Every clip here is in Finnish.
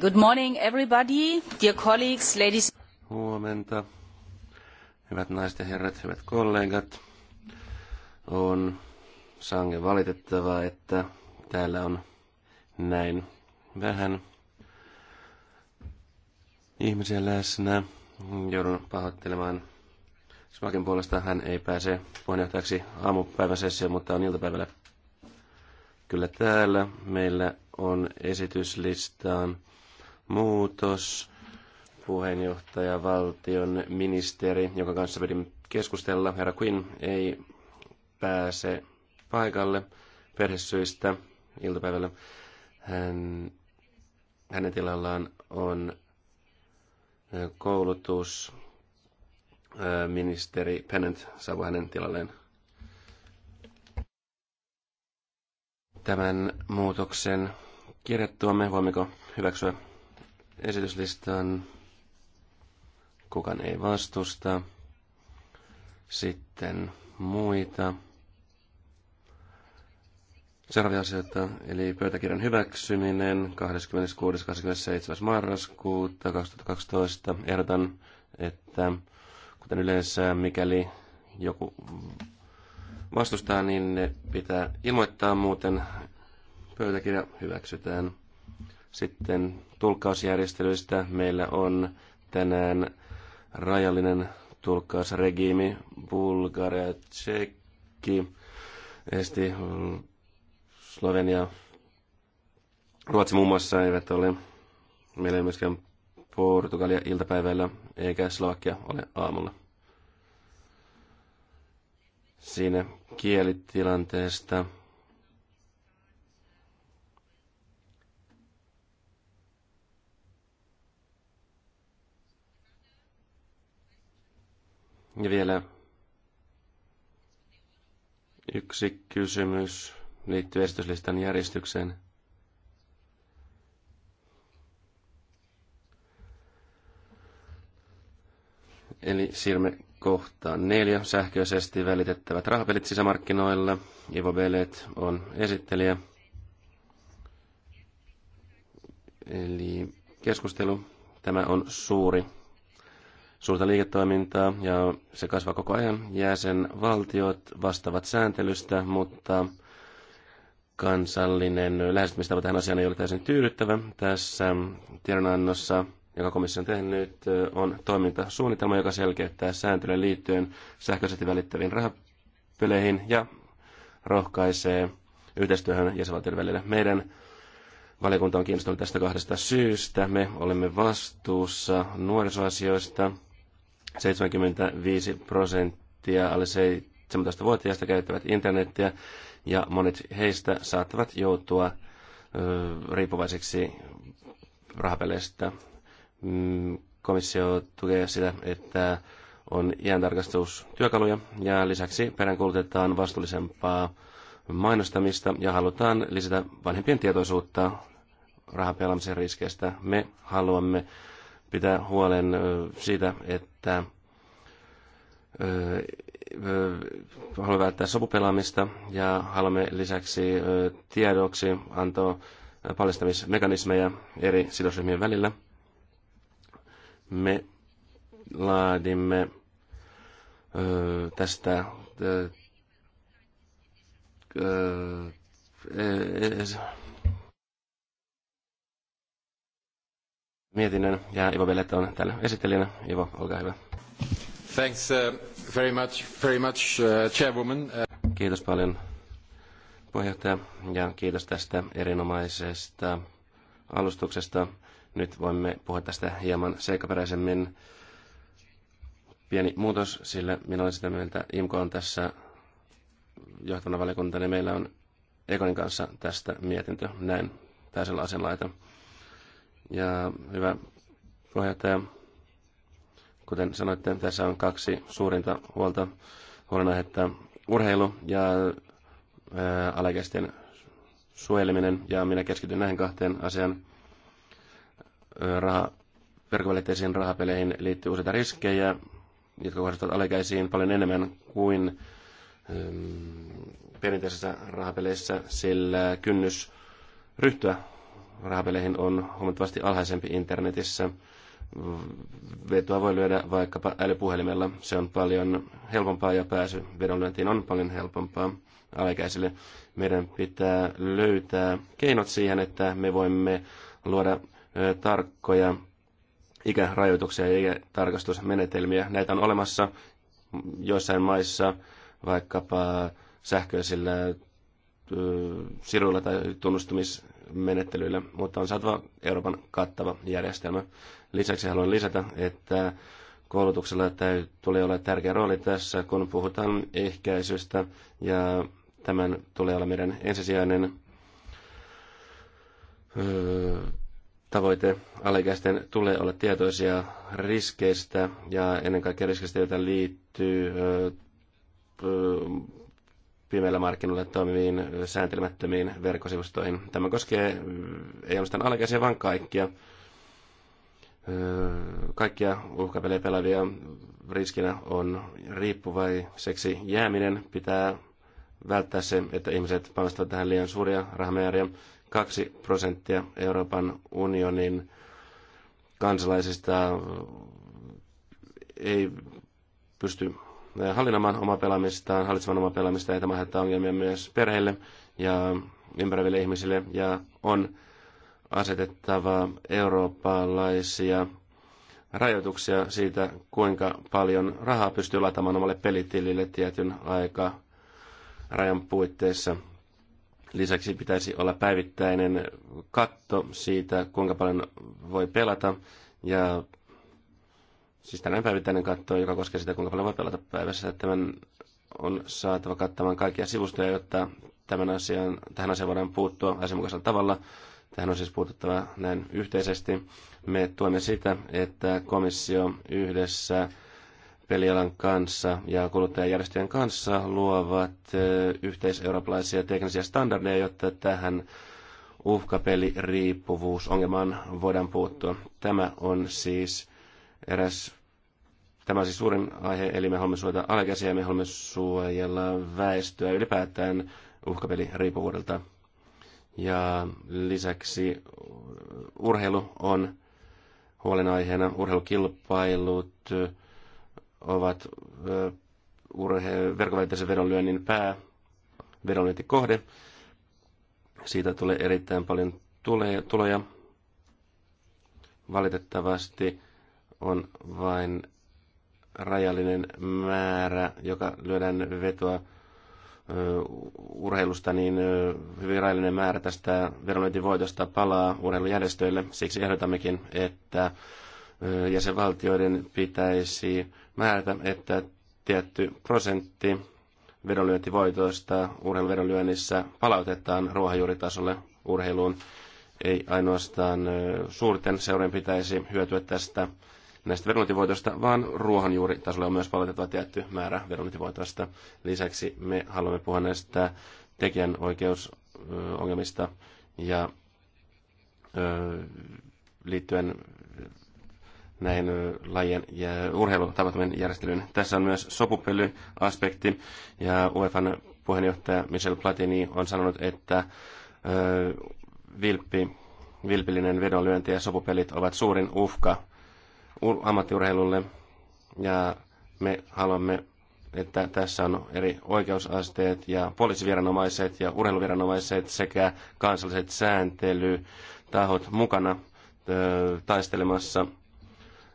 good morning everybody, dear colleagues, ladies. Huomenta, hyvät naiset ja herrat, hyvät kollegat. On sangen valitettavaa, että täällä on näin vähän ihmisiä läsnä. Joudun pahoittelemaan Smakin puolesta. Hän ei pääse puheenjohtajaksi aamupäivän sessioon, mutta on iltapäivällä kyllä täällä. Meillä on esityslistaan muutos. Puheenjohtaja, valtion ministeri, jonka kanssa vedin keskustella, herra Quinn, ei pääse paikalle perhesyistä iltapäivällä. Hän, hänen tilallaan on koulutusministeri Pennant saavu hänen tilalleen tämän muutoksen me Voimmeko hyväksyä esityslistan? Kukaan ei vastusta. Sitten muita. Seuraavia asioita, eli pöytäkirjan hyväksyminen 26 marraskuuta 2012. Ehdotan, että kuten yleensä, mikäli joku vastustaa, niin ne pitää ilmoittaa muuten. Pöytäkirja hyväksytään. Sitten tulkkausjärjestelyistä meillä on tänään rajallinen tulkkausregiimi Bulgaria, Tsekki, Esti, Slovenia, Ruotsi muun muassa eivät ole. Meillä ei myöskään Portugalia iltapäivällä eikä Slovakia ole aamulla. Siinä kielitilanteesta. Ja vielä yksi kysymys liittyy esityslistan järjestykseen. Eli siirrymme kohtaan neljä sähköisesti välitettävät rahapelit sisämarkkinoilla. Ivo Belet on esittelijä. Eli keskustelu. Tämä on suuri, suurta liiketoimintaa ja se kasvaa koko ajan. Jäsenvaltiot vastaavat sääntelystä, mutta kansallinen lähestymistapa tähän asiaan ei ole täysin tyydyttävä. Tässä tiedonannossa joka komissio on tehnyt, on toimintasuunnitelma, joka selkeyttää sääntelyä liittyen sähköisesti välittäviin rahapeleihin ja rohkaisee yhteistyöhön jäsenvaltioiden välillä. Meidän valiokunta on kiinnostunut tästä kahdesta syystä. Me olemme vastuussa nuorisoasioista. 75 prosenttia alle 17-vuotiaista käyttävät internettiä ja monet heistä saattavat joutua riippuvaiseksi rahapeleistä. Mm, komissio tukee sitä, että on iäntarkastustyökaluja ja lisäksi peräänkuulutetaan vastuullisempaa mainostamista ja halutaan lisätä vanhempien tietoisuutta rahapelaamisen riskeistä. Me haluamme pitää huolen siitä, että haluamme välttää sopupelaamista ja haluamme lisäksi tiedoksi antaa paljastamismekanismeja eri sidosryhmien välillä – me laadimme tästä e, e, e, mietinnön ja Ivo Vellet on täällä esittelijänä. Ivo, olkaa hyvä. Thanks uh, very much, very much uh, chairwoman. Uh, kiitos paljon puheenjohtaja ja kiitos tästä erinomaisesta alustuksesta. Nyt voimme puhua tästä hieman seikkaperäisemmin. Pieni muutos, sillä minä olen sitä mieltä, IMKO on tässä johtavana niin meillä on Ekonin kanssa tästä mietintö. Näin täysillä asenlaita. Ja hyvä puheenjohtaja, kuten sanoitte, tässä on kaksi suurinta huolta huolenaihetta. Urheilu ja alaikäisten suojeleminen, ja minä keskityn näihin kahteen asiaan raha, verkkovälitteisiin rahapeleihin liittyy useita riskejä, jotka kohdistuvat alaikäisiin paljon enemmän kuin ähm, perinteisissä rahapeleissä, sillä kynnys ryhtyä rahapeleihin on huomattavasti alhaisempi internetissä. Vetoa voi lyödä vaikkapa älypuhelimella. Se on paljon helpompaa ja pääsy vedonlyöntiin on paljon helpompaa alaikäisille. Meidän pitää löytää keinot siihen, että me voimme luoda tarkkoja ikärajoituksia ja tarkastusmenetelmiä. Näitä on olemassa joissain maissa vaikkapa sähköisillä siruilla tai tunnustumismenettelyillä, mutta on saatava Euroopan kattava järjestelmä. Lisäksi haluan lisätä, että koulutuksella tulee olla tärkeä rooli tässä, kun puhutaan ehkäisystä ja tämän tulee olla meidän ensisijainen öö, tavoite alaikäisten tulee olla tietoisia riskeistä ja ennen kaikkea riskeistä, joita liittyy pimeillä markkinoilla toimiviin sääntelemättömiin verkkosivustoihin. Tämä koskee ei ainoastaan alaikäisiä, vaan kaikkia, kaikkia uhkapelejä pelaavia. Riskinä on riippuvaiseksi jääminen. Pitää välttää se, että ihmiset panostavat tähän liian suuria rahamääriä. 2 prosenttia Euroopan unionin kansalaisista ei pysty eh, hallinnamaan omaa pelaamistaan, hallitsemaan omaa pelaamistaan, ja tämä aiheuttaa ongelmia myös perheille ja ympäröiville ihmisille, ja on asetettava eurooppalaisia rajoituksia siitä, kuinka paljon rahaa pystyy laittamaan omalle pelitilille tietyn aika rajan puitteissa. Lisäksi pitäisi olla päivittäinen katto siitä, kuinka paljon voi pelata. Ja siis tänään päivittäinen katto, joka koskee sitä, kuinka paljon voi pelata päivässä. Tämän on saatava kattamaan kaikkia sivustoja, jotta tämän asian, tähän asiaan voidaan puuttua asianmukaisella tavalla. Tähän on siis puututtava näin yhteisesti. Me tuemme sitä, että komissio yhdessä pelialan kanssa ja kuluttajajärjestöjen kanssa luovat yhteiseurooppalaisia teknisiä standardeja, jotta tähän uhkapeliriippuvuusongelmaan voidaan puuttua. Tämä on siis eräs Tämä on siis suurin aihe, eli me haluamme suojata alaikäisiä ja me haluamme suojella väestöä ylipäätään uhkapeliriippuvuudelta. Ja lisäksi urheilu on huolenaiheena, urheilukilpailut, ovat urhe- verkkovälitteisen vedonlyönnin pää, vedonlyöntikohde. Siitä tulee erittäin paljon tuloja. Valitettavasti on vain rajallinen määrä, joka lyödään vetoa urheilusta, niin hyvin rajallinen määrä tästä vedonlyöntivoitosta palaa urheilujärjestöille. Siksi ehdotammekin, että jäsenvaltioiden pitäisi määrätä, että tietty prosentti vedonlyöntivoitoista urheiluvedonlyönnissä palautetaan ruohonjuuritasolle urheiluun. Ei ainoastaan suurten seurojen pitäisi hyötyä tästä näistä vedonlyöntivoitoista, vaan ruohonjuuritasolle on myös palautettava tietty määrä vedonlyöntivoitoista. Lisäksi me haluamme puhua näistä tekijänoikeusongelmista ja liittyen näin lajien ja urheilutapahtumien järjestelyyn. Tässä on myös sopupelyaspekti ja UEFan puheenjohtaja Michel Platini on sanonut, että ö, vilppi, vilpillinen vedonlyönti ja sopupelit ovat suurin uhka ammattiurheilulle ja me haluamme, että tässä on eri oikeusasteet ja poliisiviranomaiset ja urheiluviranomaiset sekä kansalliset sääntelytahot mukana taistelemassa –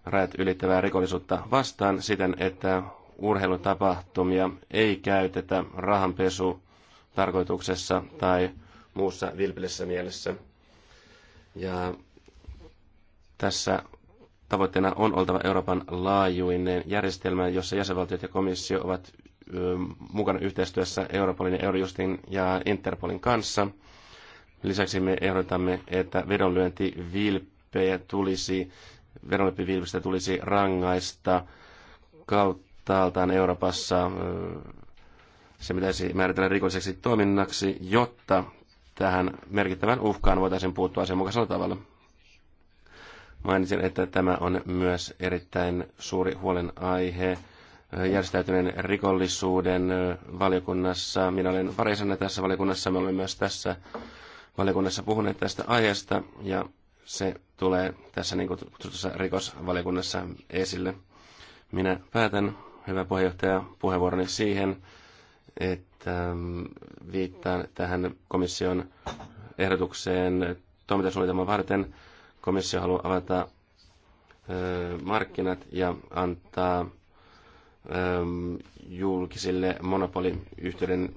rajat ylittävää rikollisuutta vastaan siten, että urheilutapahtumia ei käytetä rahanpesu tarkoituksessa tai muussa vilpillisessä mielessä. Ja tässä tavoitteena on oltava Euroopan laajuinen järjestelmä, jossa jäsenvaltiot ja komissio ovat mukana yhteistyössä Europolin ja Eurojustin ja Interpolin kanssa. Lisäksi me ehdotamme, että vedonlyönti vilppejä tulisi verolappiviivystä tulisi rangaista kauttaaltaan Euroopassa. Se pitäisi määritellä rikolliseksi toiminnaksi, jotta tähän merkittävän uhkaan voitaisiin puuttua asianmukaisella tavalla. Mainitsin, että tämä on myös erittäin suuri huolenaihe järjestäytyneen rikollisuuden valiokunnassa. Minä olen varisena tässä valiokunnassa, me olemme myös tässä valiokunnassa puhuneet tästä aiheesta ja se tulee tässä niin kutsutussa rikosvaliokunnassa esille. Minä päätän, hyvä puheenjohtaja, puheenvuoroni siihen, että mm, viittaan tähän komission ehdotukseen toimintasuunnitelman varten. Komissio haluaa avata markkinat ja antaa julkisille monopoliyhtiöiden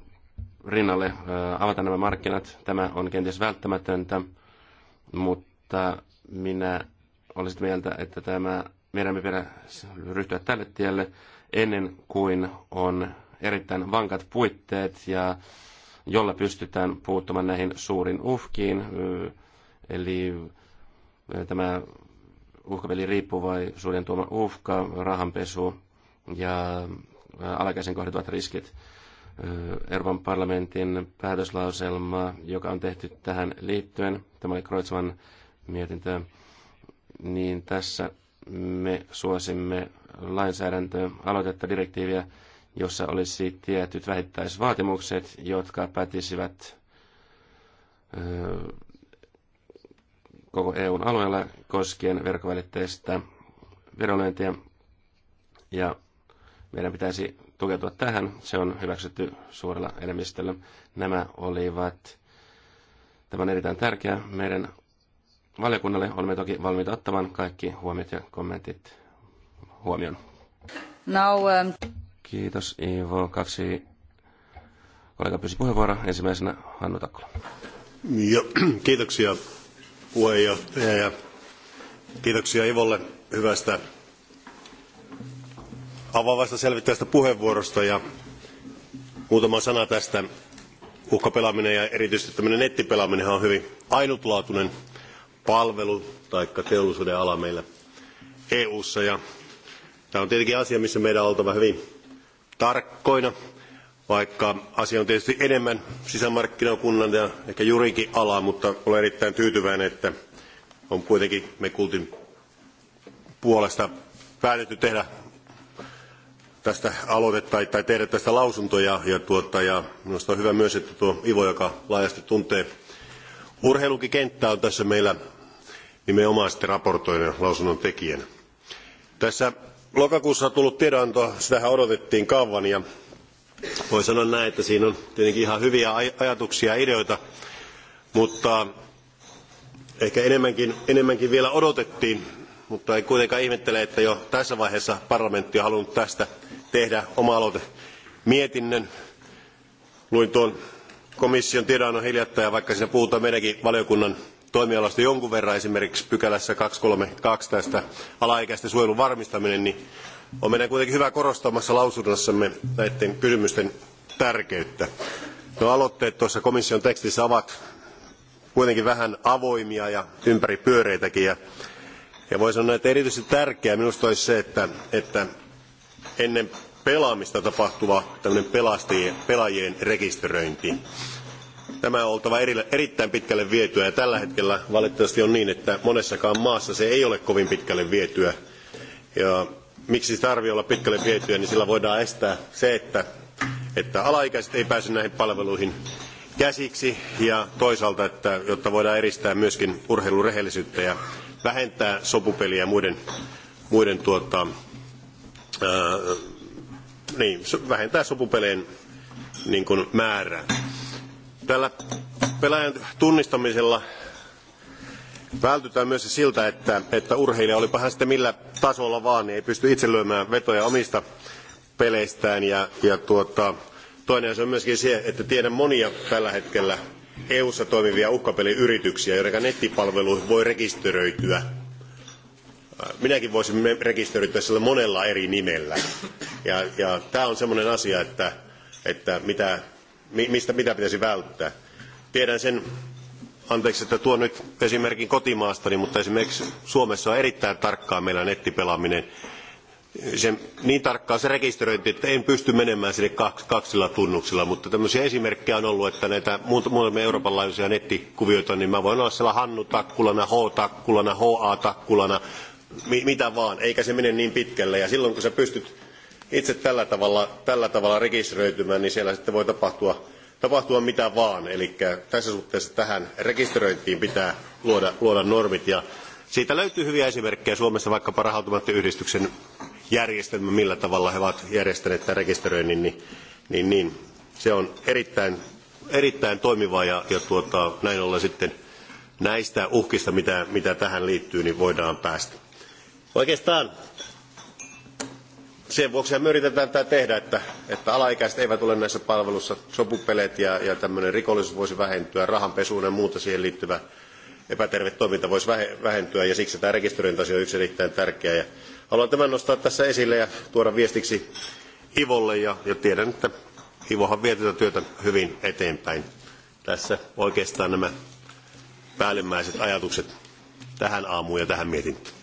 rinnalle avata nämä markkinat. Tämä on kenties välttämätöntä, mutta mutta minä olisin mieltä, että tämä meidän pitää ryhtyä tälle tielle ennen kuin on erittäin vankat puitteet ja jolla pystytään puuttumaan näihin suurin uhkiin. Eli tämä uhkapeli riippuvaisuuden tuoma uhka, rahanpesu ja alakäisen kohdituvat riskit. Euroopan parlamentin päätöslauselma, joka on tehty tähän liittyen. Tämä oli Kreutzmann mietintöä, niin tässä me suosimme lainsäädäntöä, aloitetta direktiiviä, jossa olisi tietyt vähittäisvaatimukset, jotka pätisivät koko EUn alueella koskien verkkovälitteistä vedonlyöntiä. Ja meidän pitäisi tukeutua tähän. Se on hyväksytty suurella enemmistöllä. Nämä olivat, tämä on erittäin tärkeää meidän valiokunnalle. Olemme toki valmiita ottamaan kaikki huomiot ja kommentit huomioon. Now, um... Kiitos Ivo. Kaksi kollega pyysi puheenvuoroa. Ensimmäisenä Hannu Takkula. Jo, kiitoksia puheenjohtaja ja kiitoksia Ivolle hyvästä avaavasta selvittävästä puheenvuorosta ja muutama sana tästä uhkapelaaminen ja erityisesti tämmöinen nettipelaaminen on hyvin ainutlaatuinen palvelu- tai teollisuuden ala meillä EU-ssa. Ja tämä on tietenkin asia, missä meidän on oltava hyvin tarkkoina, vaikka asia on tietysti enemmän sisämarkkinakunnan ja ehkä jurikin ala, mutta olen erittäin tyytyväinen, että on kuitenkin me kultin puolesta päätetty tehdä tästä aloitetta tai, tai tehdä tästä lausuntoja. Ja, tuota, ja minusta on hyvä myös, että tuo Ivo, joka laajasti tuntee urheilukikenttää, on tässä meillä nimenomaan sitten raportoijan lausunnon tekijänä. Tässä lokakuussa tullut tiedonanto, sitähän odotettiin kauan ja voi sanoa näin, että siinä on tietenkin ihan hyviä ajatuksia ja ideoita, mutta ehkä enemmänkin, enemmänkin vielä odotettiin, mutta ei kuitenkaan ihmettele, että jo tässä vaiheessa parlamentti on halunnut tästä tehdä oma aloite mietinnön. Luin tuon komission tiedonannon hiljattain, vaikka siinä puhutaan meidänkin valiokunnan toimialasta jonkun verran, esimerkiksi pykälässä 232 tästä alaikäisten suojelun varmistaminen, niin on meidän kuitenkin hyvä korostamassa lausunnossamme näiden kysymysten tärkeyttä. No aloitteet tuossa komission tekstissä ovat kuitenkin vähän avoimia ja ympäripyöreitäkin. Ja, ja voi sanoa, että erityisen tärkeää minusta olisi se, että, että ennen pelaamista tapahtuva tämmöinen pelaajien rekisteröinti tämä on oltava erittäin pitkälle vietyä ja tällä hetkellä valitettavasti on niin, että monessakaan maassa se ei ole kovin pitkälle vietyä. Ja miksi se tarvii olla pitkälle vietyä, niin sillä voidaan estää se, että, että alaikäiset ei pääse näihin palveluihin käsiksi ja toisaalta, että, jotta voidaan eristää myöskin urheilurehellisyyttä ja vähentää sopupeliä ja muiden, muiden tuota, ää, niin, vähentää sopupelien niin kuin määrää. Tällä pelaajan tunnistamisella vältytään myös siltä, että, että urheilija, olipa hän sitten millä tasolla vaan, niin ei pysty itse lyömään vetoja omista peleistään. Ja, ja tuota, toinen asia on myöskin se, että tiedän monia tällä hetkellä EU-ssa toimivia uhkapeliyrityksiä, joiden nettipalveluihin voi rekisteröityä. Minäkin voisin rekisteröityä sillä monella eri nimellä. Ja, ja tämä on sellainen asia, että, että mitä mistä, mitä pitäisi välttää. Tiedän sen, anteeksi, että tuon nyt esimerkin kotimaastani, mutta esimerkiksi Suomessa on erittäin tarkkaa meillä nettipelaaminen. Se niin tarkkaa se rekisteröinti, että en pysty menemään sinne kaksilla tunnuksilla, mutta tämmöisiä esimerkkejä on ollut, että näitä muutamia Euroopan laajuisia nettikuvioita, niin mä voin olla siellä Hannu-takkulana, H-takkulana, HA-takkulana, mitä vaan, eikä se mene niin pitkälle. Ja silloin kun sä pystyt itse tällä tavalla, rekisteröitymään, niin siellä sitten voi tapahtua, tapahtua mitä vaan. Eli tässä suhteessa tähän rekisteröintiin pitää luoda, luoda normit. Ja siitä löytyy hyviä esimerkkejä Suomessa vaikkapa rahautomaattiyhdistyksen järjestelmä, millä tavalla he ovat järjestäneet tämän rekisteröinnin, niin, niin, niin se on erittäin, erittäin toimiva ja, ja tuota, näin ollen sitten näistä uhkista, mitä, mitä tähän liittyy, niin voidaan päästä. Oikeastaan sen vuoksi me yritetään tätä tehdä, että, että alaikäiset eivät ole näissä palveluissa sopupeleet ja, ja tämmöinen rikollisuus voisi vähentyä, rahanpesuun ja muuta siihen liittyvä epäterve toiminta voisi vähentyä ja siksi tämä rekisteröinti on yksi erittäin tärkeä. Ja haluan tämän nostaa tässä esille ja tuoda viestiksi Ivolle ja, ja tiedän, että Ivohan vie tätä työtä hyvin eteenpäin. Tässä oikeastaan nämä päällimmäiset ajatukset tähän aamuun ja tähän mietintöön.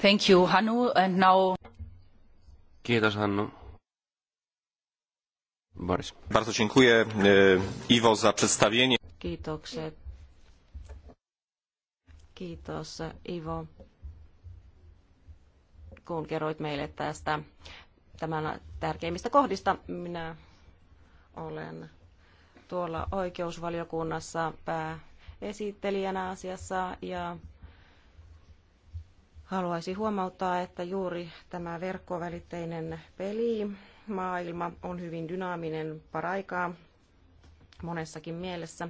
Thank you, Hannu. And now... Kiitos, Hannu. Boris. Bardzo dziękuję, e, Iwo, za przedstawienie. Kiitokset. Kiitos, Ivo, kun kerroit meille tästä tämän tärkeimmistä kohdista. Minä olen tuolla oikeusvaliokunnassa pääesittelijänä asiassa ja Haluaisin huomauttaa, että juuri tämä verkkovälitteinen peli maailma on hyvin dynaaminen paraikaa monessakin mielessä,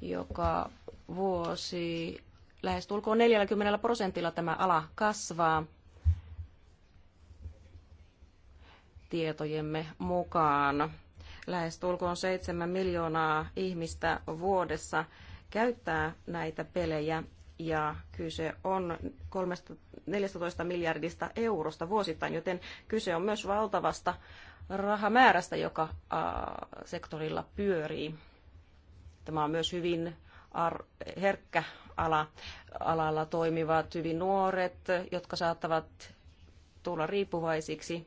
joka vuosi lähestulkoon 40 prosentilla tämä ala kasvaa tietojemme mukaan. Lähestulkoon 7 miljoonaa ihmistä vuodessa käyttää näitä pelejä ja kyse on 14 miljardista eurosta vuosittain, joten kyse on myös valtavasta rahamäärästä, joka sektorilla pyörii. Tämä on myös hyvin herkkä ala. Alalla toimivat hyvin nuoret, jotka saattavat tulla riippuvaisiksi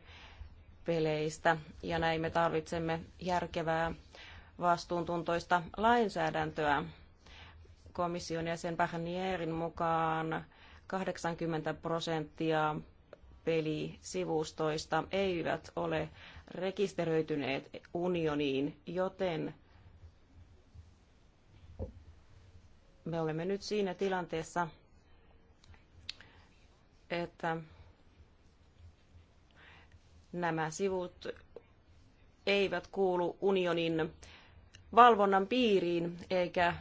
peleistä. Ja näin me tarvitsemme järkevää vastuuntuntoista lainsäädäntöä komission jäsen Barnierin mukaan 80 prosenttia pelisivustoista eivät ole rekisteröityneet unioniin, joten me olemme nyt siinä tilanteessa, että nämä sivut eivät kuulu unionin valvonnan piiriin eikä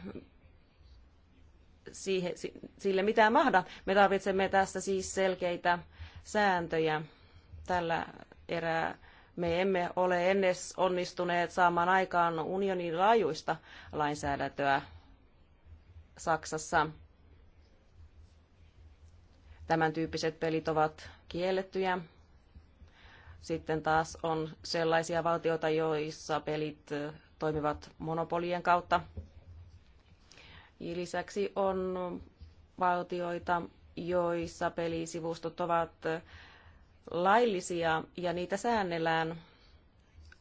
siihen, sille mitään mahda. Me tarvitsemme tässä siis selkeitä sääntöjä tällä erää. Me emme ole ennen onnistuneet saamaan aikaan unionin laajuista lainsäädäntöä Saksassa. Tämän tyyppiset pelit ovat kiellettyjä. Sitten taas on sellaisia valtioita, joissa pelit toimivat monopolien kautta. Lisäksi on valtioita, joissa pelisivustot ovat laillisia ja niitä säännellään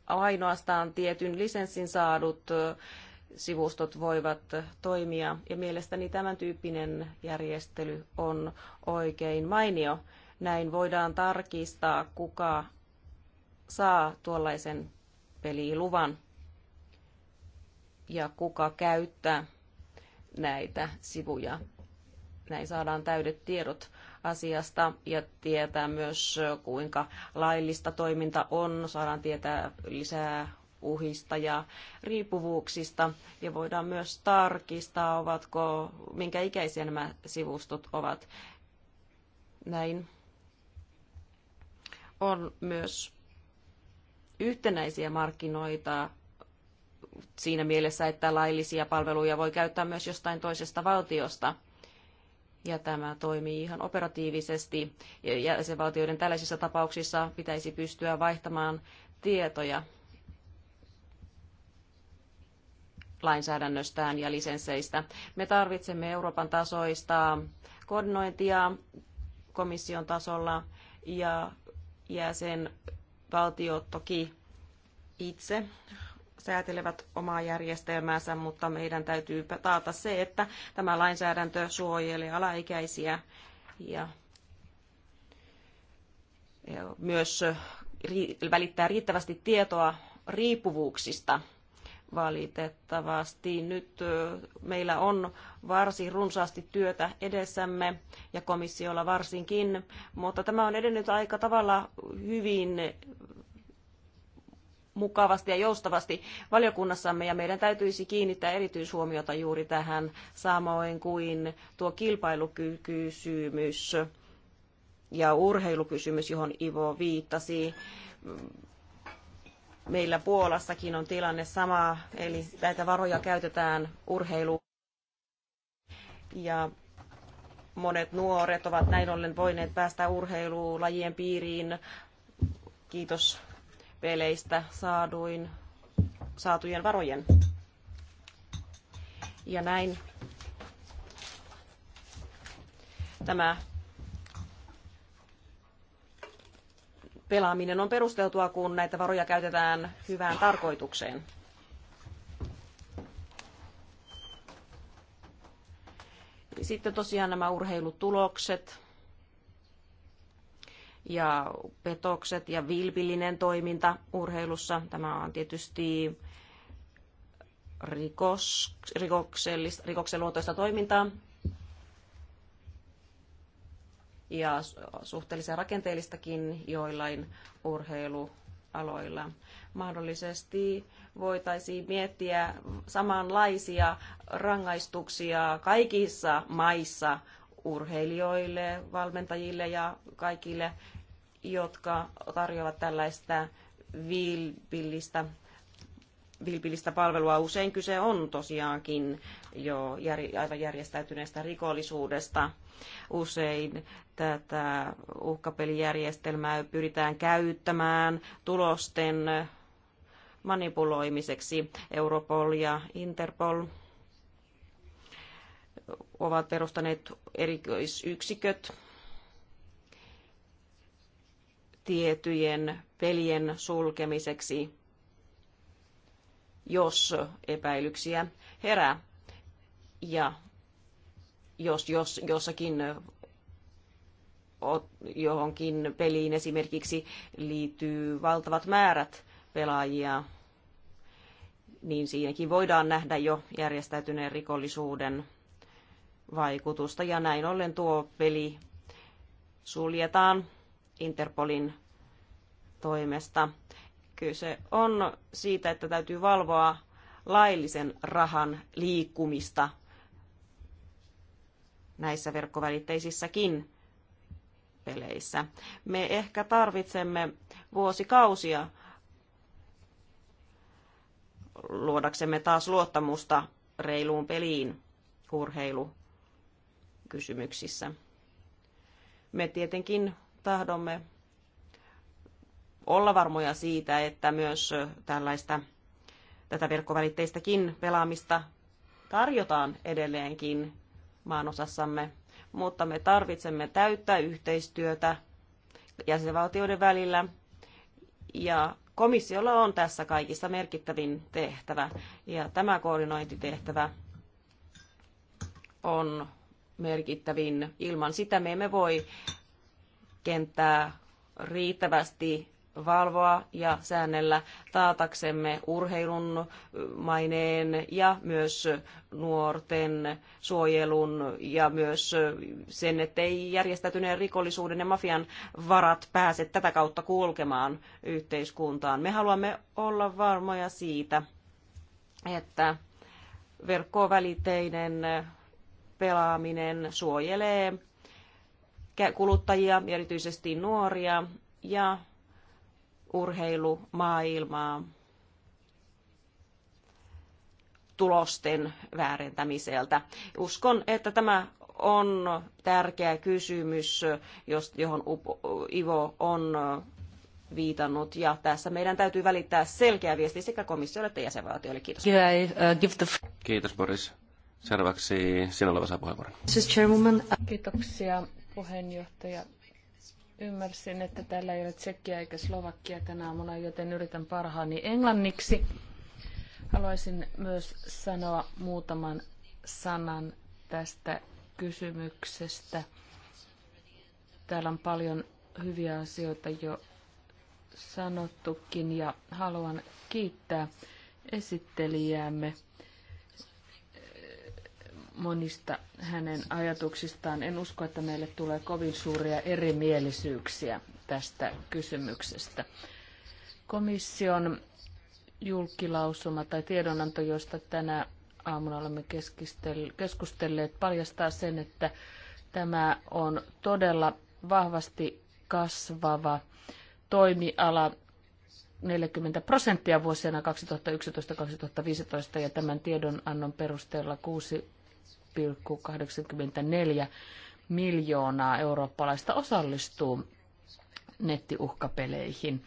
ainoastaan tietyn lisenssin saadut sivustot voivat toimia. Ja mielestäni tämän tyyppinen järjestely on oikein mainio. Näin voidaan tarkistaa, kuka saa tuollaisen peliluvan ja kuka käyttää näitä sivuja. Näin saadaan täydet tiedot asiasta ja tietää myös kuinka laillista toiminta on. Saadaan tietää lisää uhista ja riippuvuuksista ja voidaan myös tarkistaa, ovatko, minkä ikäisiä nämä sivustot ovat. Näin on myös yhtenäisiä markkinoita siinä mielessä, että laillisia palveluja voi käyttää myös jostain toisesta valtiosta. Ja tämä toimii ihan operatiivisesti. Ja jäsenvaltioiden tällaisissa tapauksissa pitäisi pystyä vaihtamaan tietoja lainsäädännöstään ja lisensseistä. Me tarvitsemme Euroopan tasoista koordinointia komission tasolla ja jäsenvaltiot toki itse säätelevät omaa järjestelmäänsä, mutta meidän täytyy taata se, että tämä lainsäädäntö suojelee alaikäisiä ja myös välittää riittävästi tietoa riippuvuuksista. Valitettavasti nyt meillä on varsin runsaasti työtä edessämme ja komissiolla varsinkin, mutta tämä on edennyt aika tavalla hyvin mukavasti ja joustavasti valiokunnassamme ja meidän täytyisi kiinnittää erityishuomiota juuri tähän samoin kuin tuo kilpailukykysymys ja urheilukysymys, johon Ivo viittasi. Meillä Puolassakin on tilanne sama, eli näitä varoja käytetään urheiluun. Ja monet nuoret ovat näin ollen voineet päästä urheilulajien piiriin. Kiitos peleistä saaduin, saatujen varojen. Ja näin tämä pelaaminen on perusteltua, kun näitä varoja käytetään hyvään tarkoitukseen. Sitten tosiaan nämä urheilutulokset ja petokset ja vilpillinen toiminta urheilussa. Tämä on tietysti rikos, rikoksen luotoista toimintaa ja suhteellisen rakenteellistakin joillain urheilualoilla. Mahdollisesti voitaisiin miettiä samanlaisia rangaistuksia kaikissa maissa urheilijoille, valmentajille ja kaikille jotka tarjoavat tällaista vilpillistä vilpillistä palvelua. Usein kyse on tosiaankin jo jär, aivan järjestäytyneestä rikollisuudesta. Usein tätä uhkapelijärjestelmää pyritään käyttämään tulosten manipuloimiseksi. Europol ja Interpol ovat perustaneet erikoisyksiköt tietyjen pelien sulkemiseksi, jos epäilyksiä herää. Ja jos, jos jossakin johonkin peliin esimerkiksi liittyy valtavat määrät pelaajia, niin siinäkin voidaan nähdä jo järjestäytyneen rikollisuuden vaikutusta. Ja näin ollen tuo peli suljetaan Interpolin toimesta. Kyse on siitä, että täytyy valvoa laillisen rahan liikkumista näissä verkkovälitteisissäkin peleissä. Me ehkä tarvitsemme vuosikausia luodaksemme taas luottamusta reiluun peliin urheilukysymyksissä. Me tietenkin tahdomme olla varmoja siitä, että myös tällaista tätä verkkovälitteistäkin pelaamista tarjotaan edelleenkin maanosassamme, mutta me tarvitsemme täyttä yhteistyötä jäsenvaltioiden välillä ja komissiolla on tässä kaikissa merkittävin tehtävä ja tämä koordinointitehtävä on merkittävin. Ilman sitä me emme voi kenttää riittävästi valvoa ja säännellä taataksemme urheilun maineen ja myös nuorten suojelun ja myös sen, ettei järjestäytyneen rikollisuuden ja mafian varat pääse tätä kautta kulkemaan yhteiskuntaan. Me haluamme olla varmoja siitä, että verkkoväliteinen pelaaminen suojelee kuluttajia, erityisesti nuoria ja urheilumaailmaa tulosten väärentämiseltä. Uskon, että tämä on tärkeä kysymys, johon Ivo on viitannut. Ja tässä meidän täytyy välittää selkeä viesti sekä komissiolle että jäsenvaltioille. Kiitos. Uh, Kiitos Boris. Seuraavaksi sinulla osa puheenvuoron. Uh- Kiitoksia puheenjohtaja. Ymmärsin, että täällä ei ole tsekkiä eikä slovakkia tänä aamuna, joten yritän parhaani englanniksi. Haluaisin myös sanoa muutaman sanan tästä kysymyksestä. Täällä on paljon hyviä asioita jo sanottukin ja haluan kiittää esittelijäämme monista hänen ajatuksistaan. En usko, että meille tulee kovin suuria erimielisyyksiä tästä kysymyksestä. Komission julkilausuma tai tiedonanto, josta tänä aamuna olemme keskustelleet, paljastaa sen, että tämä on todella vahvasti kasvava toimiala 40 prosenttia vuosina 2011-2015 ja tämän tiedonannon perusteella 6 1,84 miljoonaa eurooppalaista osallistuu nettiuhkapeleihin.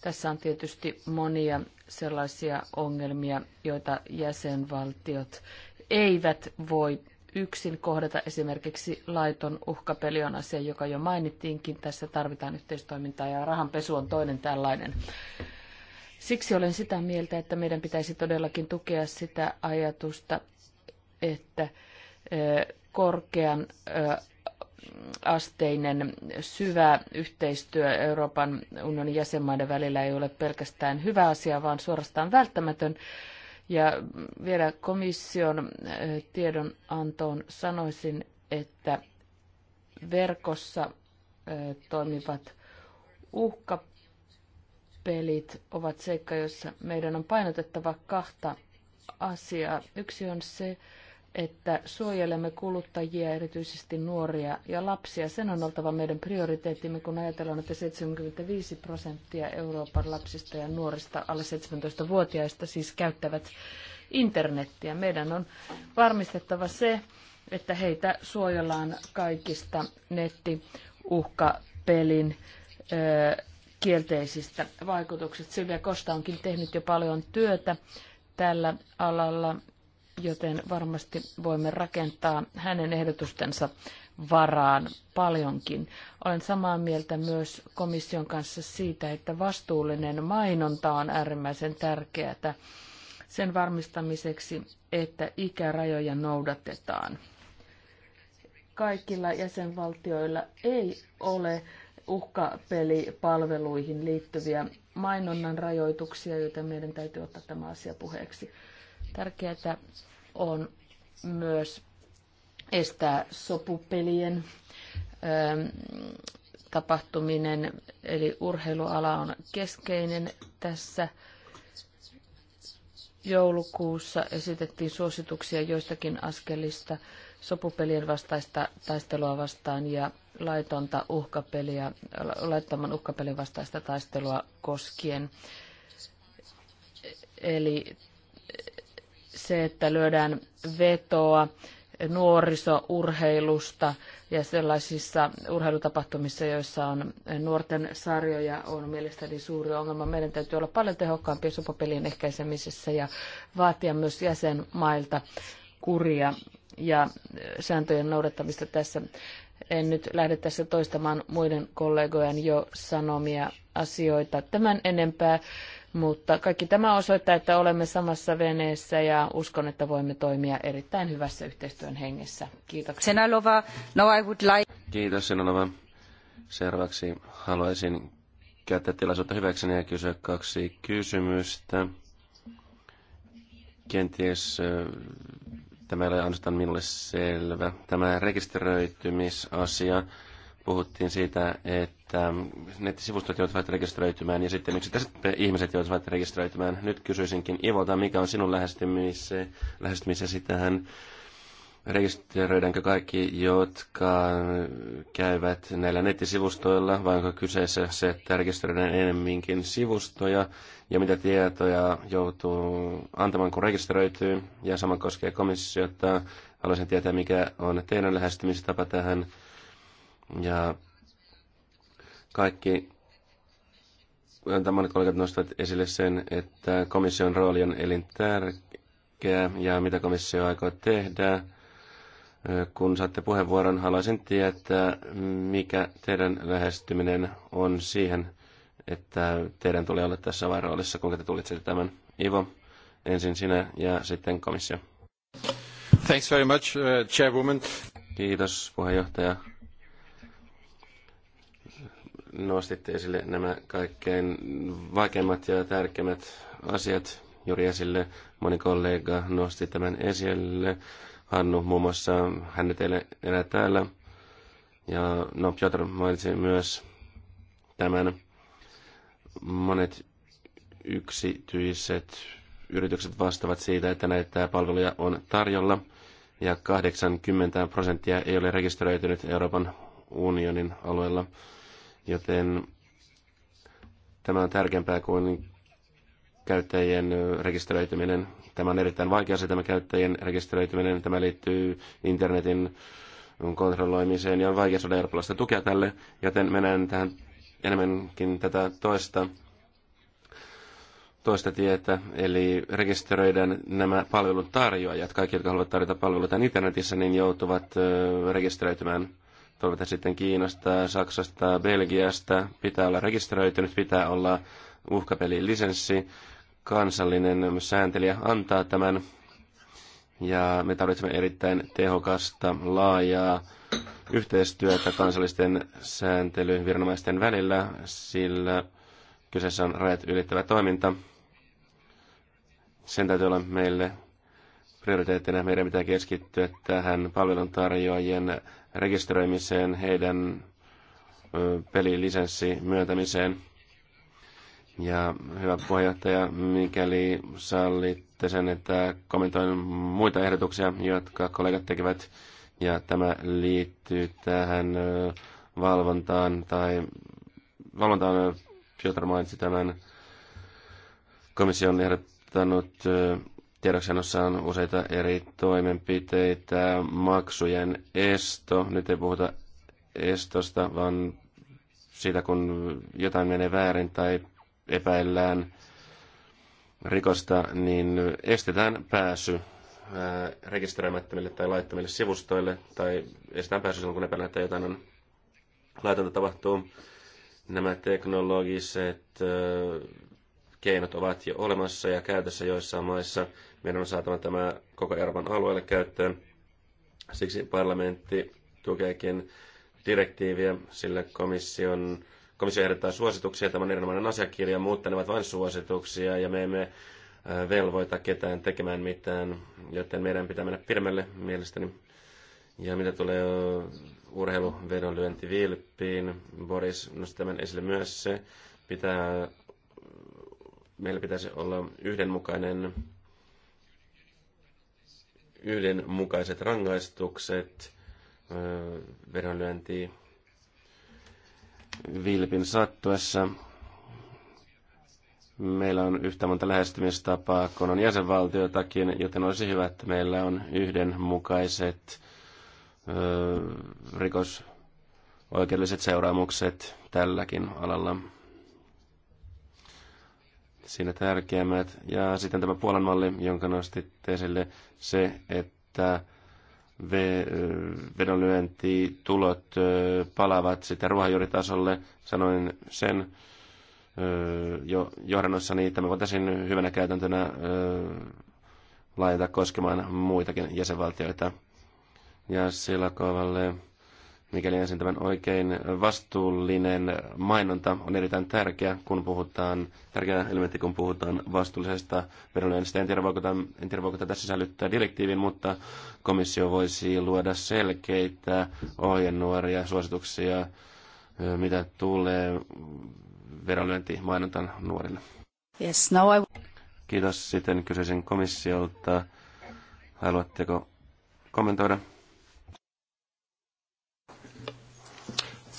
Tässä on tietysti monia sellaisia ongelmia, joita jäsenvaltiot eivät voi yksin kohdata. Esimerkiksi laiton uhkapeli on asia, joka jo mainittiinkin. Tässä tarvitaan yhteistoimintaa ja rahanpesu on toinen tällainen. Siksi olen sitä mieltä, että meidän pitäisi todellakin tukea sitä ajatusta, että korkean asteinen syvä yhteistyö Euroopan unionin jäsenmaiden välillä ei ole pelkästään hyvä asia, vaan suorastaan välttämätön. Ja vielä komission tiedonantoon sanoisin, että verkossa toimivat uhkapelit ovat seikka, jossa meidän on painotettava kahta asiaa. Yksi on se, että suojelemme kuluttajia, erityisesti nuoria ja lapsia. Sen on oltava meidän prioriteettimme, kun ajatellaan, että 75 prosenttia Euroopan lapsista ja nuorista alle 17-vuotiaista siis käyttävät internettiä. Meidän on varmistettava se, että heitä suojellaan kaikista nettiuhkapelin kielteisistä vaikutuksista. Silvia Kosta onkin tehnyt jo paljon työtä tällä alalla joten varmasti voimme rakentaa hänen ehdotustensa varaan paljonkin. Olen samaa mieltä myös komission kanssa siitä, että vastuullinen mainonta on äärimmäisen tärkeää sen varmistamiseksi, että ikärajoja noudatetaan. Kaikilla jäsenvaltioilla ei ole uhkapelipalveluihin liittyviä mainonnan rajoituksia, joita meidän täytyy ottaa tämä asia puheeksi. Tärkeää on myös estää sopupelien ähm, tapahtuminen, eli urheiluala on keskeinen tässä. Joulukuussa esitettiin suosituksia joistakin askelista sopupelien vastaista taistelua vastaan ja laitonta uhkapeliä, laittoman uhkapelin vastaista taistelua koskien. Eli se, että lyödään vetoa nuorisourheilusta ja sellaisissa urheilutapahtumissa, joissa on nuorten sarjoja, on mielestäni suuri ongelma. Meidän täytyy olla paljon tehokkaampia supopelien ehkäisemisessä ja vaatia myös jäsenmailta kuria ja sääntöjen noudattamista tässä. En nyt lähde tässä toistamaan muiden kollegojen jo sanomia asioita tämän enempää. Mutta kaikki tämä osoittaa, että olemme samassa veneessä ja uskon, että voimme toimia erittäin hyvässä yhteistyön hengessä. Kiitoksia. Senalova, no I would like... Kiitos Senalova. Seuraavaksi haluaisin käyttää tilaisuutta hyväkseni ja kysyä kaksi kysymystä. Kenties tämä ei ole ainoastaan minulle selvä. Tämä rekisteröitymisasia, puhuttiin siitä, että että ähm, nettisivustot joutuvat rekisteröitymään ja sitten yksittäiset ihmiset joutuvat rekisteröitymään. Nyt kysyisinkin Ivolta, mikä on sinun lähestymisesi, lähestymisesi tähän? Rekisteröidäänkö kaikki, jotka käyvät näillä nettisivustoilla, vai onko kyseessä se, että rekisteröidään enemminkin sivustoja, ja mitä tietoja joutuu antamaan, kun rekisteröityy, ja sama koskee komissiota. Haluaisin tietää, mikä on teidän lähestymistapa tähän, ja kaikki monet kollegat nostavat esille sen, että komission rooli on elintärkeä ja mitä komissio aikoo tehdä. Kun saatte puheenvuoron, haluaisin tietää, mikä teidän lähestyminen on siihen, että teidän tulee olla tässä roolissa, kuinka te tulitte tämän. Ivo, ensin sinä ja sitten komissio. Thanks very much, uh, Chairwoman. Kiitos puheenjohtaja nostitte esille nämä kaikkein vaikeimmat ja tärkeimmät asiat juuri esille. Moni kollega nosti tämän esille. Hannu muun muassa, hän nyt elää täällä. Ja no, Piotr mainitsi myös tämän. Monet yksityiset yritykset vastaavat siitä, että näitä palveluja on tarjolla. Ja 80 prosenttia ei ole rekisteröitynyt Euroopan unionin alueella joten tämä on tärkeämpää kuin käyttäjien rekisteröityminen. Tämä on erittäin vaikea se tämä käyttäjien rekisteröityminen. Tämä liittyy internetin kontrolloimiseen ja on vaikea saada eurooppalaista tukea tälle, joten mennään tähän enemmänkin tätä toista, toista tietä, eli rekisteröidään nämä palvelun Kaikki, jotka haluavat tarjota palveluita internetissä, niin joutuvat rekisteröitymään Toimivat sitten Kiinasta, Saksasta, Belgiasta. Pitää olla rekisteröitynyt, pitää olla uhkapelin lisenssi. Kansallinen sääntelijä antaa tämän. Ja me tarvitsemme erittäin tehokasta, laajaa yhteistyötä kansallisten sääntelyviranomaisten välillä, sillä kyseessä on rajat ylittävä toiminta. Sen täytyy olla meille prioriteettina meidän pitää keskittyä tähän palveluntarjoajien rekisteröimiseen, heidän pelilisenssi myöntämiseen. Ja hyvä puheenjohtaja, mikäli sallitte sen, että kommentoin muita ehdotuksia, jotka kollegat tekevät, ja tämä liittyy tähän valvontaan, tai valvontaan Piotr mainitsi tämän komission ehdottanut Tiedoksiannossa on useita eri toimenpiteitä, maksujen esto, nyt ei puhuta estosta, vaan siitä kun jotain menee väärin tai epäillään rikosta, niin estetään pääsy rekisteröimättömille tai laittomille sivustoille, tai estetään pääsy silloin, kun epäillään, että jotain on laitonta tapahtuu. Nämä teknologiset keinot ovat jo olemassa ja käytössä joissain maissa. Meidän on saatava tämä koko Euroopan alueelle käyttöön. Siksi parlamentti tukeekin direktiiviä, sillä komission, komissio ehdottaa suosituksia. Tämä on erinomainen asiakirja, mutta ne ovat vain suosituksia ja me emme äh, velvoita ketään tekemään mitään, joten meidän pitää mennä pidemmälle mielestäni. Ja mitä tulee urheiluvedonlyöntivilppiin, Boris nosti tämän esille myös se, pitää Meillä pitäisi olla yhdenmukainen, yhdenmukaiset rangaistukset, veronlyönti vilpin sattuessa. Meillä on yhtä monta lähestymistapaa konon on jäsenvaltiotakin, joten olisi hyvä, että meillä on yhdenmukaiset rikosoikeudelliset seuraamukset tälläkin alalla siinä tärkeimmät. Ja sitten tämä Puolan malli, jonka nostitte esille, se, että vedonlyöntitulot palavat sitä ruohonjuuritasolle. Sanoin sen jo niin tämä voitaisiin hyvänä käytäntönä laajentaa koskemaan muitakin jäsenvaltioita. Ja kovalle mikäli ensin tämän oikein vastuullinen mainonta on erittäin tärkeä, kun puhutaan, tärkeä elementti, kun puhutaan vastuullisesta veronainesta. En en tiedä, voiko tätä sisällyttää direktiivin, mutta komissio voisi luoda selkeitä ohjenuoria, suosituksia, mitä tulee verolyöntimainontaan nuorille. Yes, now I... Kiitos. Sitten kysyisin komissiolta, haluatteko kommentoida?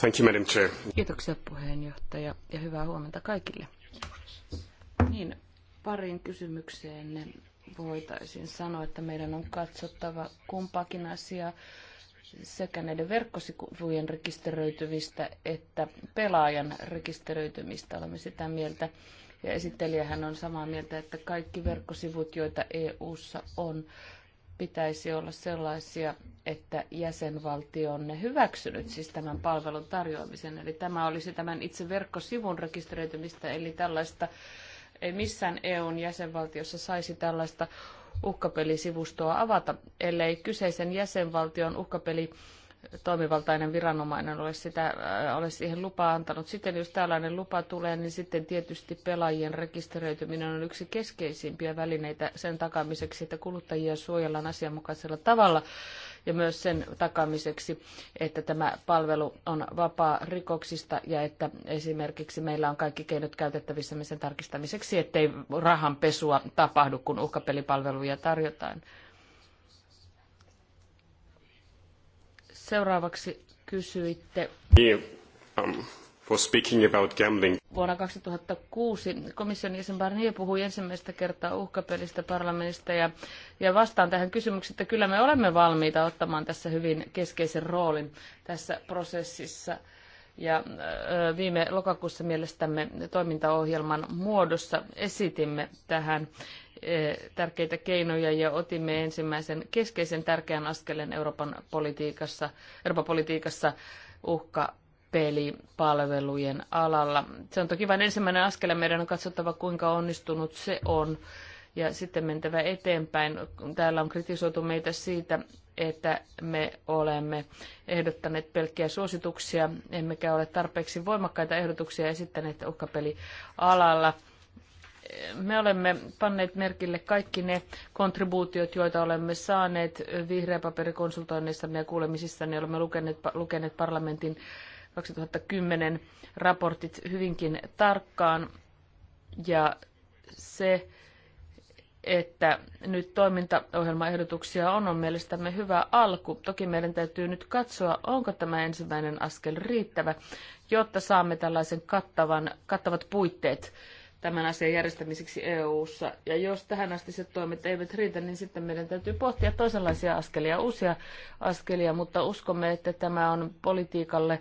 Thank you, Madam Chair. Kiitoksia puheenjohtaja ja hyvää huomenta kaikille. Niin, parin kysymykseen voitaisiin sanoa, että meidän on katsottava kumpaakin asiaa sekä näiden verkkosivujen rekisteröityvistä että pelaajan rekisteröitymistä. Olemme sitä mieltä, ja esittelijähän on samaa mieltä, että kaikki verkkosivut, joita EU:ssa on, pitäisi olla sellaisia, että jäsenvaltio on ne hyväksynyt siis tämän palvelun tarjoamisen. Eli tämä olisi tämän itse verkkosivun rekisteröitymistä, eli tällaista ei missään EUn jäsenvaltiossa saisi tällaista uhkapelisivustoa avata, ellei kyseisen jäsenvaltion uhkapeli toimivaltainen viranomainen olisi, sitä, äh, olisi siihen lupaa antanut. Sitten jos tällainen lupa tulee, niin sitten tietysti pelaajien rekisteröityminen on yksi keskeisimpiä välineitä sen takaamiseksi, että kuluttajia suojellaan asianmukaisella tavalla ja myös sen takaamiseksi, että tämä palvelu on vapaa rikoksista ja että esimerkiksi meillä on kaikki keinot käytettävissä sen tarkistamiseksi, ettei rahanpesua tapahdu, kun uhkapelipalveluja tarjotaan. Seuraavaksi kysyitte. Yeah, um, for speaking about gambling. Vuonna 2006 komission jäsen Barnier puhui ensimmäistä kertaa uhkapelistä parlamentista ja, ja vastaan tähän kysymykseen, että kyllä me olemme valmiita ottamaan tässä hyvin keskeisen roolin tässä prosessissa. Ja viime lokakuussa mielestämme toimintaohjelman muodossa esitimme tähän tärkeitä keinoja ja otimme ensimmäisen keskeisen tärkeän askeleen Euroopan politiikassa, Euroopan politiikassa uhka pelipalvelujen alalla. Se on toki vain ensimmäinen askel ja meidän on katsottava, kuinka onnistunut se on ja sitten mentävä eteenpäin. Täällä on kritisoitu meitä siitä, että me olemme ehdottaneet pelkkiä suosituksia, emmekä ole tarpeeksi voimakkaita ehdotuksia esittäneet uhkapelialalla. Me olemme panneet merkille kaikki ne kontribuutiot, joita olemme saaneet vihreäpaperikonsultoinnistamme ja Ne Olemme lukeneet, lukeneet parlamentin 2010 raportit hyvinkin tarkkaan. Ja se, että nyt toimintaohjelmaehdotuksia on, on mielestämme hyvä alku. Toki meidän täytyy nyt katsoa, onko tämä ensimmäinen askel riittävä, jotta saamme tällaisen kattavan, kattavat puitteet tämän asian järjestämiseksi EU-ssa. Ja jos tähän asti se toimet eivät riitä, niin sitten meidän täytyy pohtia toisenlaisia askelia, uusia askelia, mutta uskomme, että tämä on politiikalle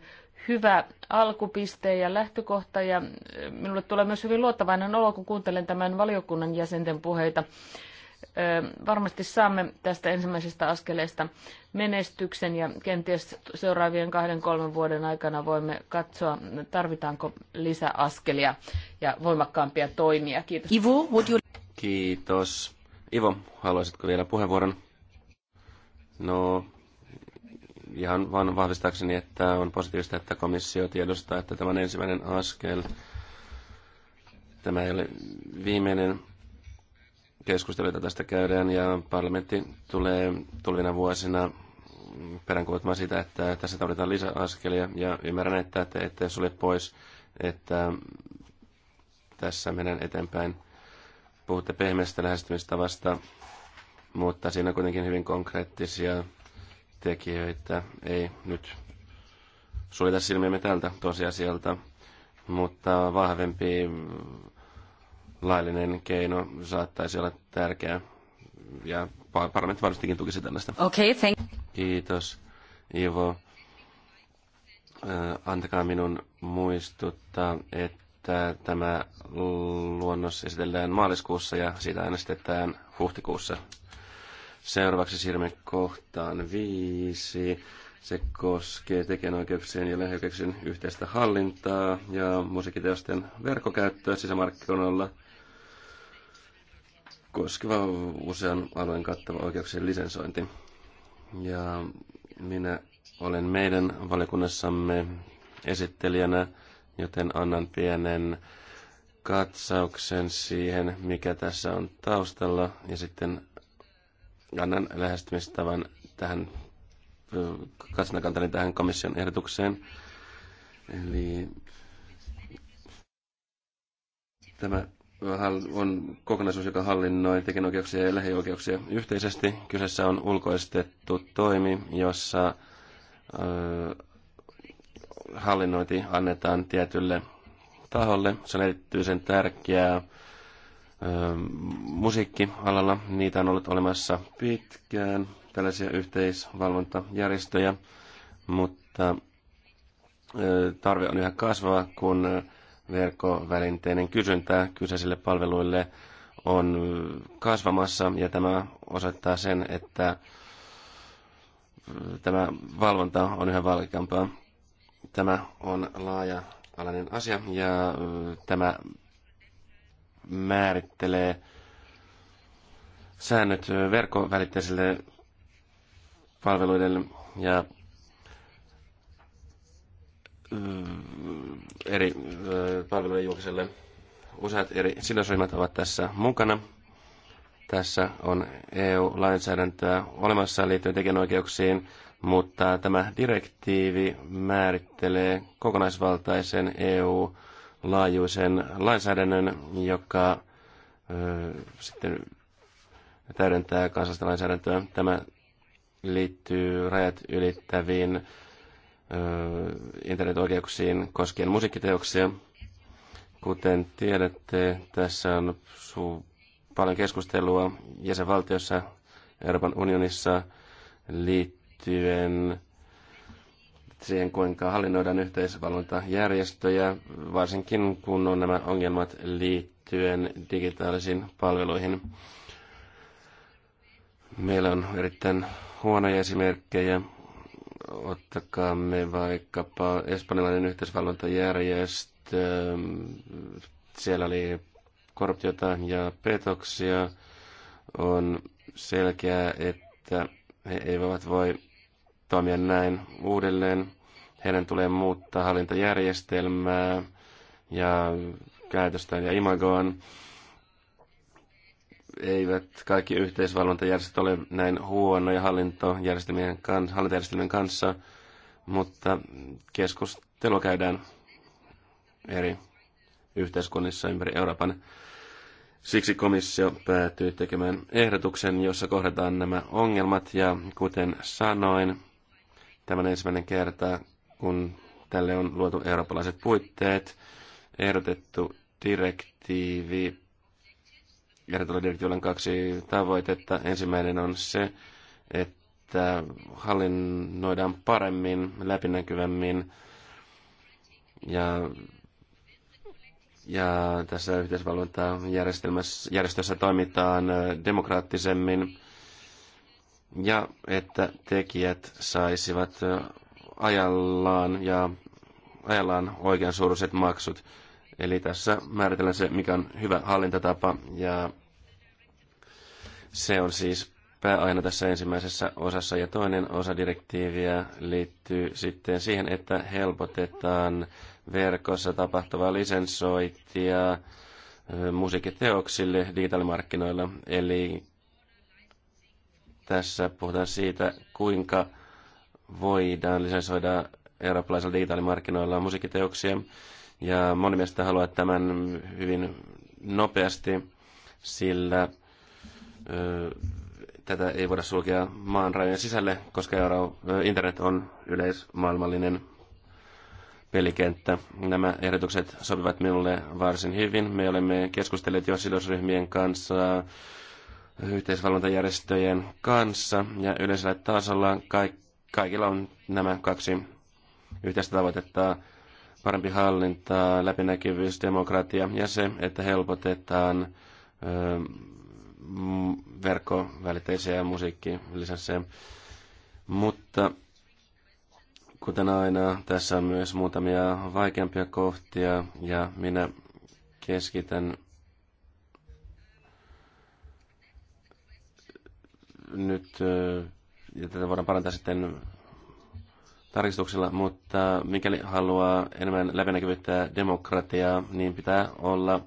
hyvä alkupiste ja lähtökohta ja eh, minulle tulee myös hyvin luottavainen olo, kun kuuntelen tämän valiokunnan jäsenten puheita. Eh, varmasti saamme tästä ensimmäisestä askeleesta menestyksen ja kenties seuraavien kahden kolmen vuoden aikana voimme katsoa, tarvitaanko lisäaskelia ja voimakkaampia toimia. Kiitos. Ivo, would you... Kiitos. Ivo, haluaisitko vielä puheenvuoron? No, ihan vain vahvistaakseni, että on positiivista, että komissio tiedostaa, että tämä on ensimmäinen askel. Tämä ei ole viimeinen keskustelu, jota tästä käydään, ja parlamentti tulee tulvina vuosina peräänkuuluttamaan sitä, että tässä tarvitaan lisäaskelia, ja ymmärrän, että te ette sulje pois, että tässä menen eteenpäin. Puhutte pehmeästä lähestymistavasta, mutta siinä on kuitenkin hyvin konkreettisia tekijöitä ei nyt suljeta silmiämme tältä tosiasialta, mutta vahvempi laillinen keino saattaisi olla tärkeä ja parlamentti varmastikin tukisi tällaista. Okay, thank Kiitos, Ivo. Äh, antakaa minun muistuttaa, että tämä luonnos esitellään maaliskuussa ja siitä äänestetään huhtikuussa. Seuraavaksi siirrymme kohtaan viisi. Se koskee tekijänoikeuksien ja lähioikeuksien yhteistä hallintaa ja musiikkiteosten verkkokäyttöä sisämarkkinoilla koskeva usean alueen kattava oikeuksien lisensointi. Ja minä olen meidän valiokunnassamme esittelijänä, joten annan pienen katsauksen siihen, mikä tässä on taustalla, ja sitten annan lähestymistavan tähän äh, katsanakantani tähän komission ehdotukseen. Eli tämä on kokonaisuus, joka hallinnoi tekijänoikeuksia ja lähioikeuksia yhteisesti. Kyseessä on ulkoistettu toimi, jossa äh, hallinnointi annetaan tietylle taholle. Se on erityisen tärkeää musiikkialalla. Niitä on ollut olemassa pitkään, tällaisia yhteisvalvontajärjestöjä, mutta tarve on yhä kasvava, kun verkkovälinteinen kysyntä kyseisille palveluille on kasvamassa ja tämä osoittaa sen, että tämä valvonta on yhä vaikeampaa. Tämä on laaja alainen asia ja tämä määrittelee säännöt verkkovälitteisille palveluille ja eri palvelujen julkiselle. Useat eri sidosryhmät ovat tässä mukana. Tässä on EU-lainsäädäntöä olemassa liittyen tekijänoikeuksiin, mutta tämä direktiivi määrittelee kokonaisvaltaisen EU-lainsäädännön laajuisen lainsäädännön, joka ö, sitten täydentää kansallista lainsäädäntöä. Tämä liittyy rajat ylittäviin ö, internetoikeuksiin koskien musiikkiteoksia. Kuten tiedätte, tässä on su- paljon keskustelua jäsenvaltiossa Euroopan unionissa liittyen siihen, kuinka hallinnoidaan yhteisvalvontajärjestöjä, varsinkin kun on nämä ongelmat liittyen digitaalisiin palveluihin. Meillä on erittäin huonoja esimerkkejä. Ottakaamme vaikkapa espanjalainen yhteisvalvontajärjestö. Siellä oli korruptiota ja petoksia. On selkeää, että he eivät voi toimia näin uudelleen. Heidän tulee muuttaa hallintajärjestelmää ja käytöstään ja imagoon. Eivät kaikki yhteisvalvontajärjestöt ole näin huonoja hallintojärjestelmien, hallintojärjestelmien kanssa, mutta keskustelua käydään eri yhteiskunnissa ympäri Euroopan. Siksi komissio päätyi tekemään ehdotuksen, jossa kohdataan nämä ongelmat ja kuten sanoin, Tämä on ensimmäinen kerta, kun tälle on luotu eurooppalaiset puitteet. Ehdotettu direktiivi, ehdotetulla direktiivillä on kaksi tavoitetta. Ensimmäinen on se, että hallinnoidaan paremmin, läpinäkyvämmin ja ja tässä yhteisvalvontajärjestelmässä toimitaan demokraattisemmin ja että tekijät saisivat ajallaan ja ajallaan oikean suuruiset maksut. Eli tässä määritellään se, mikä on hyvä hallintatapa ja se on siis pääaina tässä ensimmäisessä osassa. Ja toinen osa direktiiviä liittyy sitten siihen, että helpotetaan verkossa tapahtuvaa lisensointia musiikkiteoksille digitaalimarkkinoilla. Eli tässä puhutaan siitä, kuinka voidaan lisensoida eurooppalaisilla digitaalimarkkinoilla musiikkiteoksia. Ja moni mielestä haluaa tämän hyvin nopeasti, sillä ö, tätä ei voida sulkea maan rajojen sisälle, koska euro, ö, internet on yleismaailmallinen pelikenttä. Nämä ehdotukset sopivat minulle varsin hyvin. Me olemme keskustelleet jo sidosryhmien kanssa yhteisvalvontajärjestöjen kanssa ja yleisellä tasolla kaikilla on nämä kaksi yhteistä tavoitetta, parempi hallinta, läpinäkyvyys, demokratia ja se, että helpotetaan verkkovälitteisiä musiikkilisenssejä. Mutta kuten aina, tässä on myös muutamia vaikeampia kohtia ja minä keskitän nyt, äh, ja tätä voidaan parantaa sitten tarkistuksella, mutta mikäli haluaa enemmän läpinäkyvyyttä demokratiaa, niin pitää olla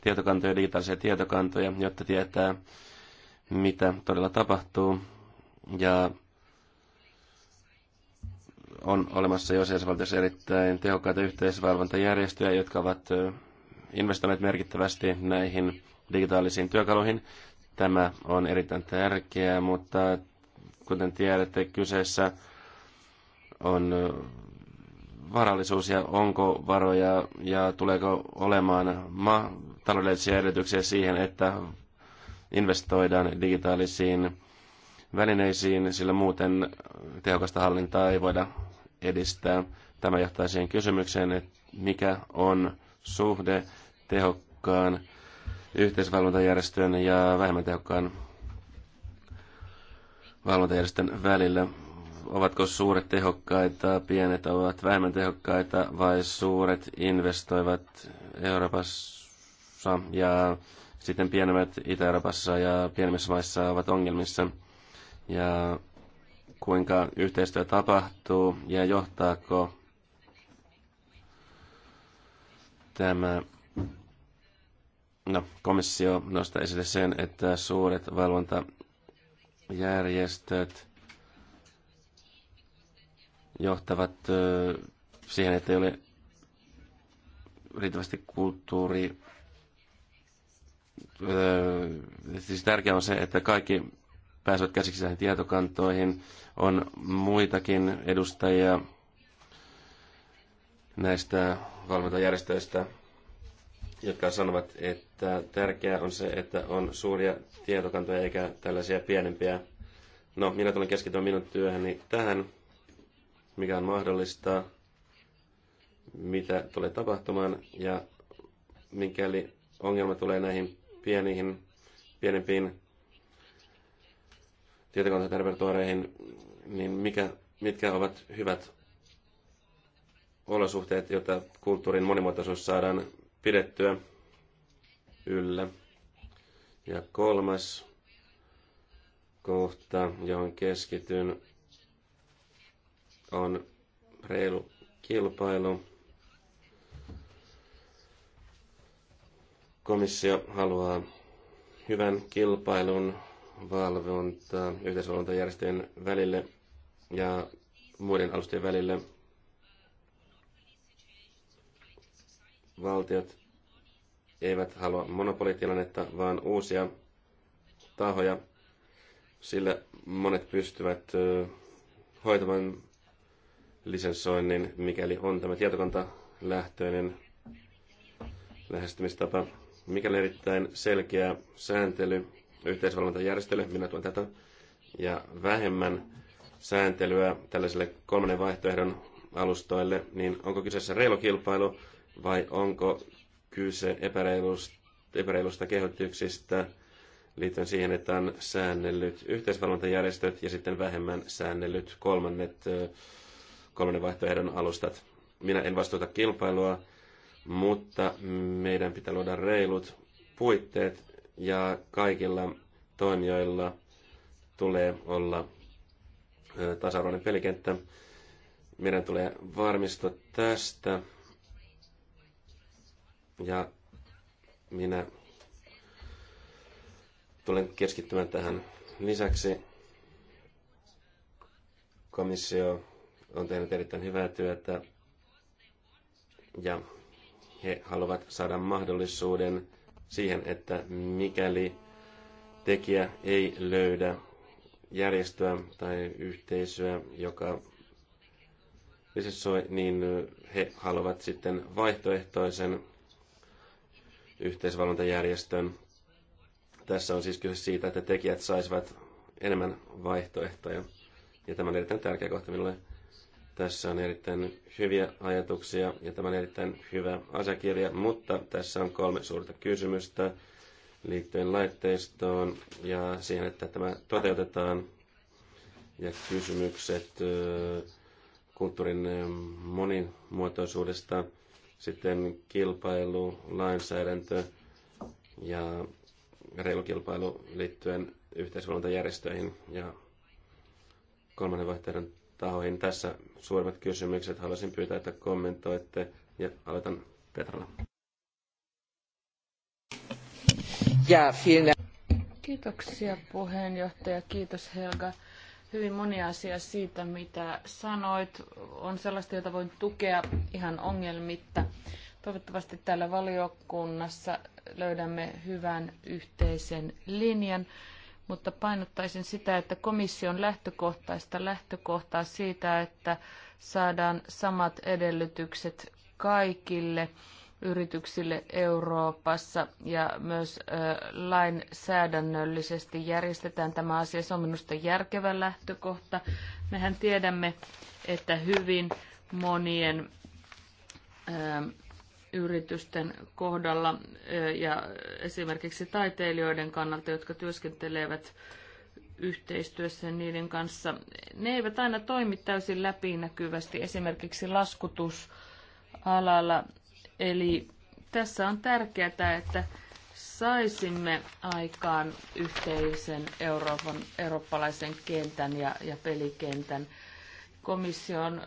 tietokantoja, digitaalisia tietokantoja, jotta tietää, mitä todella tapahtuu. Ja on olemassa jo valtiossa erittäin tehokkaita yhteisvalvontajärjestöjä, jotka ovat äh, investoineet merkittävästi näihin digitaalisiin työkaluihin. Tämä on erittäin tärkeää, mutta kuten tiedätte, kyseessä on varallisuus ja onko varoja ja tuleeko olemaan ma- taloudellisia edellytyksiä siihen, että investoidaan digitaalisiin välineisiin, sillä muuten tehokasta hallintaa ei voida edistää. Tämä johtaa siihen kysymykseen, että mikä on suhde tehokkaan yhteisvalvontajärjestön ja vähemmän tehokkaan valvontajärjestön välillä? Ovatko suuret tehokkaita, pienet ovat vähemmän tehokkaita vai suuret investoivat Euroopassa ja sitten pienemmät Itä-Euroopassa ja pienemmissä maissa ovat ongelmissa? Ja kuinka yhteistyö tapahtuu ja johtaako tämä No, komissio nostaa esille sen, että suuret valvontajärjestöt johtavat siihen, että ei ole riittävästi kulttuuri. Siis tärkeää on se, että kaikki pääsevät käsiksi näihin tietokantoihin. On muitakin edustajia näistä valvontajärjestöistä jotka sanovat, että tärkeää on se, että on suuria tietokantoja eikä tällaisia pienempiä. No, minä tulen keskittymään minun työhöni tähän, mikä on mahdollista, mitä tulee tapahtumaan ja mikäli ongelma tulee näihin pieniin, pienempiin tietokantarepertuaareihin, niin mikä, mitkä ovat hyvät olosuhteet, jotta kulttuurin monimuotoisuus saadaan pidettyä yllä. Ja kolmas kohta, johon keskityn, on reilu kilpailu. Komissio haluaa hyvän kilpailun valvontaa yhteisvalvontajärjestöjen välille ja muiden alustien välille valtiot eivät halua monopolitilannetta, vaan uusia tahoja, sillä monet pystyvät hoitamaan lisensoinnin, mikäli on tämä tietokantalähtöinen lähestymistapa. Mikäli erittäin selkeä sääntely yhteisvalvontajärjestölle, minä tuon tätä, ja vähemmän sääntelyä tällaiselle kolmannen vaihtoehdon alustoille, niin onko kyseessä reilu kilpailu vai onko kyse epäreilusta, epäreilusta kehotyksistä liittyen siihen, että on säännellyt yhteisvalvontajärjestöt ja sitten vähemmän säännellyt kolmannet, kolmannen vaihtoehdon alustat. Minä en vastuuta kilpailua, mutta meidän pitää luoda reilut puitteet ja kaikilla toimijoilla tulee olla tasa-arvoinen pelikenttä. Meidän tulee varmistua tästä ja minä tulen keskittymään tähän lisäksi. Komissio on tehnyt erittäin hyvää työtä ja he haluavat saada mahdollisuuden siihen, että mikäli tekijä ei löydä järjestöä tai yhteisöä, joka lisensoi, niin he haluavat sitten vaihtoehtoisen yhteisvalvontajärjestön. Tässä on siis kyse siitä, että tekijät saisivat enemmän vaihtoehtoja. Ja tämä on erittäin tärkeä kohta minulle. Tässä on erittäin hyviä ajatuksia ja tämä on erittäin hyvä asiakirja, mutta tässä on kolme suurta kysymystä liittyen laitteistoon ja siihen, että tämä toteutetaan. Ja kysymykset kulttuurin monimuotoisuudesta sitten kilpailu, lainsäädäntö ja reilu kilpailu liittyen yhteisvalvontajärjestöihin ja kolmannen vaihtoehdon tahoihin. Tässä suurimmat kysymykset. Haluaisin pyytää, että kommentoitte ja aloitan Petralla. Ja, Kiitoksia puheenjohtaja. Kiitos Helga hyvin moni asia siitä, mitä sanoit, on sellaista, jota voin tukea ihan ongelmitta. Toivottavasti täällä valiokunnassa löydämme hyvän yhteisen linjan, mutta painottaisin sitä, että komission lähtökohtaista lähtökohtaa siitä, että saadaan samat edellytykset kaikille yrityksille Euroopassa ja myös lainsäädännöllisesti järjestetään tämä asia. Se on minusta järkevä lähtökohta. Mehän tiedämme, että hyvin monien yritysten kohdalla ja esimerkiksi taiteilijoiden kannalta, jotka työskentelevät yhteistyössä niiden kanssa. Ne eivät aina toimi täysin läpinäkyvästi. Esimerkiksi laskutusalalla Eli tässä on tärkeää, että saisimme aikaan yhteisen Euroopan, eurooppalaisen kentän ja, ja pelikentän. Komission ö,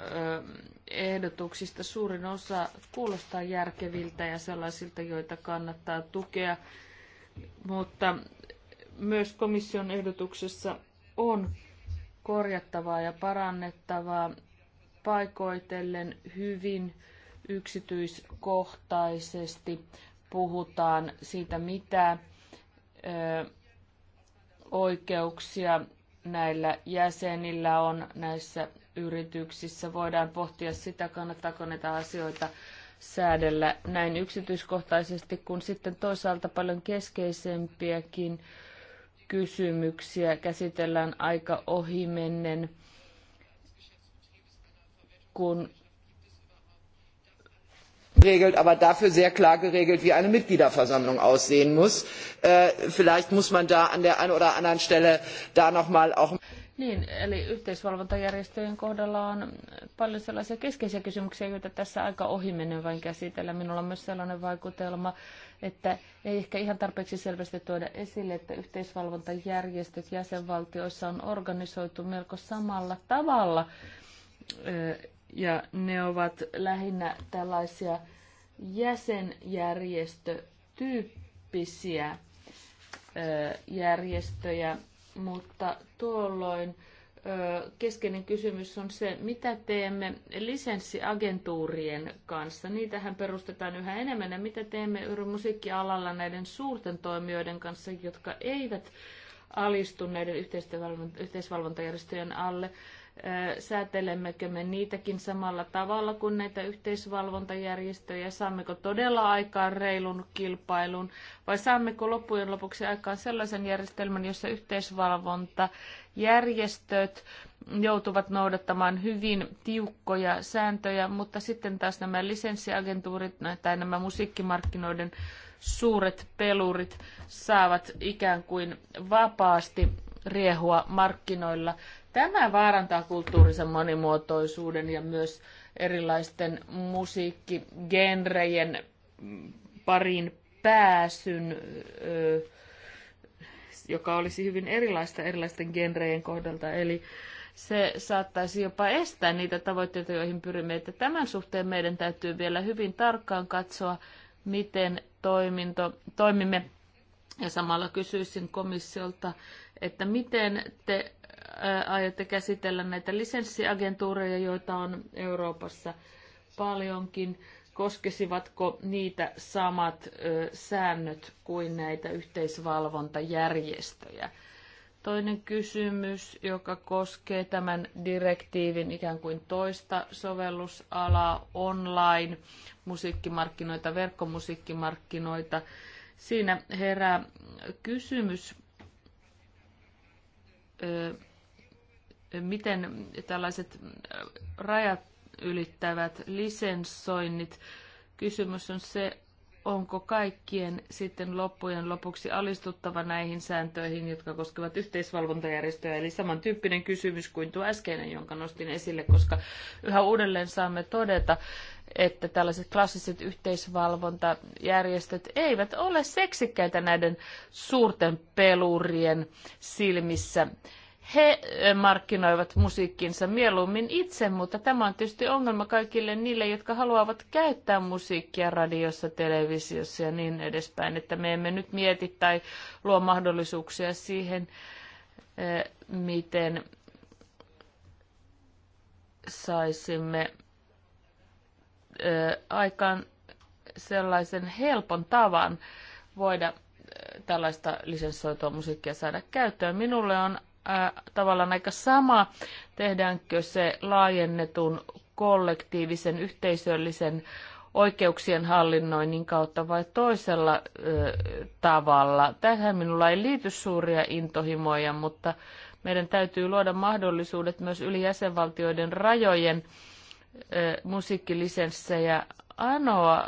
ehdotuksista suurin osa kuulostaa järkeviltä ja sellaisilta, joita kannattaa tukea, mutta myös komission ehdotuksessa on korjattavaa ja parannettavaa paikoitellen hyvin yksityiskohtaisesti puhutaan siitä, mitä oikeuksia näillä jäsenillä on näissä yrityksissä. Voidaan pohtia sitä, kannattaako näitä asioita säädellä näin yksityiskohtaisesti, kun sitten toisaalta paljon keskeisempiäkin kysymyksiä käsitellään aika ohimennen, kun geregelt aber dafür sehr klar geregelt, wie eine Mitgliederversammlung aussehen muss. Äh, vielleicht muss man da an der einen oder anderen Stelle noch nochmal auch. Niin, eli yhteisvalvontajärjestöjen kohdalla on paljon sellaisia keskeisiä kysymyksiä, joita tässä aika ohimenen vain käsitellä. Minulla on myös sellainen vaikutelma, että ei ehkä ihan tarpeeksi selvästi tuoda esille, että yhteisvalvontajärjestöt jäsenvaltioissa on organisoitu melko samalla tavalla ja ne ovat lähinnä tällaisia jäsenjärjestötyyppisiä järjestöjä, mutta tuolloin keskeinen kysymys on se, mitä teemme lisenssiagentuurien kanssa. Niitähän perustetaan yhä enemmän ja mitä teemme musiikkialalla näiden suurten toimijoiden kanssa, jotka eivät alistu näiden yhteisvalvontajärjestöjen alle säätelemmekö me niitäkin samalla tavalla kuin näitä yhteisvalvontajärjestöjä, saammeko todella aikaan reilun kilpailun vai saammeko loppujen lopuksi aikaan sellaisen järjestelmän, jossa yhteisvalvontajärjestöt joutuvat noudattamaan hyvin tiukkoja sääntöjä, mutta sitten taas nämä lisenssiagentuurit tai nämä musiikkimarkkinoiden suuret pelurit saavat ikään kuin vapaasti riehua markkinoilla Tämä vaarantaa kulttuurisen monimuotoisuuden ja myös erilaisten musiikkigenrejen parin pääsyn, joka olisi hyvin erilaista erilaisten genrejen kohdalta. Eli se saattaisi jopa estää niitä tavoitteita, joihin pyrimme. Että tämän suhteen meidän täytyy vielä hyvin tarkkaan katsoa, miten toiminto, toimimme. Ja samalla kysyisin komissiolta, että miten te aiotte käsitellä näitä lisenssiagentuureja, joita on Euroopassa paljonkin? Koskisivatko niitä samat säännöt kuin näitä yhteisvalvontajärjestöjä? Toinen kysymys, joka koskee tämän direktiivin ikään kuin toista sovellusalaa, online musiikkimarkkinoita, verkkomusiikkimarkkinoita. Siinä herää kysymys, miten tällaiset äh, rajat ylittävät lisenssoinnit. Kysymys on se, onko kaikkien sitten loppujen lopuksi alistuttava näihin sääntöihin, jotka koskevat yhteisvalvontajärjestöjä. Eli samantyyppinen kysymys kuin tuo äskeinen, jonka nostin esille, koska yhä uudelleen saamme todeta, että tällaiset klassiset yhteisvalvontajärjestöt eivät ole seksikkäitä näiden suurten pelurien silmissä he eh, markkinoivat musiikkinsa mieluummin itse, mutta tämä on tietysti ongelma kaikille niille, jotka haluavat käyttää musiikkia radiossa, televisiossa ja niin edespäin, että me emme nyt mieti tai luo mahdollisuuksia siihen, eh, miten saisimme eh, aikaan sellaisen helpon tavan voida tällaista lisenssoitua musiikkia saada käyttöön. Minulle on tavallaan aika sama, tehdäänkö se laajennetun kollektiivisen yhteisöllisen oikeuksien hallinnoinnin kautta vai toisella ö, tavalla. Tähän minulla ei liity suuria intohimoja, mutta meidän täytyy luoda mahdollisuudet myös yli jäsenvaltioiden rajojen ö, musiikkilisenssejä anoa.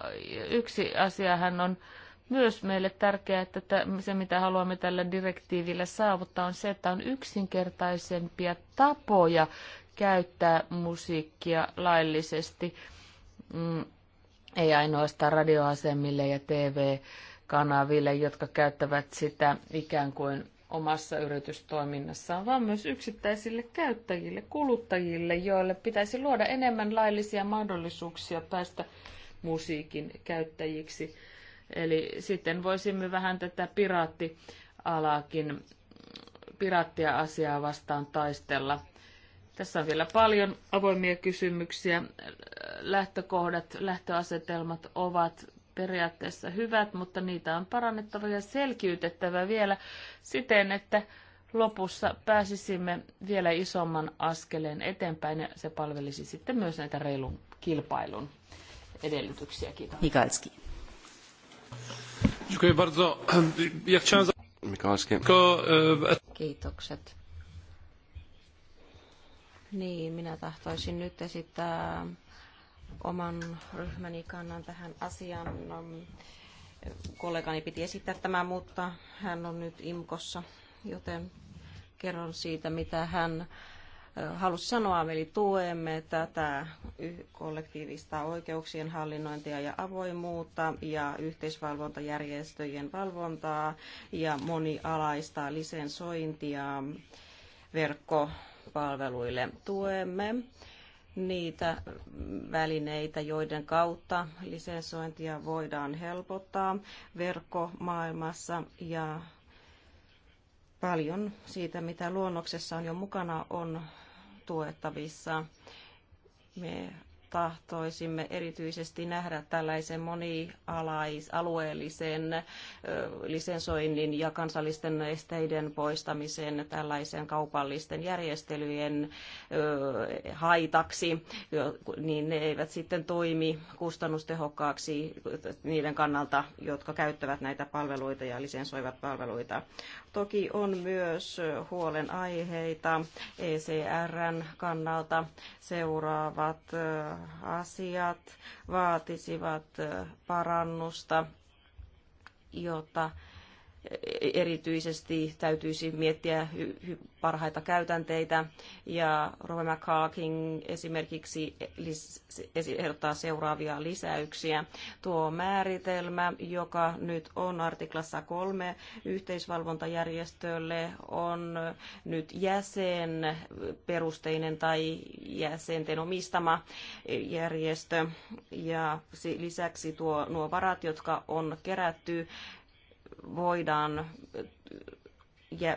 Yksi asiahan on myös meille tärkeää, että se mitä haluamme tällä direktiivillä saavuttaa on se, että on yksinkertaisempia tapoja käyttää musiikkia laillisesti. Mm, ei ainoastaan radioasemille ja TV-kanaville, jotka käyttävät sitä ikään kuin omassa yritystoiminnassaan, vaan myös yksittäisille käyttäjille, kuluttajille, joille pitäisi luoda enemmän laillisia mahdollisuuksia päästä musiikin käyttäjiksi Eli sitten voisimme vähän tätä piraattialaakin, piraattia asiaa vastaan taistella. Tässä on vielä paljon avoimia kysymyksiä. Lähtökohdat, lähtöasetelmat ovat periaatteessa hyvät, mutta niitä on parannettava ja selkiytettävä vielä siten, että lopussa pääsisimme vielä isomman askeleen eteenpäin ja se palvelisi sitten myös näitä reilun kilpailun edellytyksiä. Kiitos. E, Kiitokset. Niin, minä tahtoisin nyt esittää oman ryhmäni kannan tähän asiaan. Kollegani piti esittää tämä, mutta hän on nyt IMKossa, joten kerron siitä, mitä hän halusi sanoa, eli tuemme tätä kollektiivista oikeuksien hallinnointia ja avoimuutta ja yhteisvalvontajärjestöjen valvontaa ja monialaista lisensointia verkkopalveluille. Tuemme niitä välineitä, joiden kautta lisensointia voidaan helpottaa verkkomaailmassa ja paljon siitä, mitä luonnoksessa on jo mukana, on tuettavissa. Me tahtoisimme erityisesti nähdä tällaisen monialueellisen lisensoinnin ja kansallisten esteiden poistamisen tällaisen kaupallisten järjestelyjen haitaksi, niin ne eivät sitten toimi kustannustehokkaaksi niiden kannalta, jotka käyttävät näitä palveluita ja lisensoivat palveluita. Toki on myös huolenaiheita ECRn kannalta. Seuraavat asiat vaatisivat parannusta, jota Erityisesti täytyisi miettiä parhaita käytänteitä ja Rove McCarkin esimerkiksi ehdottaa seuraavia lisäyksiä. Tuo määritelmä, joka nyt on artiklassa kolme yhteisvalvontajärjestölle, on nyt jäsen perusteinen tai jäsenten omistama järjestö. Ja lisäksi tuo, nuo varat, jotka on kerätty voidaan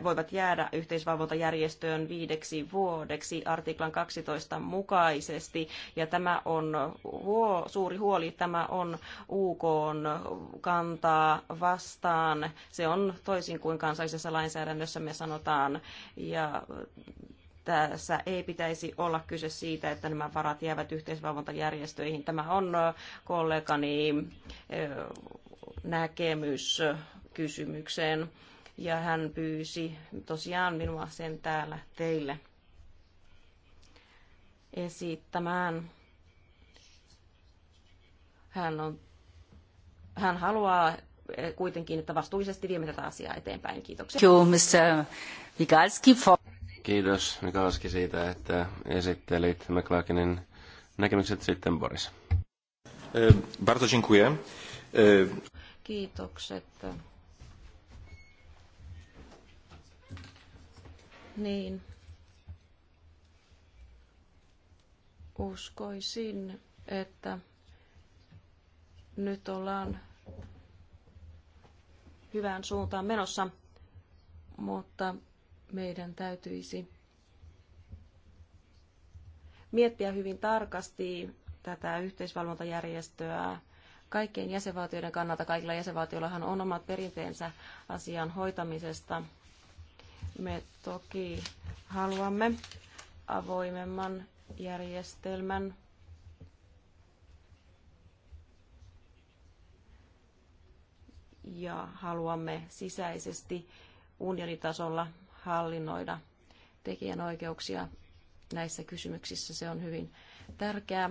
voivat jäädä yhteisvalvontajärjestöön viideksi vuodeksi artiklan 12 mukaisesti. Ja tämä on huo, suuri huoli, tämä on UK on kantaa vastaan. Se on toisin kuin kansallisessa lainsäädännössä me sanotaan. Ja tässä ei pitäisi olla kyse siitä, että nämä varat jäävät yhteisvalvontajärjestöihin. Tämä on kollegani näkemys kysymykseen. Ja hän pyysi tosiaan minua sen täällä teille esittämään. Hän, on, hän haluaa eh, kuitenkin, että vastuullisesti viemme tätä asiaa eteenpäin. Kiitoksia. Kiitos Mikalski siitä, että esittelit McLaughlinin näkemykset sitten Boris. Eh, bardzo dziękuję. Eh, Kiitokset. niin uskoisin, että nyt ollaan hyvään suuntaan menossa, mutta meidän täytyisi miettiä hyvin tarkasti tätä yhteisvalvontajärjestöä kaikkien jäsenvaltioiden kannalta. Kaikilla jäsenvaltioillahan on omat perinteensä asian hoitamisesta – me toki haluamme avoimemman järjestelmän ja haluamme sisäisesti unionitasolla hallinnoida tekijänoikeuksia näissä kysymyksissä. Se on hyvin tärkeää.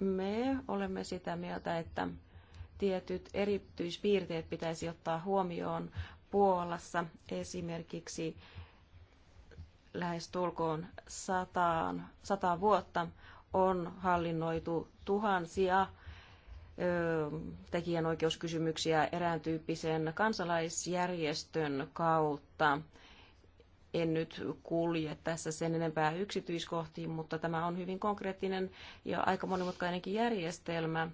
Me olemme sitä mieltä, että tietyt erityispiirteet pitäisi ottaa huomioon Puolassa esimerkiksi lähestulkoon, sataan, sataan vuotta on hallinnoitu tuhansia ö, tekijänoikeuskysymyksiä erääntyyppisen kansalaisjärjestön kautta. En nyt kulje tässä sen enempää yksityiskohtiin, mutta tämä on hyvin konkreettinen ja aika monimutkainenkin järjestelmä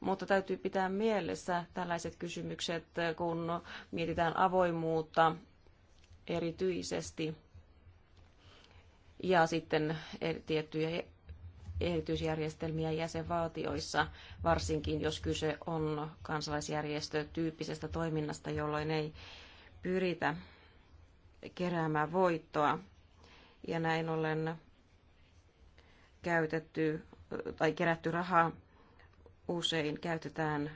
mutta täytyy pitää mielessä tällaiset kysymykset, kun mietitään avoimuutta erityisesti ja sitten tiettyjä erityisjärjestelmiä jäsenvaltioissa, varsinkin jos kyse on kansalaisjärjestötyyppisestä toiminnasta, jolloin ei pyritä keräämään voittoa. Ja näin ollen käytetty tai kerätty rahaa usein käytetään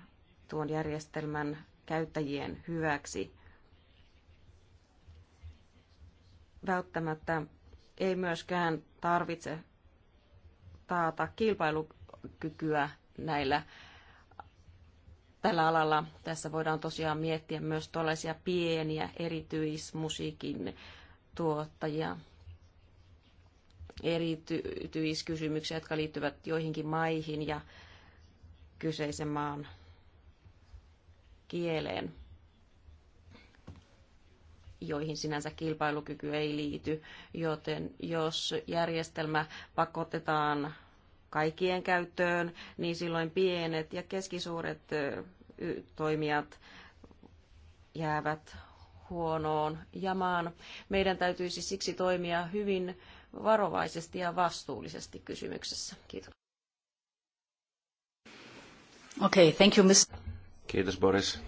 tuon järjestelmän käyttäjien hyväksi. Välttämättä ei myöskään tarvitse taata kilpailukykyä näillä tällä alalla. Tässä voidaan tosiaan miettiä myös tuollaisia pieniä erityismusiikin tuottajia, erityiskysymyksiä, jotka liittyvät joihinkin maihin ja kyseisen maan kieleen, joihin sinänsä kilpailukyky ei liity, joten jos järjestelmä pakotetaan kaikkien käyttöön, niin silloin pienet ja keskisuuret toimijat jäävät huonoon jamaan. Meidän täytyisi siksi toimia hyvin varovaisesti ja vastuullisesti kysymyksessä. Kiitos. Okay, thank you, Kiitos Boris.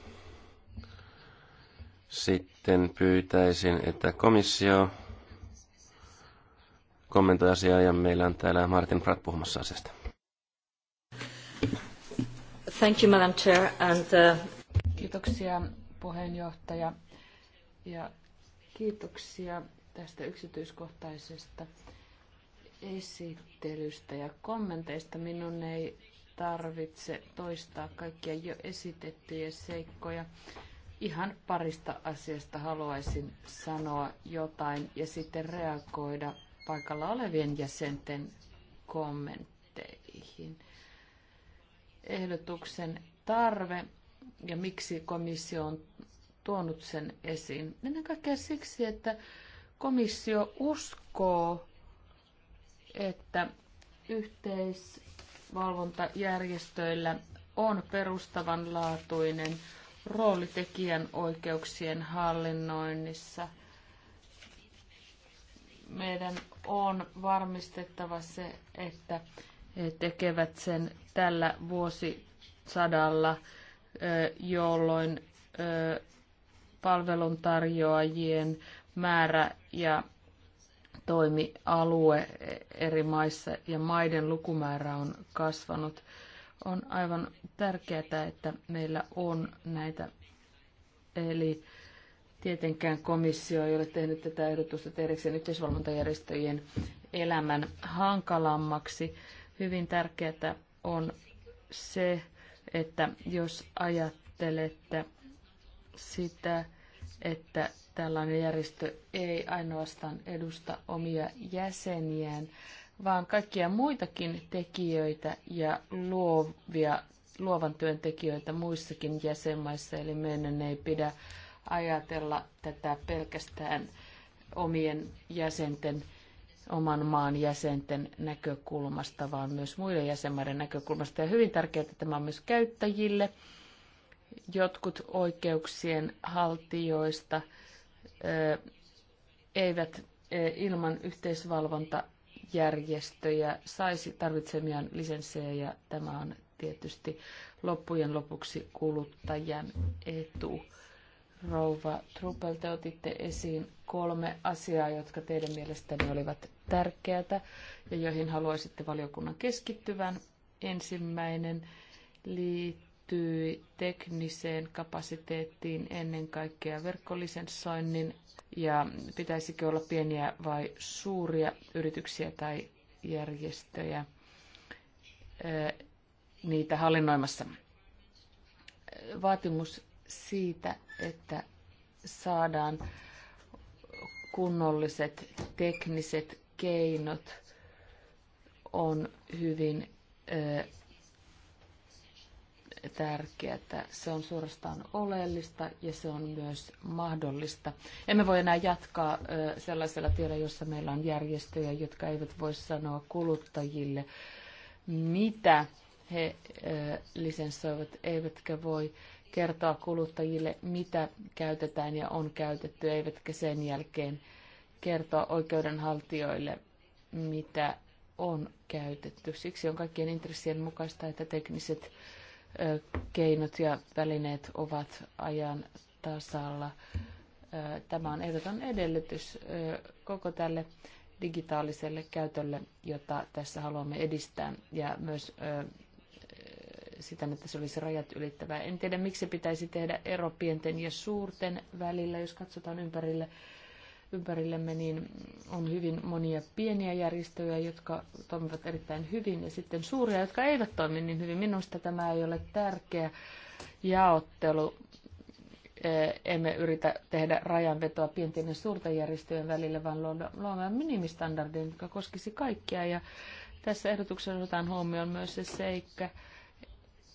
Sitten pyytäisin, että komissio kommentoi asiaa ja meillä on täällä Martin Pratt puhumassa asiasta. Thank you, Madam Chair, and, uh... Kiitoksia puheenjohtaja ja kiitoksia tästä yksityiskohtaisesta esittelystä ja kommenteista. Minun ei tarvitse toistaa kaikkia jo esitettyjä seikkoja. Ihan parista asiasta haluaisin sanoa jotain ja sitten reagoida paikalla olevien jäsenten kommentteihin. Ehdotuksen tarve ja miksi komissio on tuonut sen esiin. Ennen kaikkea siksi, että komissio uskoo, että yhteis valvontajärjestöillä on perustavanlaatuinen rooli tekijän oikeuksien hallinnoinnissa. Meidän on varmistettava se, että he tekevät sen tällä vuosisadalla, jolloin palveluntarjoajien määrä ja toimialue eri maissa ja maiden lukumäärä on kasvanut. On aivan tärkeää, että meillä on näitä. Eli tietenkään komissio ei ole tehnyt tätä ehdotusta tehdäkseen yhteisvalvontajärjestöjen elämän hankalammaksi. Hyvin tärkeää on se, että jos ajattelette sitä, että tällainen järjestö ei ainoastaan edusta omia jäseniään, vaan kaikkia muitakin tekijöitä ja luovia, luovan työn tekijöitä muissakin jäsenmaissa. Eli meidän ei pidä ajatella tätä pelkästään omien jäsenten, oman maan jäsenten näkökulmasta, vaan myös muiden jäsenmaiden näkökulmasta. Ja hyvin tärkeää että tämä on myös käyttäjille jotkut oikeuksien haltijoista eivät ilman yhteisvalvontajärjestöjä saisi tarvitsemiaan lisenssejä ja tämä on tietysti loppujen lopuksi kuluttajan etu. Rouva Truppel, te otitte esiin kolme asiaa, jotka teidän mielestänne olivat tärkeätä ja joihin haluaisitte valiokunnan keskittyvän. Ensimmäinen liittyy liittyy tekniseen kapasiteettiin ennen kaikkea verkkolisensoinnin ja pitäisikö olla pieniä vai suuria yrityksiä tai järjestöjä eh, niitä hallinnoimassa. Vaatimus siitä, että saadaan kunnolliset tekniset keinot on hyvin eh, tärkeää. Se on suorastaan oleellista ja se on myös mahdollista. Emme voi enää jatkaa sellaisella tiellä, jossa meillä on järjestöjä, jotka eivät voi sanoa kuluttajille, mitä he lisensoivat, eivätkä voi kertoa kuluttajille, mitä käytetään ja on käytetty, eivätkä sen jälkeen kertoa oikeudenhaltijoille, mitä on käytetty. Siksi on kaikkien intressien mukaista, että tekniset keinot ja välineet ovat ajan tasalla. Tämä on ehdoton edellytys koko tälle digitaaliselle käytölle, jota tässä haluamme edistää, ja myös sitä, että se olisi rajat ylittävää. En tiedä, miksi pitäisi tehdä ero pienten ja suurten välillä, jos katsotaan ympärille ympärillemme, niin on hyvin monia pieniä järjestöjä, jotka toimivat erittäin hyvin, ja sitten suuria, jotka eivät toimi niin hyvin. Minusta tämä ei ole tärkeä jaottelu. E, emme yritä tehdä rajanvetoa pienten ja suurten järjestöjen välillä, vaan luomme minimistandardin, joka koskisi kaikkia. Ja tässä ehdotuksessa otetaan huomioon myös se seikka,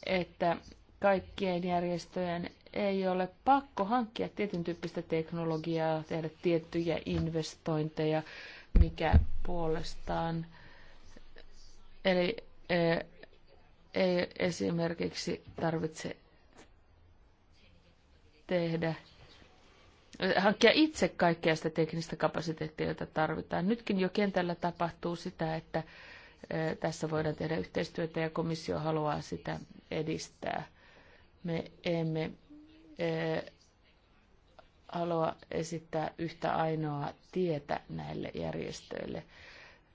että kaikkien järjestöjen ei ole pakko hankkia tietyn tyyppistä teknologiaa, tehdä tiettyjä investointeja, mikä puolestaan. Eli e, ei esimerkiksi tarvitse tehdä, hankkia itse kaikkea sitä teknistä kapasiteettia, jota tarvitaan. Nytkin jo kentällä tapahtuu sitä, että e, tässä voidaan tehdä yhteistyötä ja komissio haluaa sitä edistää. Me emme Eh, halua esittää yhtä ainoaa tietä näille järjestöille.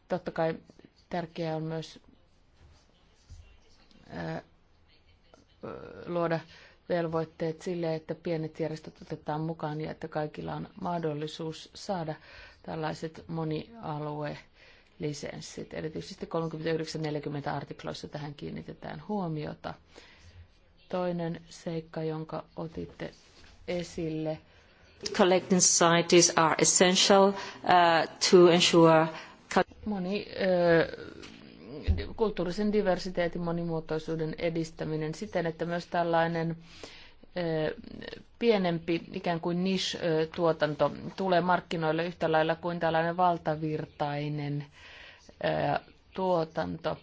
Totta kai tärkeää on myös eh, luoda velvoitteet sille, että pienet järjestöt otetaan mukaan ja että kaikilla on mahdollisuus saada tällaiset monialue lisenssit. Erityisesti 39-40 artikloissa tähän kiinnitetään huomiota. Toinen seikka, jonka otitte esille. Collecting societies are essential uh, to ensure... Moni uh, kulttuurisen diversiteetin monimuotoisuuden edistäminen siten, että myös tällainen uh, pienempi ikään kuin niche-tuotanto uh, tulee markkinoille yhtä lailla kuin tällainen valtavirtainen uh, tuotanto.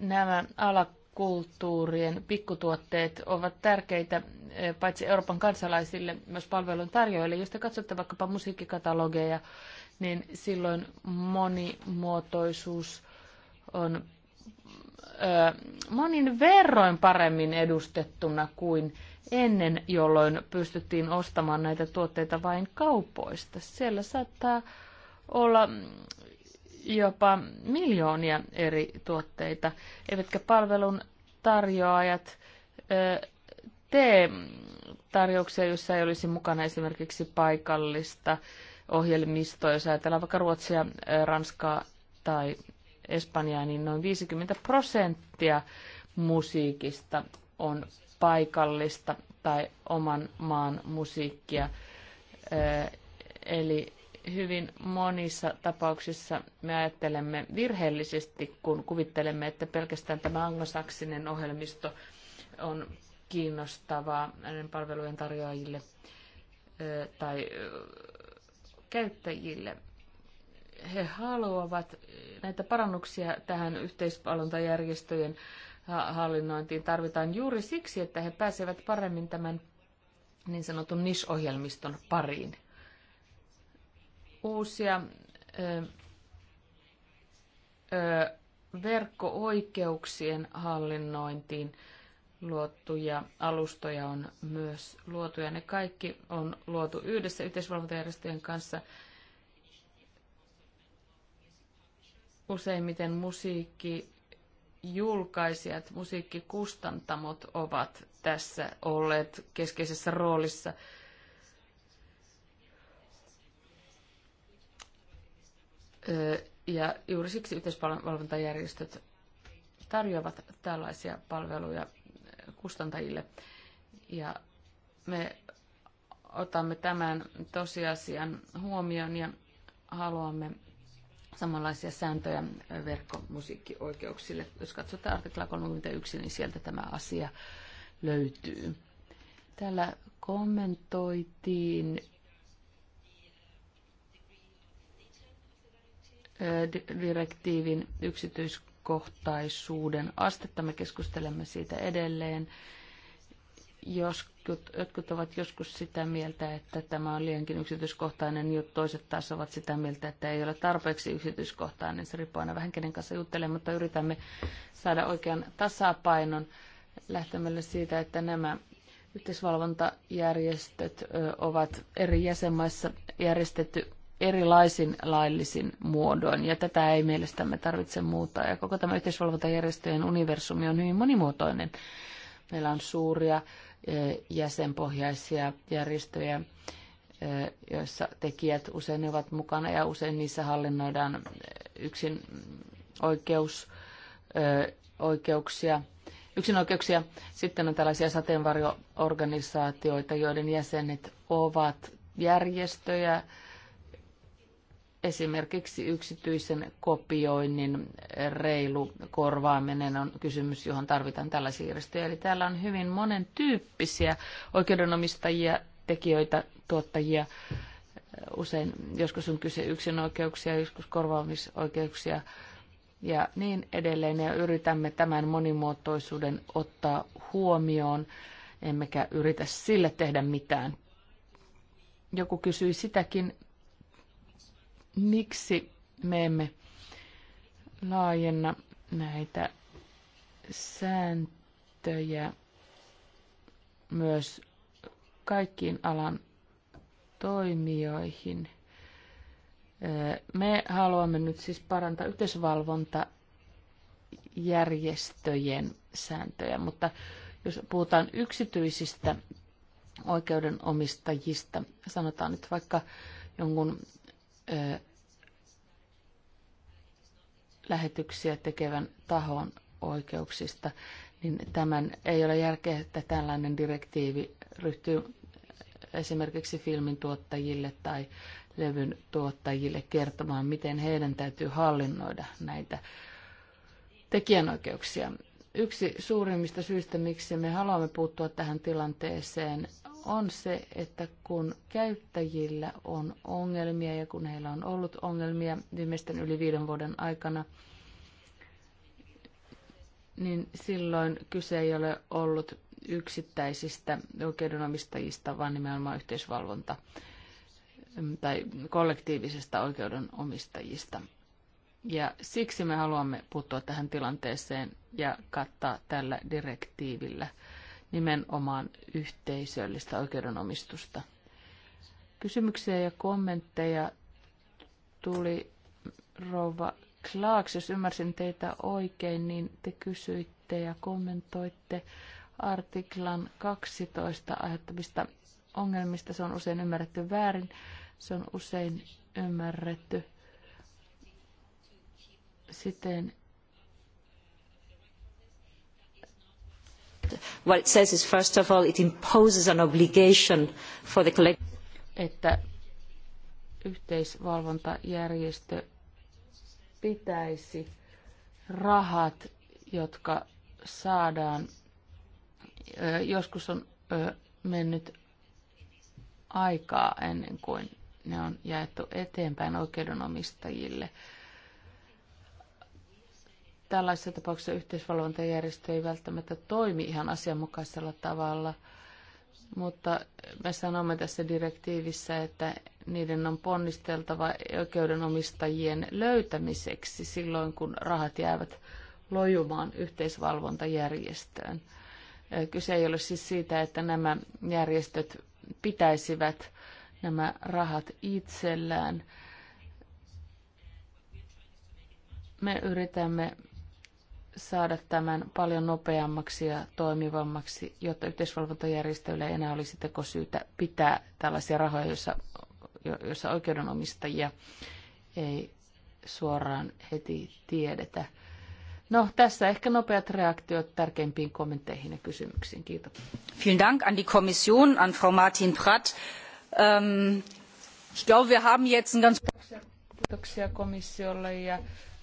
Nämä alat kulttuurien pikkutuotteet ovat tärkeitä eh, paitsi Euroopan kansalaisille, myös palvelun tarjoajille. Jos te katsotte vaikkapa musiikkikatalogeja, niin silloin monimuotoisuus on ö, eh, monin verroin paremmin edustettuna kuin ennen, jolloin pystyttiin ostamaan näitä tuotteita vain kaupoista. Siellä saattaa olla jopa miljoonia eri tuotteita, eivätkä palvelun tarjoajat tee tarjouksia, joissa ei olisi mukana esimerkiksi paikallista ohjelmistoa. Jos ajatellaan vaikka Ruotsia, Ranskaa tai Espanjaa, niin noin 50 prosenttia musiikista on paikallista tai oman maan musiikkia. Eli hyvin monissa tapauksissa me ajattelemme virheellisesti, kun kuvittelemme, että pelkästään tämä anglosaksinen ohjelmisto on kiinnostavaa näiden palvelujen tarjoajille tai käyttäjille. He haluavat näitä parannuksia tähän yhteispalveluntajärjestöjen hallinnointiin tarvitaan juuri siksi, että he pääsevät paremmin tämän niin sanotun NIS-ohjelmiston pariin uusia ö, ö, verkko-oikeuksien hallinnointiin luotuja alustoja on myös luotu, ja ne kaikki on luotu yhdessä yhteisvalvontajärjestöjen kanssa. Useimmiten musiikkijulkaisijat, musiikkikustantamot ovat tässä olleet keskeisessä roolissa – Ja juuri siksi yhteisvalvontajärjestöt tarjoavat tällaisia palveluja kustantajille. Ja me otamme tämän tosiasian huomioon ja haluamme samanlaisia sääntöjä verkkomusiikkioikeuksille. Jos katsotaan artikla 31, niin sieltä tämä asia löytyy. Täällä kommentoitiin direktiivin yksityiskohtaisuuden astetta. Me keskustelemme siitä edelleen. Jos, jotkut ovat joskus sitä mieltä, että tämä on liiankin yksityiskohtainen, ja niin toiset taas ovat sitä mieltä, että ei ole tarpeeksi yksityiskohtainen. Se riippuu aina vähän kenen kanssa juttelee, mutta yritämme saada oikean tasapainon lähtemällä siitä, että nämä yhteisvalvontajärjestöt ovat eri jäsenmaissa järjestetty erilaisin laillisin muodoin, ja tätä ei mielestämme tarvitse muuttaa. Ja koko tämä yhteisvalvontajärjestöjen universumi on hyvin monimuotoinen. Meillä on suuria e, jäsenpohjaisia järjestöjä, e, joissa tekijät usein ovat mukana ja usein niissä hallinnoidaan yksin oikeus, e, oikeuksia. Yksin oikeuksia. Sitten on tällaisia sateenvarjoorganisaatioita, joiden jäsenet ovat järjestöjä, esimerkiksi yksityisen kopioinnin reilu korvaaminen on kysymys, johon tarvitaan tällaisia järjestöjä. Eli täällä on hyvin monen tyyppisiä oikeudenomistajia, tekijöitä, tuottajia. Usein joskus on kyse yksinoikeuksia, joskus korvaamisoikeuksia ja niin edelleen. Ja yritämme tämän monimuotoisuuden ottaa huomioon, emmekä yritä sille tehdä mitään. Joku kysyi sitäkin, miksi me emme laajenna näitä sääntöjä myös kaikkiin alan toimijoihin. Me haluamme nyt siis parantaa yhteisvalvontajärjestöjen sääntöjä, mutta jos puhutaan yksityisistä oikeudenomistajista, sanotaan nyt vaikka jonkun lähetyksiä tekevän tahon oikeuksista, niin tämän ei ole järkeä, että tällainen direktiivi ryhtyy esimerkiksi filmin tuottajille tai levyn tuottajille kertomaan, miten heidän täytyy hallinnoida näitä tekijänoikeuksia. Yksi suurimmista syistä, miksi me haluamme puuttua tähän tilanteeseen, on se, että kun käyttäjillä on ongelmia ja kun heillä on ollut ongelmia viimeisten yli viiden vuoden aikana, niin silloin kyse ei ole ollut yksittäisistä oikeudenomistajista, vaan nimenomaan yhteisvalvonta tai kollektiivisesta oikeudenomistajista. Ja siksi me haluamme puuttua tähän tilanteeseen ja kattaa tällä direktiivillä – nimenomaan yhteisöllistä oikeudenomistusta. Kysymyksiä ja kommentteja tuli rouva Klaaks, jos ymmärsin teitä oikein, niin te kysyitte ja kommentoitte artiklan 12 aiheuttamista ongelmista. Se on usein ymmärretty väärin. Se on usein ymmärretty siten, What it says is first of all it imposes an obligation for the että yhteisvalvontajärjestö pitäisi rahat, jotka saadaan, joskus on mennyt aikaa ennen kuin ne on jaettu eteenpäin oikeudenomistajille tällaisessa tapauksessa yhteisvalvontajärjestö ei välttämättä toimi ihan asianmukaisella tavalla, mutta me sanomme tässä direktiivissä, että niiden on ponnisteltava oikeudenomistajien löytämiseksi silloin, kun rahat jäävät lojumaan yhteisvalvontajärjestöön. Kyse ei ole siis siitä, että nämä järjestöt pitäisivät nämä rahat itsellään. Me yritämme saada tämän paljon nopeammaksi ja toimivammaksi, jotta yhteisvalvontajärjestöillä ei enää olisi tekosyytä pitää tällaisia rahoja, joissa, joissa oikeudenomistajia ei suoraan heti tiedetä. No, tässä ehkä nopeat reaktiot tärkeimpiin kommentteihin ja kysymyksiin. Kiitos. Vielen Dank an die Kommission, an Frau Martin Pratt. Ähm, ich glaube, wir haben jetzt ein ganz... Kiitoksia komissiolle ja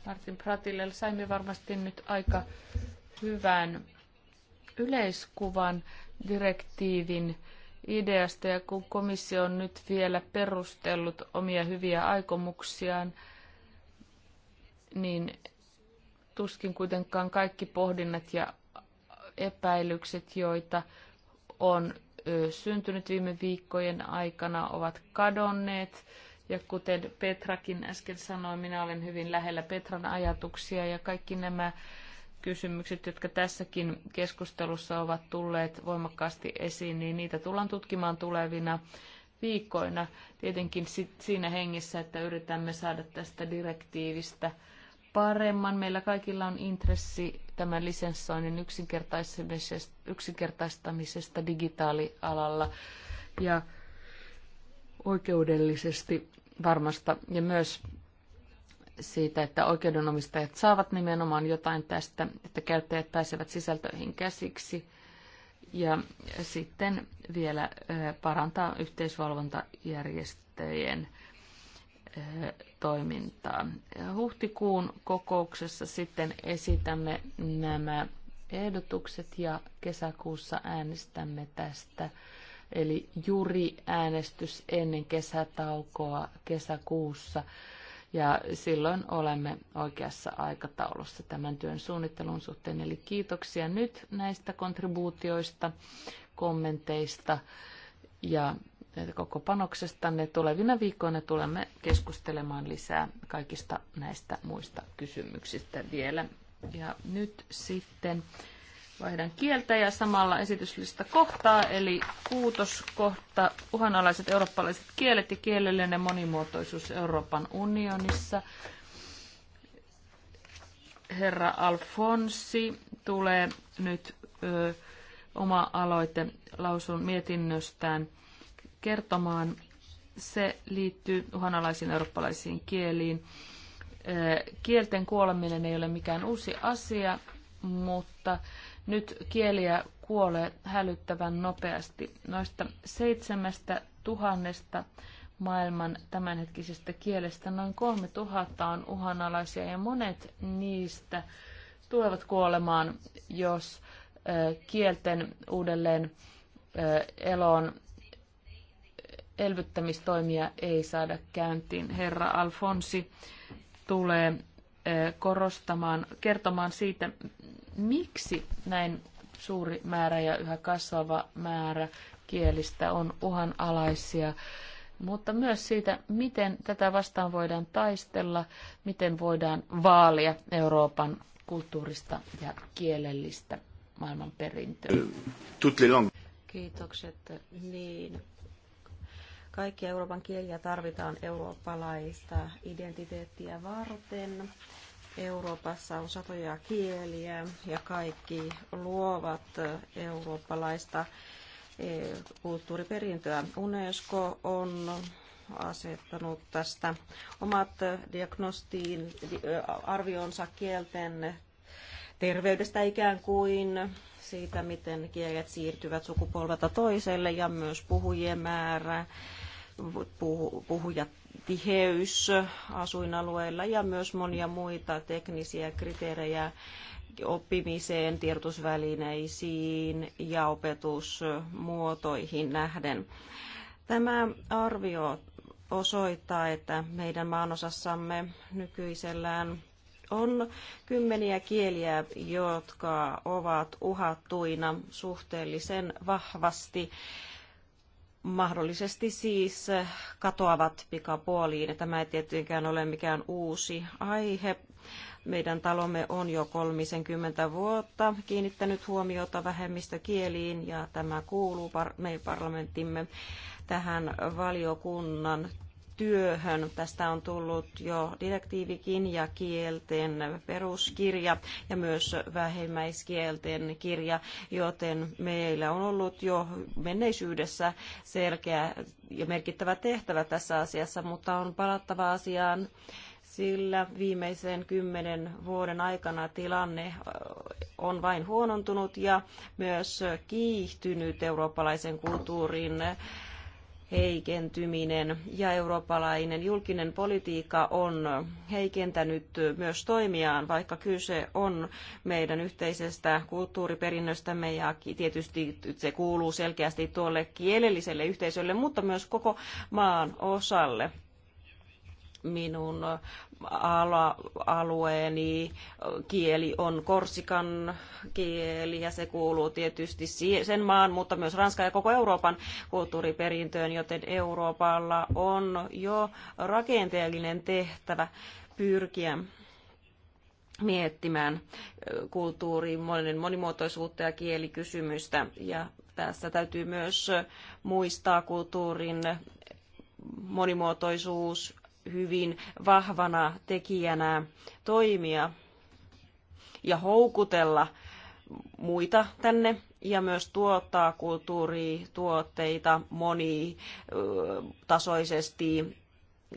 Martin Pratille. Saimme varmasti nyt aika hyvän yleiskuvan direktiivin ideasta ja kun komissio on nyt vielä perustellut omia hyviä aikomuksiaan, niin tuskin kuitenkaan kaikki pohdinnat ja epäilykset, joita on syntynyt viime viikkojen aikana, ovat kadonneet ja kuten Petrakin äsken sanoi, minä olen hyvin lähellä Petran ajatuksia ja kaikki nämä kysymykset, jotka tässäkin keskustelussa ovat tulleet voimakkaasti esiin, niin niitä tullaan tutkimaan tulevina viikkoina. Tietenkin siinä hengessä, että yritämme saada tästä direktiivistä paremman. Meillä kaikilla on intressi tämän lisenssoinnin yksinkertaistamisesta, yksinkertaistamisesta digitaalialalla. Ja oikeudellisesti varmasta ja myös siitä, että oikeudenomistajat saavat nimenomaan jotain tästä, että käyttäjät pääsevät sisältöihin käsiksi ja sitten vielä parantaa yhteisvalvontajärjestöjen toimintaa. Huhtikuun kokouksessa sitten esitämme nämä ehdotukset ja kesäkuussa äänestämme tästä eli juuri äänestys ennen kesätaukoa kesäkuussa. Ja silloin olemme oikeassa aikataulussa tämän työn suunnittelun suhteen. Eli kiitoksia nyt näistä kontribuutioista, kommenteista ja koko panoksesta. Ne Tulevina viikkoina tulemme keskustelemaan lisää kaikista näistä muista kysymyksistä vielä. Ja nyt sitten vaihdan kieltä ja samalla esityslista kohtaa, eli kuutoskohta uhanalaiset eurooppalaiset kielet ja kielellinen monimuotoisuus Euroopan unionissa. Herra Alfonsi tulee nyt ö, oma aloite lausun mietinnöstään kertomaan. Se liittyy uhanalaisiin eurooppalaisiin kieliin. Kielten kuoleminen ei ole mikään uusi asia, mutta nyt kieliä kuolee hälyttävän nopeasti. Noista seitsemästä tuhannesta maailman tämänhetkisestä kielestä noin kolme tuhatta on uhanalaisia ja monet niistä tulevat kuolemaan, jos kielten uudelleen eloon elvyttämistoimia ei saada käyntiin. Herra Alfonsi tulee korostamaan, kertomaan siitä, Miksi näin suuri määrä ja yhä kasvava määrä kielistä on uhanalaisia, mutta myös siitä, miten tätä vastaan voidaan taistella, miten voidaan vaalia Euroopan kulttuurista ja kielellistä maailmanperintöä. Kiitokset. Niin. Kaikkia Euroopan kieliä tarvitaan eurooppalaista identiteettiä varten. Euroopassa on satoja kieliä ja kaikki luovat eurooppalaista e, kulttuuriperintöä. UNESCO on asettanut tästä omat diagnostiin arvionsa kielten terveydestä ikään kuin siitä, miten kielet siirtyvät sukupolvelta toiselle ja myös puhujien määrä, puhujat tiheys äh, asuinalueilla ja myös monia muita teknisiä kriteerejä oppimiseen, tiedotusvälineisiin ja opetusmuotoihin nähden. Tämä arvio osoittaa, että meidän maanosassamme nykyisellään on kymmeniä kieliä, jotka ovat uhattuina suhteellisen vahvasti mahdollisesti siis katoavat pikapuoliin. Tämä ei tietenkään ole mikään uusi aihe. Meidän talomme on jo 30 vuotta kiinnittänyt huomiota vähemmistökieliin ja tämä kuuluu par- meidän parlamenttimme tähän valiokunnan työhön. Tästä on tullut jo direktiivikin ja kielten peruskirja ja myös vähimmäiskielten kirja, joten meillä on ollut jo menneisyydessä selkeä ja merkittävä tehtävä tässä asiassa, mutta on palattava asiaan sillä viimeisen kymmenen vuoden aikana tilanne on vain huonontunut ja myös kiihtynyt eurooppalaisen kulttuurin heikentyminen ja eurooppalainen julkinen politiikka on heikentänyt myös toimiaan, vaikka kyse on meidän yhteisestä kulttuuriperinnöstämme ja tietysti se kuuluu selkeästi tuolle kielelliselle yhteisölle, mutta myös koko maan osalle minun alueeni kieli on korsikan kieli ja se kuuluu tietysti sen maan, mutta myös Ranskan ja koko Euroopan kulttuuriperintöön, joten Euroopalla on jo rakenteellinen tehtävä pyrkiä miettimään kulttuurin monimuotoisuutta ja kielikysymystä. Ja tässä täytyy myös muistaa kulttuurin monimuotoisuus hyvin vahvana tekijänä toimia ja houkutella muita tänne ja myös tuottaa kulttuurituotteita monitasoisesti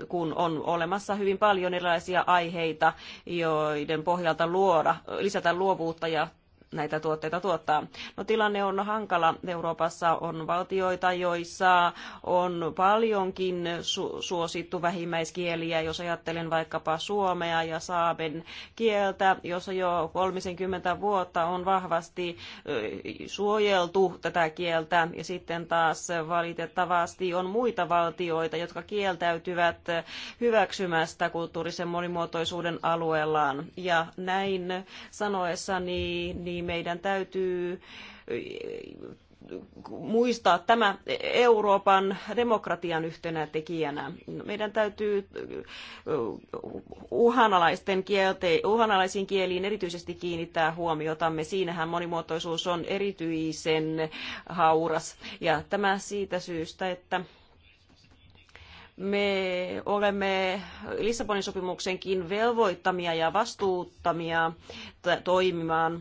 kun on olemassa hyvin paljon erilaisia aiheita, joiden pohjalta luoda, lisätä luovuutta ja näitä tuotteita tuottaa. No tilanne on hankala. Euroopassa on valtioita, joissa on paljonkin su- suosittu vähimmäiskieliä, jos ajattelen vaikkapa suomea ja saaben kieltä, jossa jo 30 vuotta on vahvasti suojeltu tätä kieltä ja sitten taas valitettavasti on muita valtioita, jotka kieltäytyvät hyväksymästä kulttuurisen monimuotoisuuden alueellaan. Ja näin sanoessani, niin niin meidän täytyy eh, muistaa tämä Euroopan demokratian yhtenä tekijänä. Meidän täytyy eh, uhanalaisten kielte, uhanalaisiin kieliin erityisesti kiinnittää huomiotamme. Siinähän monimuotoisuus on erityisen hauras. Ja tämä siitä syystä, että me olemme Lissabonin sopimuksenkin velvoittamia ja vastuuttamia toimimaan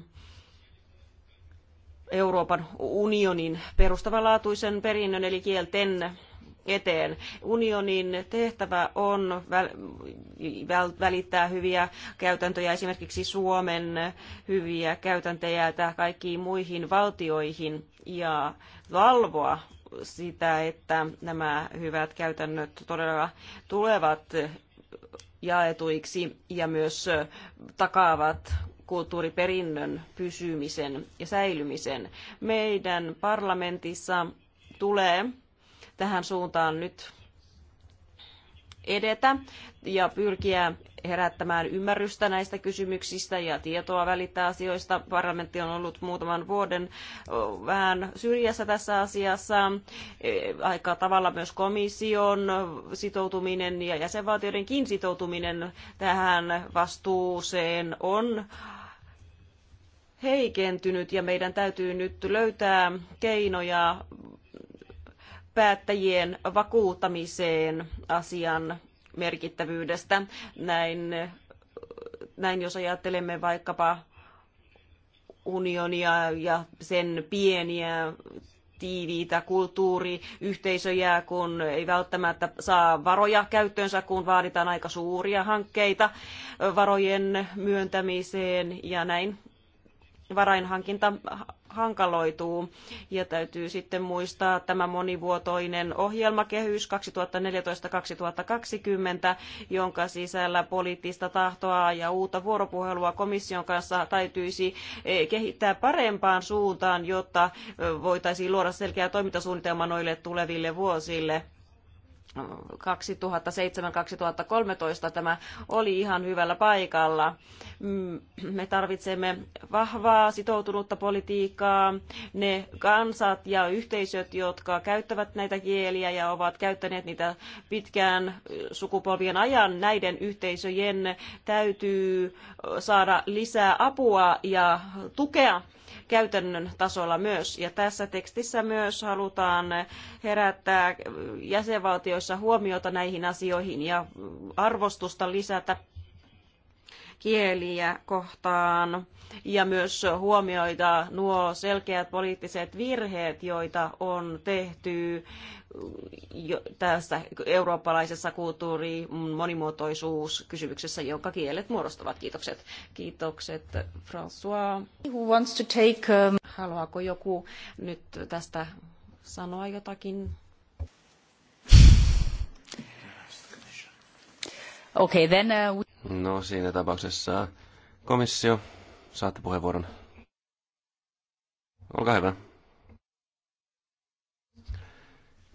Euroopan unionin perustavanlaatuisen perinnön eli kielten eteen. Unionin tehtävä on välittää hyviä käytäntöjä, esimerkiksi Suomen hyviä käytäntöjä kaikkiin muihin valtioihin ja valvoa sitä, että nämä hyvät käytännöt todella tulevat jaetuiksi ja myös takaavat kulttuuriperinnön pysymisen ja säilymisen. Meidän parlamentissa tulee tähän suuntaan nyt edetä ja pyrkiä herättämään ymmärrystä näistä kysymyksistä ja tietoa välittää asioista. Parlamentti on ollut muutaman vuoden vähän syrjässä tässä asiassa. E, aika tavalla myös komission sitoutuminen ja jäsenvaltioidenkin sitoutuminen tähän vastuuseen on heikentynyt ja meidän täytyy nyt löytää keinoja päättäjien vakuuttamiseen asian merkittävyydestä. Näin, näin jos ajattelemme vaikkapa unionia ja sen pieniä tiiviitä kulttuuriyhteisöjä, kun ei välttämättä saa varoja käyttöönsä, kun vaaditaan aika suuria hankkeita varojen myöntämiseen ja näin varainhankinta hankaloituu ja täytyy sitten muistaa tämä monivuotoinen ohjelmakehys 2014-2020, jonka sisällä poliittista tahtoa ja uutta vuoropuhelua komission kanssa täytyisi e, kehittää parempaan suuntaan, jotta e, voitaisiin luoda selkeä toimintasuunnitelma noille tuleville vuosille 2007-2013 tämä oli ihan hyvällä paikalla. Mm, me tarvitsemme vahvaa sitoutunutta politiikkaa. Ne kansat ja yhteisöt, jotka käyttävät näitä kieliä ja ovat käyttäneet niitä pitkään sukupolvien ajan, näiden yhteisöjen täytyy saada lisää apua ja tukea käytännön tasolla myös. Ja tässä tekstissä myös halutaan herättää jäsenvaltioissa huomiota näihin asioihin ja arvostusta lisätä kieliä kohtaan ja myös huomioida nuo selkeät poliittiset virheet, joita on tehty tässä eurooppalaisessa kulttuuri monimuotoisuuskysymyksessä, jonka kielet muodostavat. Kiitokset. Kiitokset, François. Who wants to take, um... Haluaako joku nyt tästä sanoa jotakin? Okay, then, uh... No siinä tapauksessa komissio, saatte puheenvuoron. Olkaa hyvä.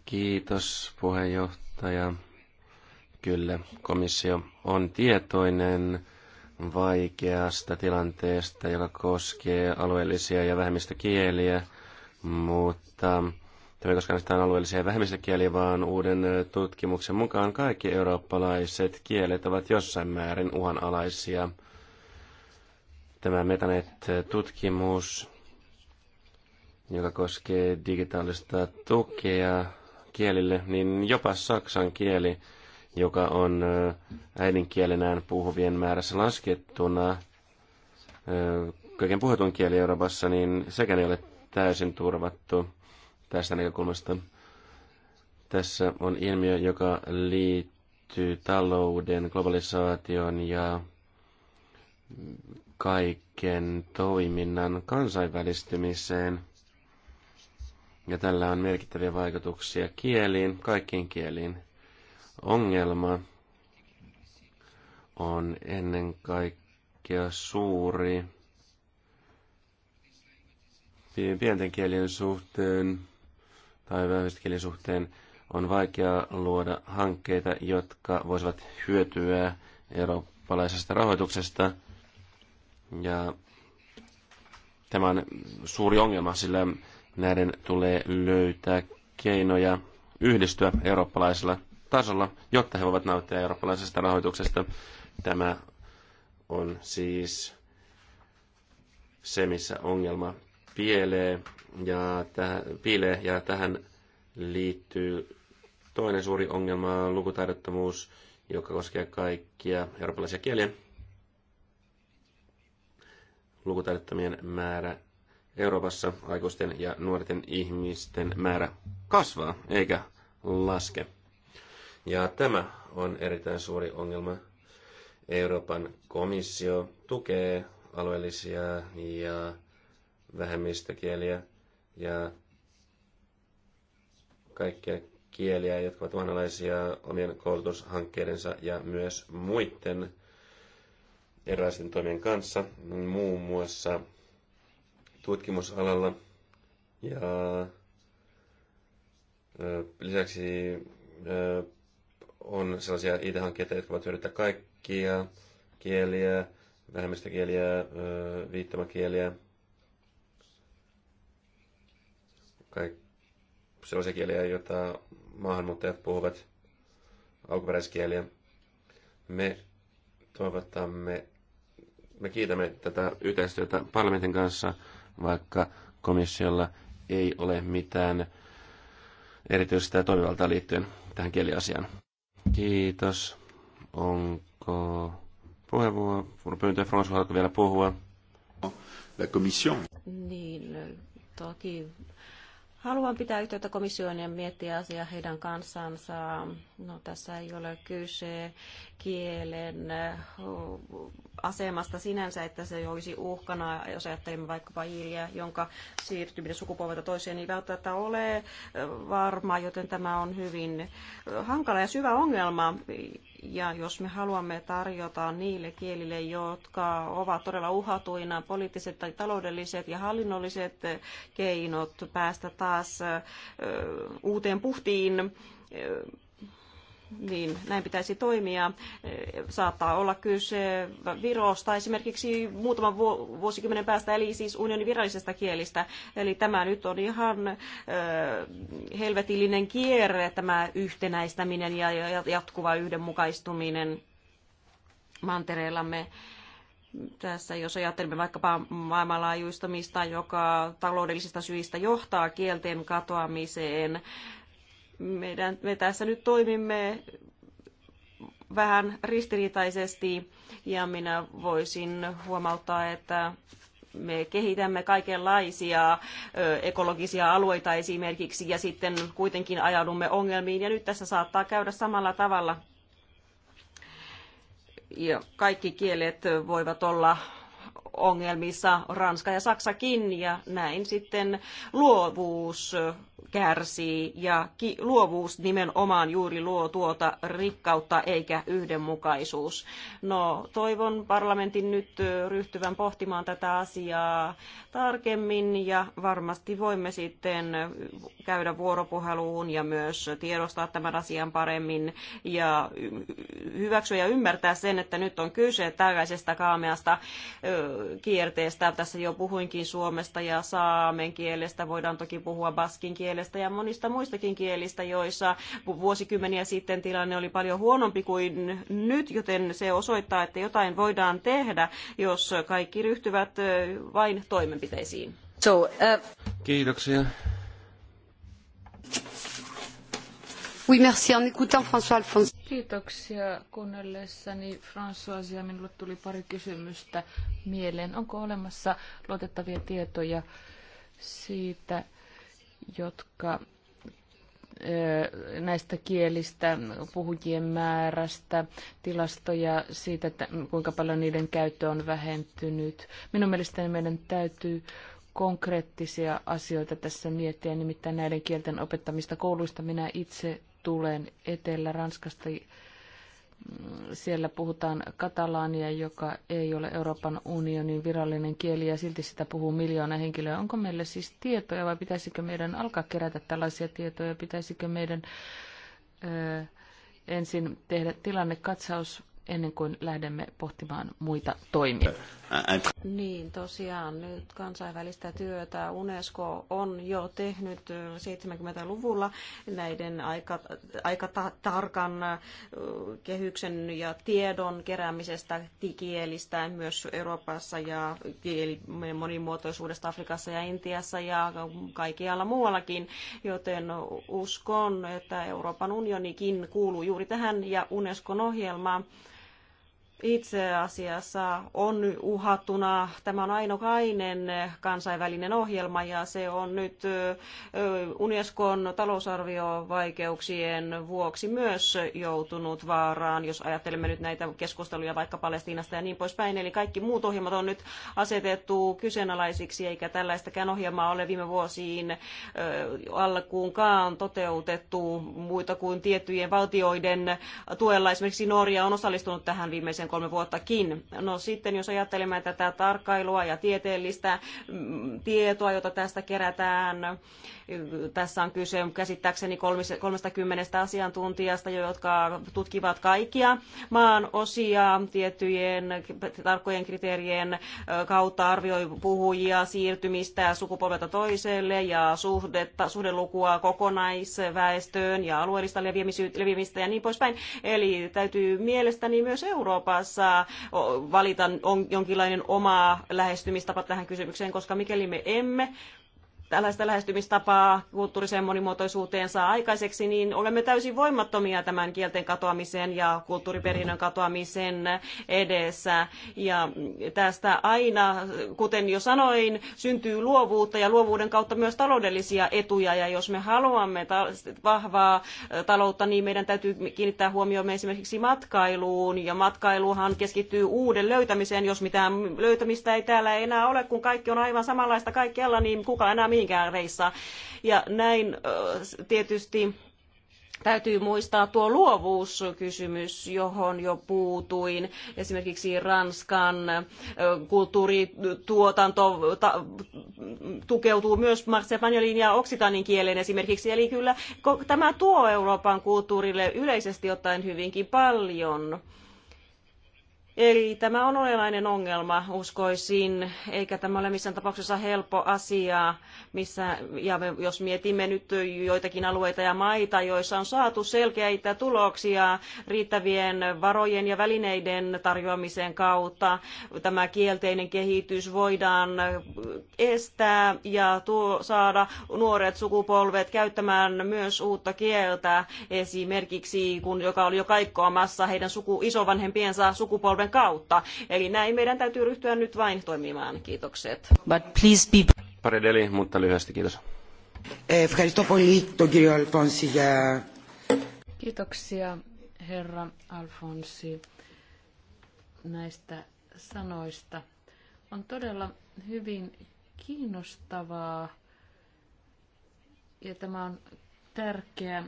Kiitos puheenjohtaja. Kyllä, komissio on tietoinen vaikeasta tilanteesta, joka koskee alueellisia ja vähemmistökieliä, mutta Tämä ei koskaan sitä alueellisia vähemmistökieliä, vaan uuden tutkimuksen mukaan kaikki eurooppalaiset kielet ovat jossain määrin uhanalaisia. Tämä Metanet-tutkimus, joka koskee digitaalista tukea kielille, niin jopa saksan kieli, joka on äidinkielenään puhuvien määrässä laskettuna kaiken puhutun kieli Euroopassa, niin sekään ei ole täysin turvattu tästä näkökulmasta. Tässä on ilmiö, joka liittyy talouden, globalisaation ja kaiken toiminnan kansainvälistymiseen. Ja tällä on merkittäviä vaikutuksia kieliin, kaikkiin kieliin. Ongelma on ennen kaikkea suuri pienten kielien suhteen tai väyläskielen suhteen on vaikea luoda hankkeita, jotka voisivat hyötyä eurooppalaisesta rahoituksesta. Ja tämä on suuri ongelma, sillä näiden tulee löytää keinoja yhdistyä eurooppalaisella tasolla, jotta he voivat nauttia eurooppalaisesta rahoituksesta. Tämä on siis se, missä ongelma pielee ja, täh, piilee ja tähän liittyy toinen suuri ongelma, lukutaidottomuus, joka koskee kaikkia eurooppalaisia kieliä. Lukutaidottomien määrä Euroopassa aikuisten ja nuorten ihmisten määrä kasvaa eikä laske. Ja tämä on erittäin suuri ongelma. Euroopan komissio tukee alueellisia ja vähemmistökieliä ja kaikkia kieliä, jotka ovat vanhalaisia omien koulutushankkeidensa ja myös muiden erilaisten toimien kanssa, muun muassa tutkimusalalla ja lisäksi on sellaisia IT-hankkeita, jotka voivat hyödyntää kaikkia kieliä, vähemmistökieliä, viittomakieliä, kaikki sellaisia kieliä, joita maahanmuuttajat puhuvat, alkuperäiskieliä. Me toivotamme, me kiitämme tätä yhteistyötä parlamentin kanssa, vaikka komissiolla ei ole mitään erityistä toimivaltaa liittyen tähän kieliasiaan. Kiitos. Onko puheenvuoro? Pyyntöä François, vielä puhua? La commission. Niin, toki Haluan pitää yhteyttä komissioon ja miettiä asiaa heidän kanssansa. No, tässä ei ole kyse kielen eh, asemasta sinänsä, että se olisi uhkana, jos ajattelemme vaikkapa iiriä, jonka siirtyminen sukupolvelta toiseen ei niin välttämättä ole eh, varma, joten tämä on hyvin eh, hankala ja syvä ongelma. Ja jos me haluamme tarjota niille kielille, jotka ovat todella uhatuina, poliittiset tai taloudelliset ja hallinnolliset keinot päästä taas uuteen puhtiin, niin näin pitäisi toimia. Saattaa olla kyse Virosta esimerkiksi muutaman vuosikymmenen päästä, eli siis unionin virallisesta kielistä. Eli tämä nyt on ihan helvetillinen kierre, tämä yhtenäistäminen ja jatkuva yhdenmukaistuminen mantereellamme tässä, jos ajattelemme vaikkapa maailmanlaajuistamista, joka taloudellisista syistä johtaa kielten katoamiseen, meidän, me tässä nyt toimimme vähän ristiriitaisesti ja minä voisin huomauttaa, että me kehitämme kaikenlaisia ekologisia alueita esimerkiksi ja sitten kuitenkin ajaudumme ongelmiin ja nyt tässä saattaa käydä samalla tavalla. Ja kaikki kielet voivat olla ongelmissa, Ranska ja Saksakin, ja näin sitten luovuus kärsii ja ki- luovuus nimenomaan juuri luo tuota rikkautta eikä yhdenmukaisuus. No, toivon parlamentin nyt ryhtyvän pohtimaan tätä asiaa tarkemmin ja varmasti voimme sitten käydä vuoropuheluun ja myös tiedostaa tämän asian paremmin ja hyväksyä ja ymmärtää sen, että nyt on kyse tällaisesta kaameasta kierteestä. Tässä jo puhuinkin suomesta ja saamen kielestä, voidaan toki puhua baskin kielestä kielestä ja monista muistakin kielistä, joissa vuosikymmeniä sitten tilanne oli paljon huonompi kuin nyt, joten se osoittaa, että jotain voidaan tehdä, jos kaikki ryhtyvät vain toimenpiteisiin. So, uh... Kiitoksia. Oui, merci. En écoutant François Alphonse. Kiitoksia kuunnellessani Françoisia. Minulle tuli pari kysymystä mieleen. Onko olemassa luotettavia tietoja siitä, jotka näistä kielistä, puhujien määrästä, tilastoja siitä, että kuinka paljon niiden käyttö on vähentynyt. Minun mielestäni meidän täytyy konkreettisia asioita tässä miettiä, nimittäin näiden kielten opettamista kouluista. Minä itse tulen Etelä-Ranskasta siellä puhutaan katalaania, joka ei ole Euroopan unionin virallinen kieli ja silti sitä puhuu miljoona henkilöä. Onko meillä siis tietoja vai pitäisikö meidän alkaa kerätä tällaisia tietoja? Pitäisikö meidän ö, ensin tehdä tilannekatsaus ennen kuin lähdemme pohtimaan muita toimia? Niin, tosiaan nyt kansainvälistä työtä UNESCO on jo tehnyt 70-luvulla näiden aika, aika ta- tarkan kehyksen ja tiedon keräämisestä kielistä myös Euroopassa ja monimuotoisuudesta Afrikassa ja Intiassa ja kaikkialla muuallakin, joten uskon, että Euroopan unionikin kuuluu juuri tähän ja UNESCOn ohjelmaan itse asiassa on uhattuna. Tämä on ainokainen kansainvälinen ohjelma ja se on nyt Unescon talousarviovaikeuksien vuoksi myös joutunut vaaraan, jos ajattelemme nyt näitä keskusteluja vaikka Palestiinasta ja niin poispäin. Eli kaikki muut ohjelmat on nyt asetettu kyseenalaisiksi, eikä tällaistakään ohjelmaa ole viime vuosiin alkuunkaan toteutettu muita kuin tiettyjen valtioiden tuella. Esimerkiksi Norja on osallistunut tähän viimeisen kolme vuottakin. No sitten, jos ajattelemme tätä tarkkailua ja tieteellistä mm, tietoa, jota tästä kerätään, tässä on kyse käsittääkseni 30 asiantuntijasta, jotka tutkivat kaikkia maan osia tiettyjen tarkkojen kriteerien kautta arvioi puhujia, siirtymistä sukupolvelta toiselle ja suhdetta, suhdelukua kokonaisväestöön ja alueellista leviämistä ja niin poispäin. Eli täytyy mielestäni myös Euroopassa saa valita on jonkinlainen oma lähestymistapa tähän kysymykseen, koska mikäli me emme tällaista lähestymistapaa kulttuuriseen monimuotoisuuteen saa aikaiseksi, niin olemme täysin voimattomia tämän kielten katoamisen ja kulttuuriperinnön katoamisen edessä. Ja tästä aina, kuten jo sanoin, syntyy luovuutta ja luovuuden kautta myös taloudellisia etuja. Ja jos me haluamme vahvaa taloutta, niin meidän täytyy kiinnittää huomioon esimerkiksi matkailuun. Ja matkailuhan keskittyy uuden löytämiseen. Jos mitään löytämistä ei täällä enää ole, kun kaikki on aivan samanlaista kaikkialla, niin kuka enää mihinkään reissaa. Ja näin tietysti Täytyy muistaa tuo luovuuskysymys, johon jo puutuin. Esimerkiksi Ranskan kulttuurituotanto tukeutuu myös Marsepanjolin ja Oksitanin kieleen esimerkiksi. Eli kyllä tämä tuo Euroopan kulttuurille yleisesti ottaen hyvinkin paljon. Eli tämä on olennainen ongelma, uskoisin, eikä tämä ole missään tapauksessa helppo asia, missä, ja me, jos mietimme nyt joitakin alueita ja maita, joissa on saatu selkeitä tuloksia riittävien varojen ja välineiden tarjoamisen kautta, tämä kielteinen kehitys voidaan estää ja tuo, saada nuoret sukupolvet käyttämään myös uutta kieltä, esimerkiksi kun joka oli jo kaikkoamassa heidän suku, isovanhempiensa sukupolven tulevaisuuden kautta. Eli näin meidän täytyy ryhtyä nyt vain toimimaan. Kiitokset. But please be... mutta lyhyesti kiitos. Eh, Kiitoksia herra Alfonsi näistä sanoista. On todella hyvin kiinnostavaa ja tämä on tärkeä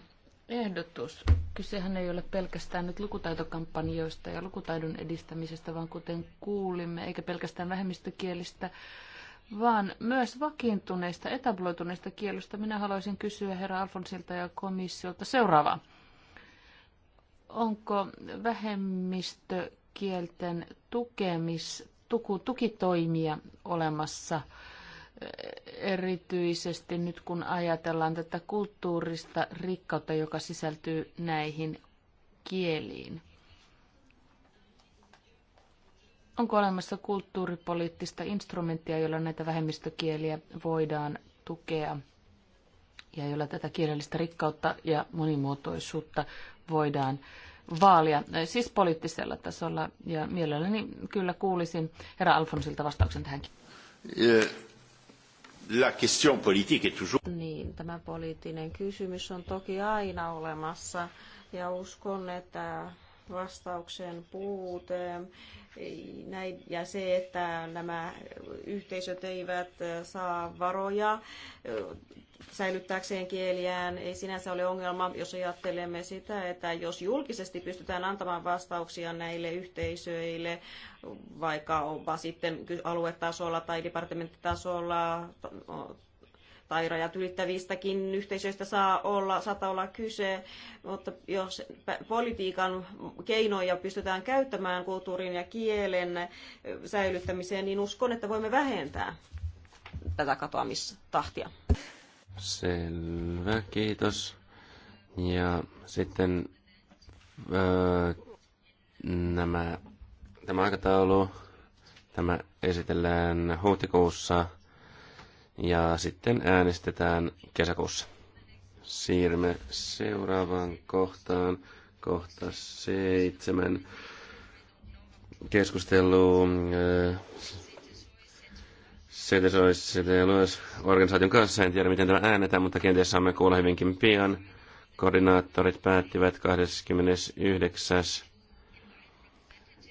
ehdotus. Kysehän ei ole pelkästään nyt lukutaitokampanjoista ja lukutaidon edistämisestä, vaan kuten kuulimme, eikä pelkästään vähemmistökielistä, vaan myös vakiintuneista, etabloituneista kielistä. Minä haluaisin kysyä herra Alfonsilta ja komissiolta seuraavaa. Onko vähemmistökielten tukemis, tuku, tukitoimia olemassa – erityisesti nyt kun ajatellaan tätä kulttuurista rikkautta, joka sisältyy näihin kieliin. Onko olemassa kulttuuripoliittista instrumenttia, jolla näitä vähemmistökieliä voidaan tukea ja jolla tätä kielellistä rikkautta ja monimuotoisuutta voidaan vaalia, siis poliittisella tasolla. Ja mielelläni kyllä kuulisin herra Alfonsilta vastauksen tähänkin. Yeah la question politique est toujours... Niin, tämä poliittinen kysymys on toki aina olemassa ja uskon, että vastauksen puute näin, ja se, että nämä yhteisöt eivät saa varoja säilyttääkseen kieliään, ei sinänsä ole ongelma, jos ajattelemme sitä, että jos julkisesti pystytään antamaan vastauksia näille yhteisöille, vaikka onpa sitten aluetasolla tai departementtitasolla tai rajat ylittävistäkin yhteisöistä saa olla, saattaa olla kyse, mutta jos politiikan keinoja pystytään käyttämään kulttuurin ja kielen säilyttämiseen, niin uskon, että voimme vähentää tätä katoamistahtia. Selvä, kiitos. Ja sitten öö, nämä, tämä aikataulu, tämä esitellään huhtikuussa ja sitten äänestetään kesäkuussa. Siirrymme seuraavaan kohtaan, kohta seitsemän. Keskustelu CTSOIS, äh, organisaation kanssa. En tiedä, miten tämä äänetään, mutta kenties saamme kuulla hyvinkin pian. Koordinaattorit päättivät 29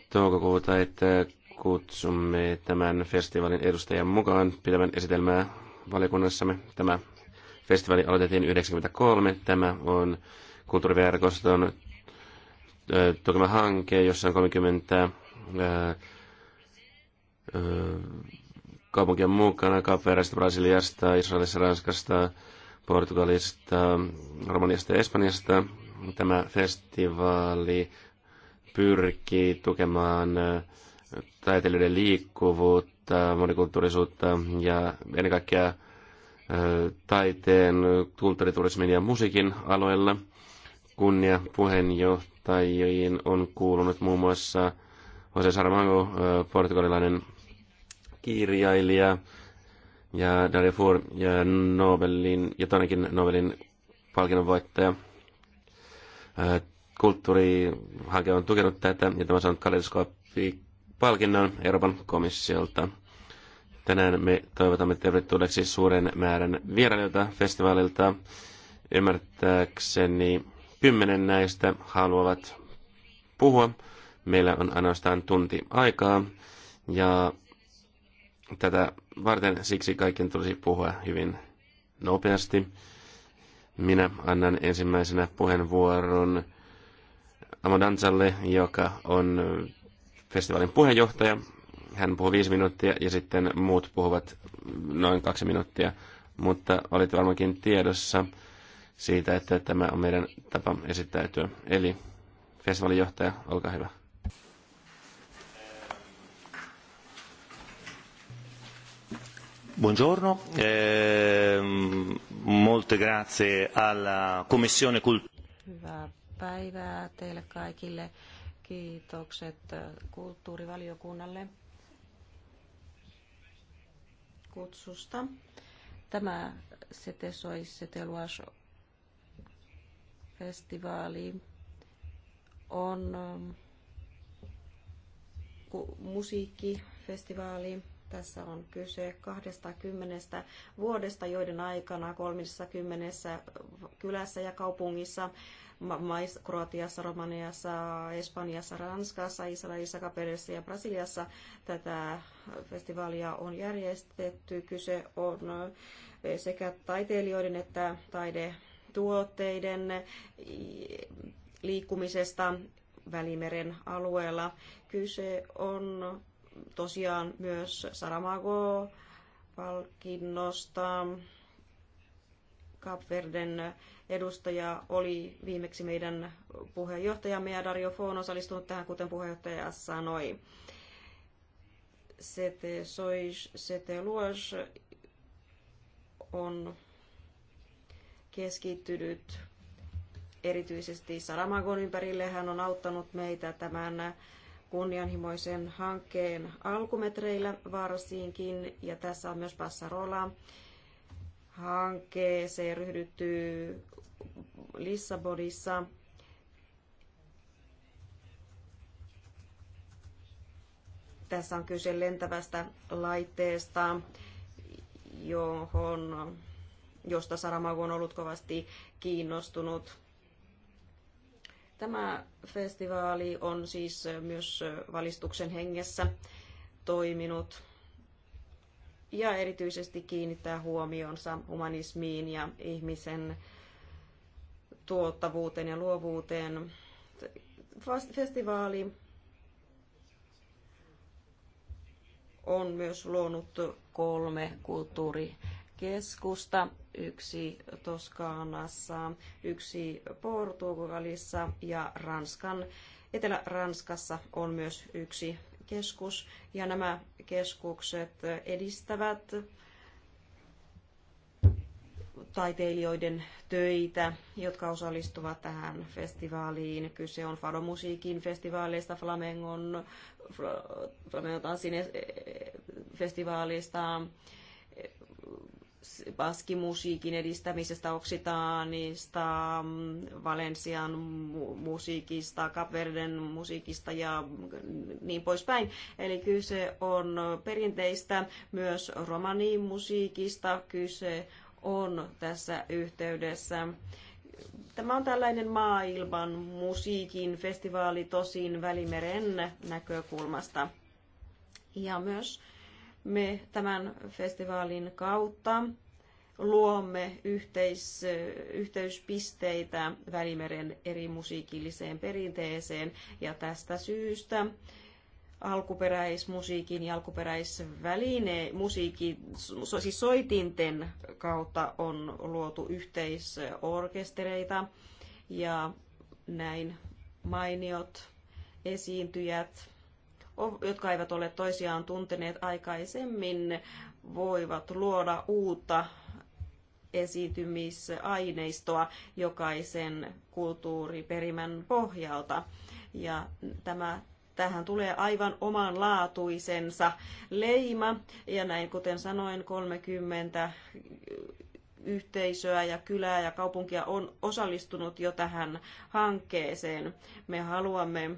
toukokuuta, että kutsumme tämän festivaalin edustajan mukaan pitämään esitelmää valiokunnassamme. Tämä festivaali aloitettiin 1993. Tämä on kulttuuriverkoston tukema hanke, jossa on 30 kaupunkia mukana Kapverasta, Brasiliasta, Israelista, Ranskasta, Portugalista, Romaniasta ja Espanjasta. Tämä festivaali pyrkii tukemaan taiteilijoiden liikkuvuutta, monikulttuurisuutta ja ennen kaikkea taiteen, kulttuuriturismin ja musiikin aloilla. Kunnia puheenjohtajiin on kuulunut muun muassa Jose Saramago, portugalilainen kirjailija, ja Daria Fur, ja Nobelin, ja toinenkin Nobelin palkinnon Kulttuurihanke on tukenut tätä, ja tämä on saanut kaleidoskooppi palkinnon Euroopan komissiolta. Tänään me toivotamme tervetulleeksi suuren määrän vierailijoita festivaalilta. Ymmärtääkseni kymmenen näistä haluavat puhua. Meillä on ainoastaan tunti aikaa ja tätä varten siksi kaiken tulisi puhua hyvin nopeasti. Minä annan ensimmäisenä puheenvuoron Amodanzalle, joka on festivaalin puheenjohtaja. Hän puhui viisi minuuttia ja sitten muut puhuvat noin kaksi minuuttia, mutta olit varmaankin tiedossa siitä, että tämä on meidän tapa esittäytyä. Eli festivaalin johtaja, olkaa hyvä. Buongiorno, ehm, molte grazie alla Commissione Cultura. Hyvää päivää teille kaikille. Kiitokset äh, kulttuurivaliokunnalle kutsusta. Tämä Sete Soi Sete festivaali on ähm, musiikkifestivaali. Tässä on kyse 20 vuodesta, joiden aikana 30 kylässä ja kaupungissa maissa, Kroatiassa, Romaniassa, Espanjassa, Ranskassa, Israelissa, Kaperissa ja Brasiliassa tätä festivaalia on järjestetty. Kyse on eh, sekä taiteilijoiden että taidetuotteiden liikkumisesta Välimeren alueella. Kyse on tosiaan myös Saramago-palkinnosta, Kapverden edustaja oli viimeksi meidän puheenjohtajamme ja Dario Fo on osallistunut tähän, kuten puheenjohtaja sanoi. CT Sois, CT Luos on keskittynyt erityisesti Saramagon ympärille. Hän on auttanut meitä tämän kunnianhimoisen hankkeen alkumetreillä varsinkin, ja tässä on myös Passarola. Hankkeeseen ryhdytty. Lissabonissa tässä on kyse lentävästä laitteesta, johon, josta Saramago on ollut kovasti kiinnostunut. Tämä festivaali on siis myös valistuksen hengessä toiminut ja erityisesti kiinnittää huomionsa humanismiin ja ihmisen tuottavuuteen ja luovuuteen. Festivaali on myös luonut kolme kulttuurikeskusta, yksi Toskaanassa, yksi Portugalissa ja Ranskan. Etelä-Ranskassa on myös yksi keskus ja nämä keskukset edistävät taiteilijoiden töitä, jotka osallistuvat tähän festivaaliin. Kyse on Fado-musiikin festivaaleista, Flamengon, Flamengon e, festivaalista, baskimusiikin edistämisestä Oksitaanista, Valensian musiikista, Kapverden musiikista ja niin poispäin. Eli kyse on perinteistä myös romaniin musiikista, kyse on tässä yhteydessä. Tämä on tällainen maailman musiikin festivaali tosin Välimeren näkökulmasta. Ja myös me tämän festivaalin kautta luomme yhteis, yhteyspisteitä Välimeren eri musiikilliseen perinteeseen ja tästä syystä alkuperäismusiikin ja alkuperäisvälineen musiikin, siis soitinten kautta on luotu yhteisorkestereita ja näin mainiot esiintyjät, jotka eivät ole toisiaan tunteneet aikaisemmin, voivat luoda uutta esiintymisaineistoa jokaisen kulttuuriperimän pohjalta. Ja tämä Tähän tulee aivan omanlaatuisensa leima. Ja näin kuten sanoin, 30 yhteisöä ja kylää ja kaupunkia on osallistunut jo tähän hankkeeseen. Me haluamme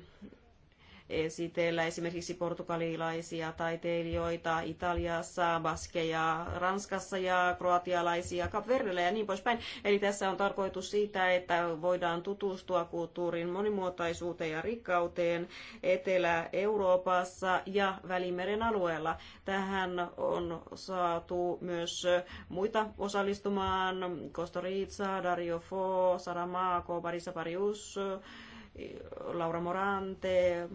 esitellä esimerkiksi portugalilaisia taiteilijoita Italiassa, Baskeja, Ranskassa ja kroatialaisia Kapverdellä ja niin poispäin. Eli tässä on tarkoitus siitä, että voidaan tutustua kulttuurin monimuotoisuuteen ja rikkauteen Etelä-Euroopassa ja Välimeren alueella. Tähän on saatu myös muita osallistumaan, Costa Rica, Dario Fo, Saramago, Parisa Parius, Laura Morante,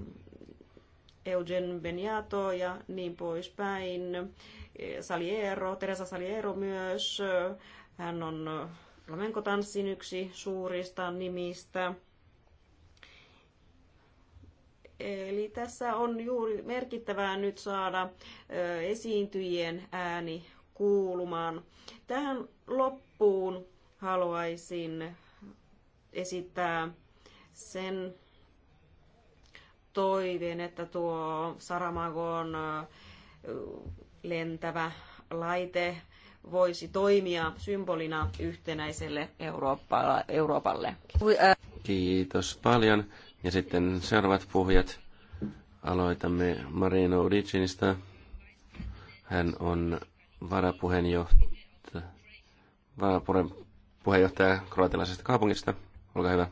Eugen Beniato ja niin poispäin. Saliero, Teresa Saliero myös, hän on tanssin yksi suurista nimistä. Eli tässä on juuri merkittävää nyt saada esiintyjien ääni kuulumaan. Tähän loppuun haluaisin esittää sen toiveen, että tuo Saramagon lentävä laite voisi toimia symbolina yhtenäiselle Euroopalle. Kiitos paljon. Ja sitten seuraavat puhujat. Aloitamme Marino Udicinista. Hän on varapuheenjohtaja, varapuheenjohtaja kroatilaisesta kaupungista. Olkaa hyvä.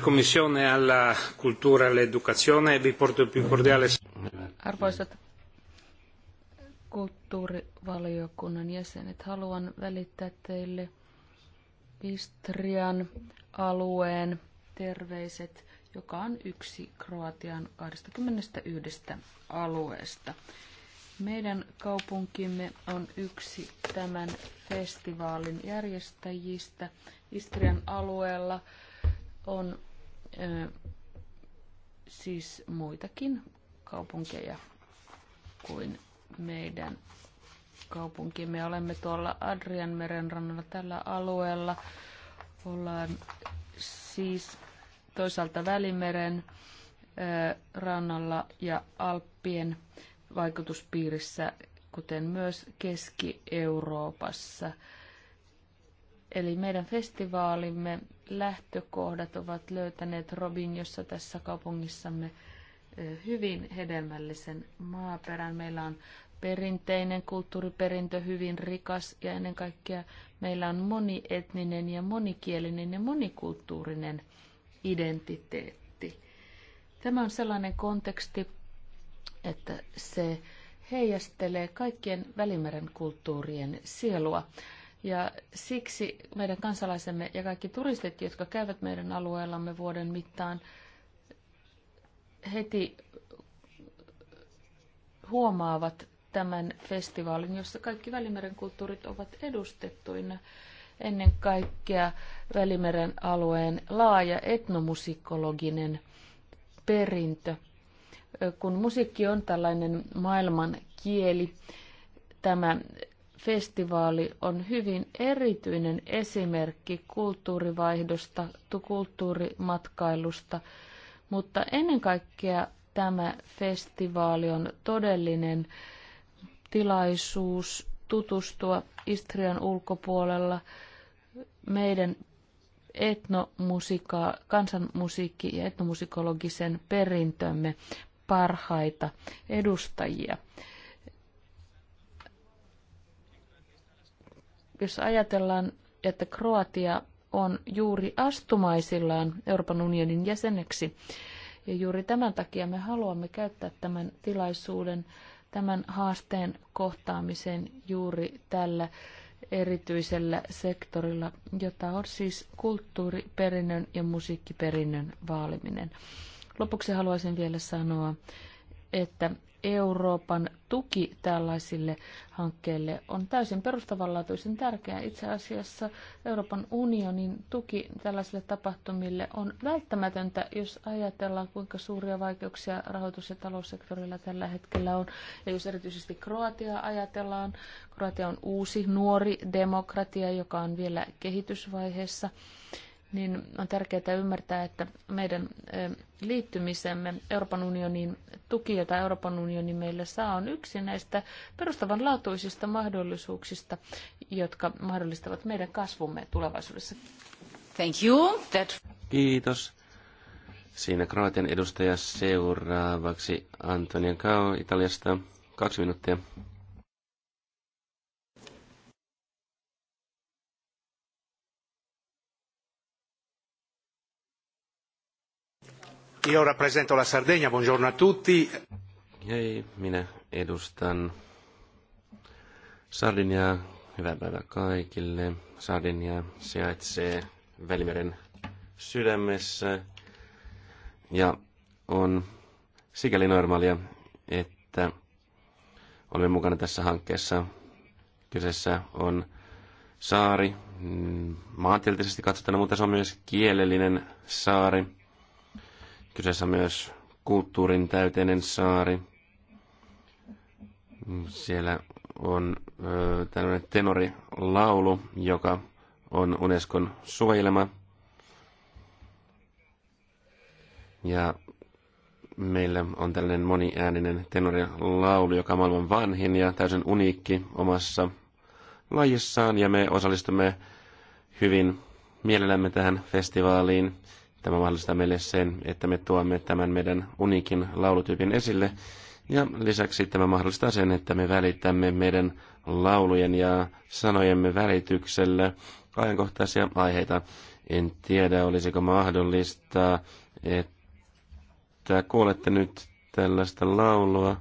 Commissione alla Cultura e all'Educazione, vi porto più cordiale... Arvoisat kulttuurivaliokunnan jäsenet, haluan välittää teille Istrian alueen terveiset, joka on yksi Kroatian 21 alueesta. Meidän kaupunkimme on yksi tämän festivaalin järjestäjistä Istrian alueella on siis muitakin kaupunkeja kuin meidän kaupunki. Me olemme tuolla Adrianmeren rannalla tällä alueella. Ollaan siis toisaalta Välimeren rannalla ja Alppien vaikutuspiirissä, kuten myös Keski-Euroopassa. Eli meidän festivaalimme lähtökohdat ovat löytäneet Robinjossa tässä kaupungissamme hyvin hedelmällisen maaperän. Meillä on perinteinen kulttuuriperintö hyvin rikas ja ennen kaikkea meillä on monietninen ja monikielinen ja monikulttuurinen identiteetti. Tämä on sellainen konteksti, että se heijastelee kaikkien Välimeren kulttuurien sielua. Ja siksi meidän kansalaisemme ja kaikki turistit, jotka käyvät meidän alueellamme vuoden mittaan, heti huomaavat tämän festivaalin, jossa kaikki Välimeren kulttuurit ovat edustettuina. Ennen kaikkea Välimeren alueen laaja etnomusikologinen perintö. Kun musiikki on tällainen maailman kieli, tämä festivaali on hyvin erityinen esimerkki kulttuurivaihdosta, kulttuurimatkailusta, mutta ennen kaikkea tämä festivaali on todellinen tilaisuus tutustua Istrian ulkopuolella meidän etnomusika, kansanmusiikki- ja etnomusikologisen perintömme parhaita edustajia. Jos ajatellaan, että Kroatia on juuri astumaisillaan Euroopan unionin jäseneksi, ja juuri tämän takia me haluamme käyttää tämän tilaisuuden tämän haasteen kohtaamiseen juuri tällä erityisellä sektorilla, jota on siis kulttuuriperinnön ja musiikkiperinnön vaaliminen. Lopuksi haluaisin vielä sanoa, että Euroopan tuki tällaisille hankkeille on täysin perustavanlaatuisen tärkeää. Itse asiassa Euroopan unionin tuki tällaisille tapahtumille on välttämätöntä, jos ajatellaan, kuinka suuria vaikeuksia rahoitus- ja taloussektorilla tällä hetkellä on. Ja jos erityisesti Kroatiaa ajatellaan, Kroatia on uusi, nuori demokratia, joka on vielä kehitysvaiheessa niin on tärkeää ymmärtää, että meidän liittymisemme Euroopan unionin tuki, jota Euroopan unioni meille saa, on yksi näistä perustavanlaatuisista mahdollisuuksista, jotka mahdollistavat meidän kasvumme tulevaisuudessa. Thank you. That... Kiitos. Siinä Kroatian edustaja seuraavaksi Antonia Kao Italiasta. Kaksi minuuttia. Io rappresento la Sardegna, buongiorno a tutti. Hei, minä edustan Sardiniaa. Hyvää päivää kaikille. Sardinia sijaitsee Välimeren sydämessä ja on sikäli normaalia, että olemme mukana tässä hankkeessa. Kyseessä on saari, mm, maantieteellisesti katsottuna, mutta se on myös kielellinen saari Kyseessä myös kulttuurin täyteinen saari. Siellä on ö, tällainen tenorilaulu, joka on Unescon suojelema. Ja meillä on tällainen moniääninen tenorilaulu, joka on maailman vanhin ja täysin uniikki omassa lajissaan. Ja me osallistumme hyvin mielellämme tähän festivaaliin. Tämä mahdollistaa meille sen, että me tuomme tämän meidän unikin laulutyypin esille. Ja lisäksi tämä mahdollistaa sen, että me välitämme meidän laulujen ja sanojemme välityksellä ajankohtaisia aiheita. En tiedä, olisiko mahdollista, että kuulette nyt tällaista laulua.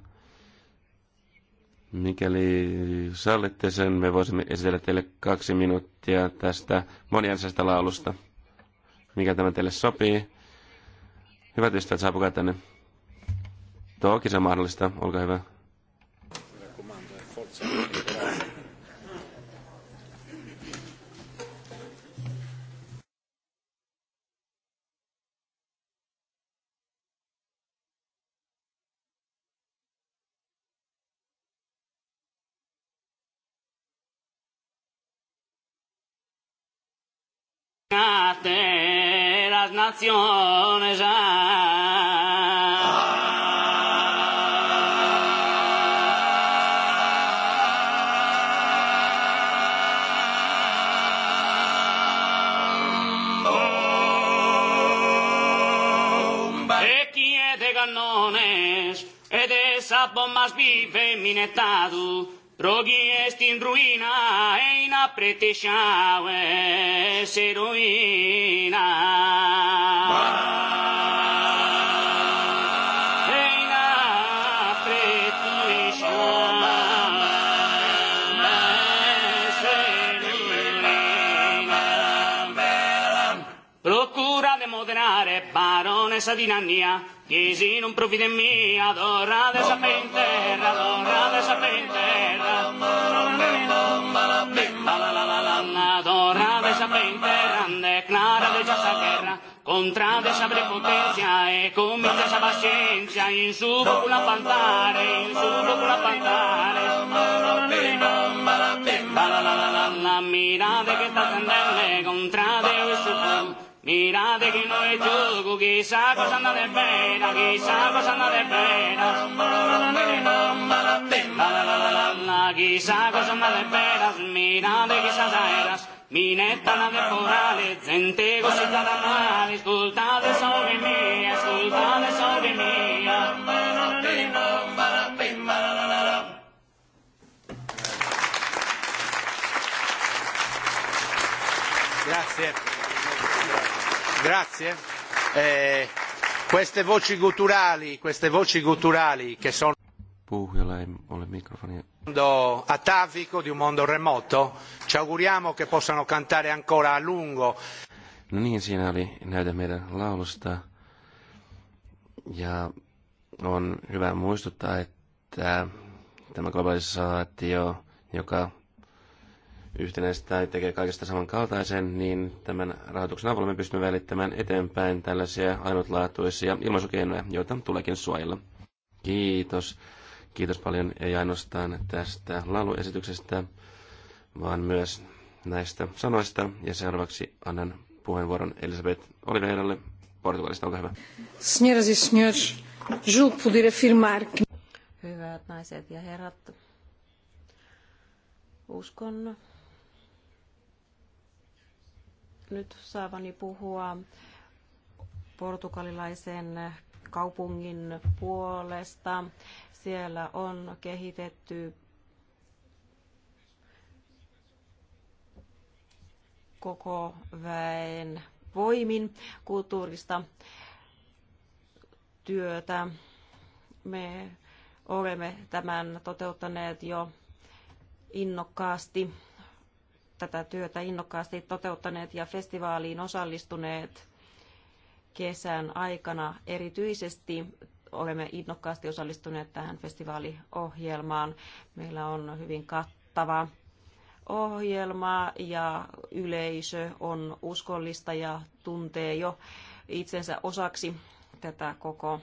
Mikäli sallitte sen, me voisimme esitellä teille kaksi minuuttia tästä moniansaista laulusta mikä tämä teille sopii. Hyvät ystävät, saapukaa tänne. Toki se on mahdollista, olkaa hyvä. nationer Edes apommas vive minetadu. Rogi est in ruina, eina preteșeau se ruina. Eina Procura de di Nannia, chiesi non provvide mia, dora de sapente, dora de sapente. La la la la la de esa penteran declara de esa guerra contra de esa prepotencia e comienza esa paciencia in su popula pantare, in su popula pantare. La mirada que está tendente contra de su Mira de que no es yo, quizá cosa pasando de pena, quizá cosa pasando de pena. Quizá cosa pasando de pena, mira de que quizás eras. Minettana de porales, gente gozita da male, ascoltate sobre me, ascoltate sobre mí. Grazie. Grazie. Eh, queste voci gutturali, queste voci gutturali che sono puhujalla ei ole Atavico di un mondo remoto. Ci auguriamo che possano cantare ancora a lungo. No niin, siinä oli näitä meidän laulusta. Ja on hyvä muistuttaa, että tämä globalisaatio, joka yhtenäistä tai tekee kaikesta samankaltaisen, niin tämän rahoituksen avulla me pystymme välittämään eteenpäin tällaisia ainutlaatuisia ilmaisukeinoja, joita tuleekin suojella. Kiitos. Kiitos paljon ei ainoastaan tästä lauluesityksestä, vaan myös näistä sanoista. Ja seuraavaksi annan puheenvuoron Elisabeth Oliveiralle Portugalista. Olkaa hyvä. Senhoras e senhores, julgo poder afirmar Hyvät naiset ja herrat, uskon, nyt saavani puhua portugalilaisen kaupungin puolesta. Siellä on kehitetty koko väen voimin kulttuurista työtä. Me olemme tämän toteuttaneet jo innokkaasti tätä työtä innokkaasti toteuttaneet ja festivaaliin osallistuneet kesän aikana erityisesti olemme innokkaasti osallistuneet tähän festivaaliohjelmaan. Meillä on hyvin kattava ohjelma ja yleisö on uskollista ja tuntee jo itsensä osaksi tätä koko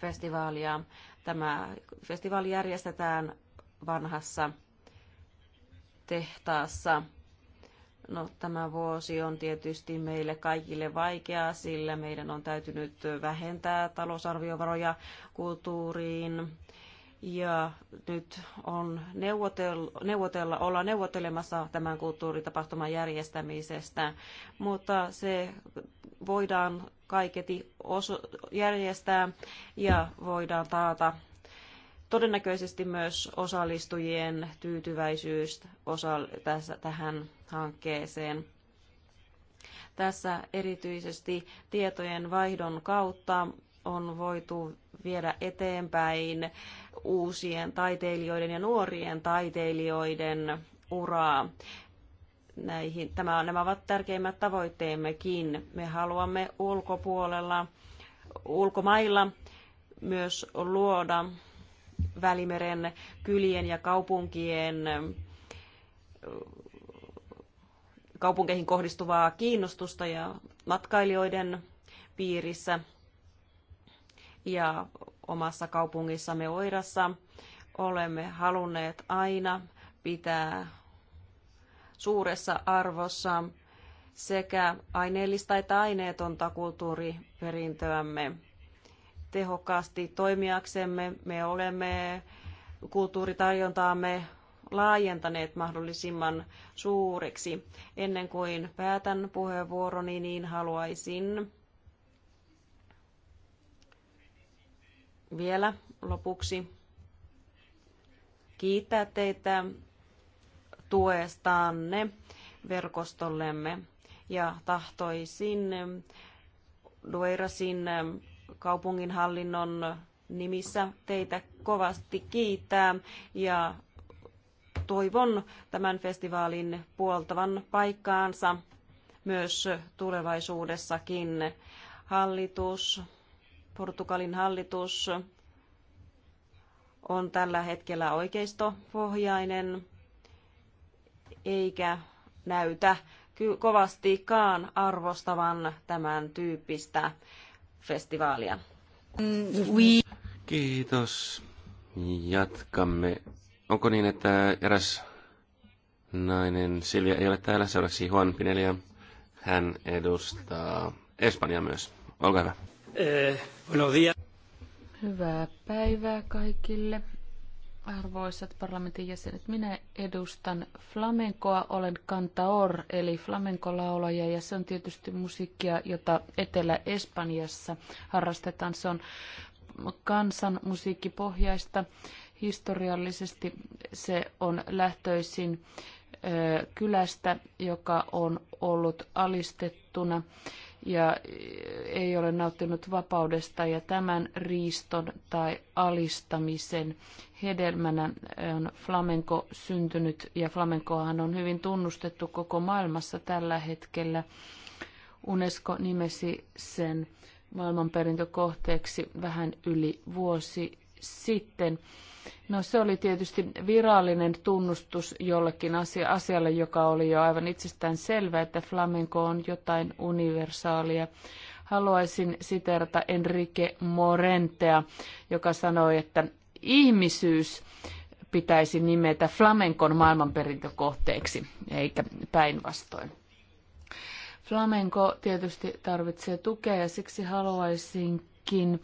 festivaalia. Tämä festivaali järjestetään vanhassa tehtaassa. No, tämä vuosi on tietysti meille kaikille vaikeaa, sillä meidän on täytynyt vähentää talousarviovaroja kulttuuriin. Ja nyt on neuvotella, neuvotella, olla neuvottelemassa tämän kulttuuritapahtuman järjestämisestä, mutta se voidaan kaiketi järjestää ja voidaan taata todennäköisesti myös osallistujien tyytyväisyys osa, tässä, tähän hankkeeseen. Tässä erityisesti tietojen vaihdon kautta on voitu viedä eteenpäin uusien taiteilijoiden ja nuorien taiteilijoiden uraa. Näihin, tämä, nämä ovat tärkeimmät tavoitteemmekin. Me haluamme ulkopuolella, ulkomailla myös luoda Välimeren kylien ja kaupunkien kaupunkeihin kohdistuvaa kiinnostusta ja matkailijoiden piirissä ja omassa kaupungissamme Oirassa olemme halunneet aina pitää suuressa arvossa sekä aineellista että aineetonta kulttuuriperintöämme tehokkaasti toimijaksemme. Me olemme kulttuuritarjontaamme laajentaneet mahdollisimman suureksi. Ennen kuin päätän puheenvuoroni, niin haluaisin vielä lopuksi kiittää teitä tuestanne verkostollemme ja tahtoisin Duerasin kaupunginhallinnon nimissä teitä kovasti kiittää ja toivon tämän festivaalin puoltavan paikkaansa myös tulevaisuudessakin. Hallitus, Portugalin hallitus on tällä hetkellä oikeistopohjainen eikä näytä kovastikaan arvostavan tämän tyyppistä festivaalia. Kiitos. Jatkamme. Onko niin, että eräs nainen Silvia ei ole täällä? Seuraavaksi Juan Pinelia. Hän edustaa Espanjaa myös. Olkaa hyvä. Eh, buenos días. Hyvää päivää kaikille. Arvoisat parlamentin jäsenet, minä edustan flamenkoa, olen kantaor eli flamenkolaulaja ja se on tietysti musiikkia, jota Etelä-Espanjassa harrastetaan. Se on kansan musiikkipohjaista. Historiallisesti se on lähtöisin kylästä, joka on ollut alistettuna ja ei ole nauttinut vapaudesta ja tämän riiston tai alistamisen hedelmänä on flamenko syntynyt ja flamencohan on hyvin tunnustettu koko maailmassa tällä hetkellä. UNESCO nimesi sen maailmanperintökohteeksi vähän yli vuosi sitten. No se oli tietysti virallinen tunnustus jollekin asia, asialle, joka oli jo aivan itsestään selvä, että flamenco on jotain universaalia. Haluaisin siterata Enrique Morentea, joka sanoi, että ihmisyys pitäisi nimetä flamenkon maailmanperintökohteeksi, eikä päinvastoin. Flamenko tietysti tarvitsee tukea ja siksi haluaisinkin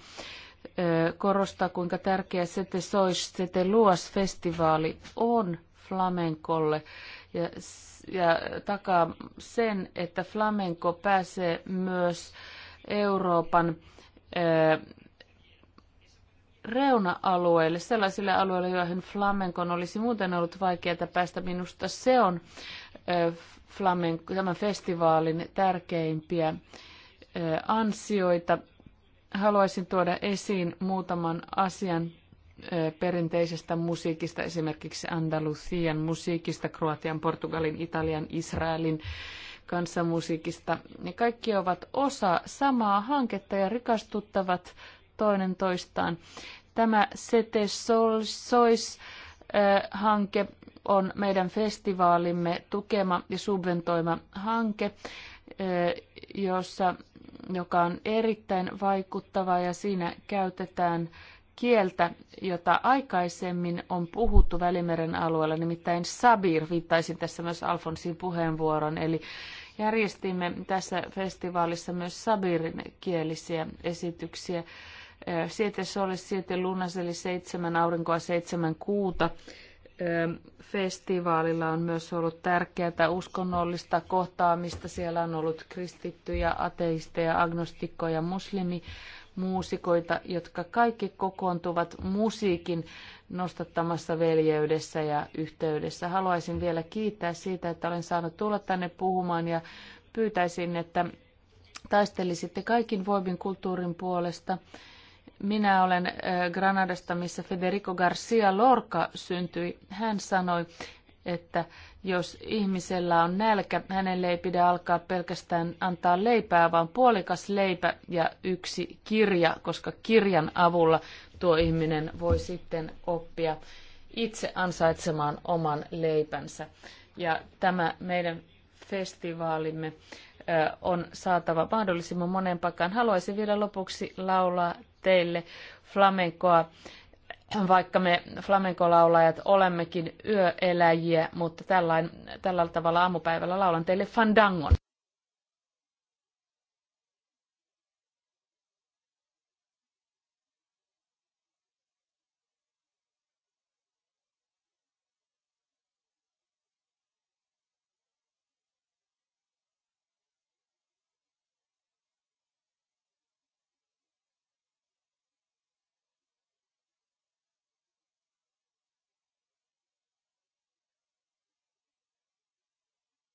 korostaa, kuinka tärkeä Sete Sois Sete Luas-festivaali on flamenkolle ja, ja takaa sen, että flamenko pääsee myös Euroopan ää, reuna-alueille, sellaisille alueille, joihin flamenkon olisi muuten ollut vaikeaa päästä. Minusta se on ää, flamenko, tämän festivaalin tärkeimpiä ansioita haluaisin tuoda esiin muutaman asian perinteisestä musiikista, esimerkiksi Andalusian musiikista, Kroatian, Portugalin, Italian, Israelin kansanmusiikista. Ne kaikki ovat osa samaa hanketta ja rikastuttavat toinen toistaan. Tämä Sete Sois hanke on meidän festivaalimme tukema ja subventoima hanke, jossa joka on erittäin vaikuttava ja siinä käytetään kieltä, jota aikaisemmin on puhuttu Välimeren alueella, nimittäin Sabir, viittaisin tässä myös Alfonsin puheenvuoron, eli järjestimme tässä festivaalissa myös Sabirin kielisiä esityksiä. Äh, Siete Solis, Siete Lunas, eli seitsemän aurinkoa, seitsemän kuuta festivaalilla on myös ollut tärkeää uskonnollista kohtaamista. Siellä on ollut kristittyjä, ateisteja, agnostikkoja, muslimimuusikoita, jotka kaikki kokoontuvat musiikin nostattamassa veljeydessä ja yhteydessä. Haluaisin vielä kiittää siitä, että olen saanut tulla tänne puhumaan ja pyytäisin, että taistelisitte kaikin voimin kulttuurin puolesta minä olen äh, Granadasta, missä Federico Garcia Lorca syntyi. Hän sanoi, että jos ihmisellä on nälkä, hänelle ei pidä alkaa pelkästään antaa leipää, vaan puolikas leipä ja yksi kirja, koska kirjan avulla tuo ihminen voi sitten oppia itse ansaitsemaan oman leipänsä. Ja tämä meidän festivaalimme äh, on saatava mahdollisimman monen paikkaan. Haluaisin vielä lopuksi laulaa teille flamenkoa, vaikka me flamenkolaulajat olemmekin yöeläjiä, mutta tällain, tällä tavalla aamupäivällä laulan teille fandangon.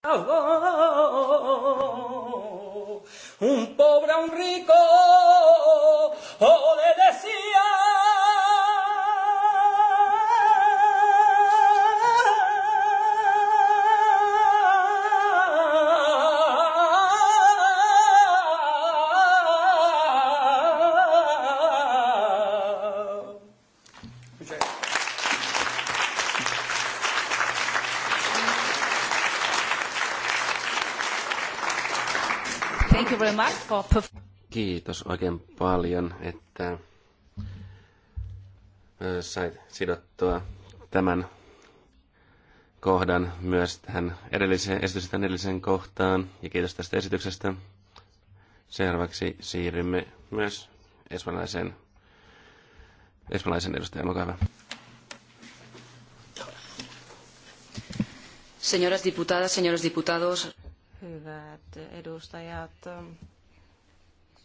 Un pobre, un rico, ole Kiitos oikein paljon, että sait sidottua tämän kohdan myös tähän edelliseen, esitysten edelliseen kohtaan. Ja kiitos tästä esityksestä. Seuraavaksi siirrymme myös espanjalaisen, espanjalaisen edustajan. mukaan. hyvä. Señoras diputadas, señores diputados. Hyvät edustajat,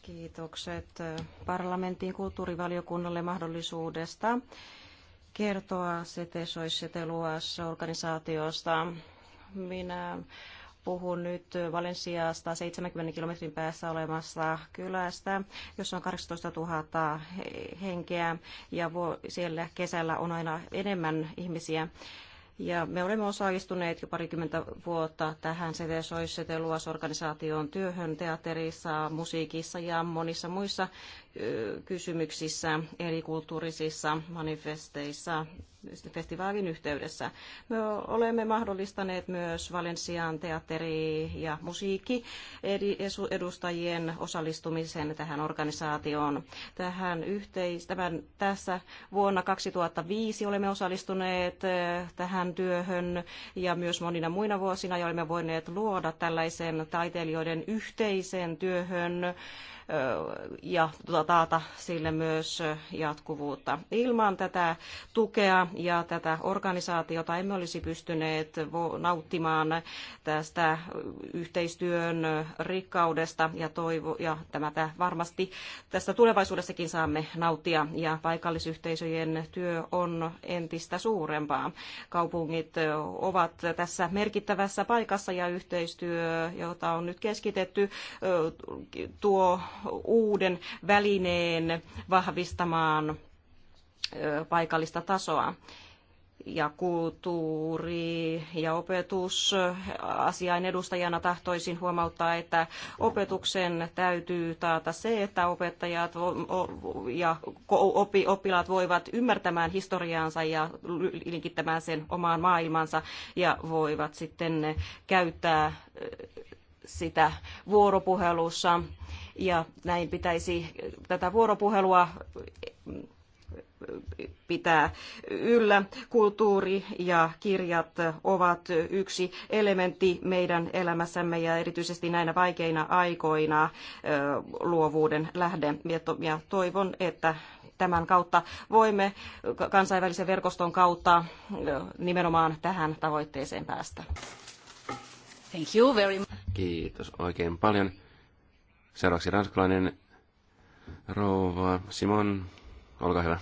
kiitokset parlamentin kulttuurivaliokunnalle mahdollisuudesta kertoa CTSOIS-CTLUAS-organisaatiosta. Minä puhun nyt Valensiasta 70 kilometrin päässä olemassa kylästä, jossa on 18 000 henkeä ja siellä kesällä on aina enemmän ihmisiä ja me olemme osallistuneet jo parikymmentä vuotta tähän CTSOIS-CTLUAS-organisaation työhön teatterissa, musiikissa ja monissa muissa kysymyksissä, eri kulttuurisissa manifesteissa festivaalin yhteydessä. Me olemme mahdollistaneet myös Valensian teatteri- ja musiikkiedustajien osallistumisen tähän organisaatioon. Tähän yhteis- tämän, tässä vuonna 2005 olemme osallistuneet eh, tähän työhön ja myös monina muina vuosina ja olemme voineet luoda tällaisen taiteilijoiden yhteisen työhön ja tuota, taata sille myös jatkuvuutta. Ilman tätä tukea ja tätä organisaatiota emme olisi pystyneet nauttimaan tästä yhteistyön rikkaudesta ja, toivo, ja tämä varmasti tästä tulevaisuudessakin saamme nauttia ja paikallisyhteisöjen työ on entistä suurempaa. Kaupungit ovat tässä merkittävässä paikassa ja yhteistyö, jota on nyt keskitetty, tuo uuden välineen vahvistamaan paikallista tasoa ja kulttuuri- ja opetusasiain edustajana tahtoisin huomauttaa, että opetuksen täytyy taata se, että opettajat ja oppilaat voivat ymmärtämään historiaansa ja linkittämään sen omaan maailmansa ja voivat sitten käyttää sitä vuoropuhelussa ja näin pitäisi tätä vuoropuhelua eh, pitää yllä. Kulttuuri ja kirjat ovat yksi elementti meidän elämässämme ja erityisesti näinä vaikeina aikoina eh, luovuuden lähde. Ja toivon, että tämän kautta voimme kansainvälisen verkoston kautta eh, nimenomaan tähän tavoitteeseen päästä. Thank you very much. Kiitos oikein paljon. Seuraavaksi ranskalainen rouva Simon, olkaa hyvä.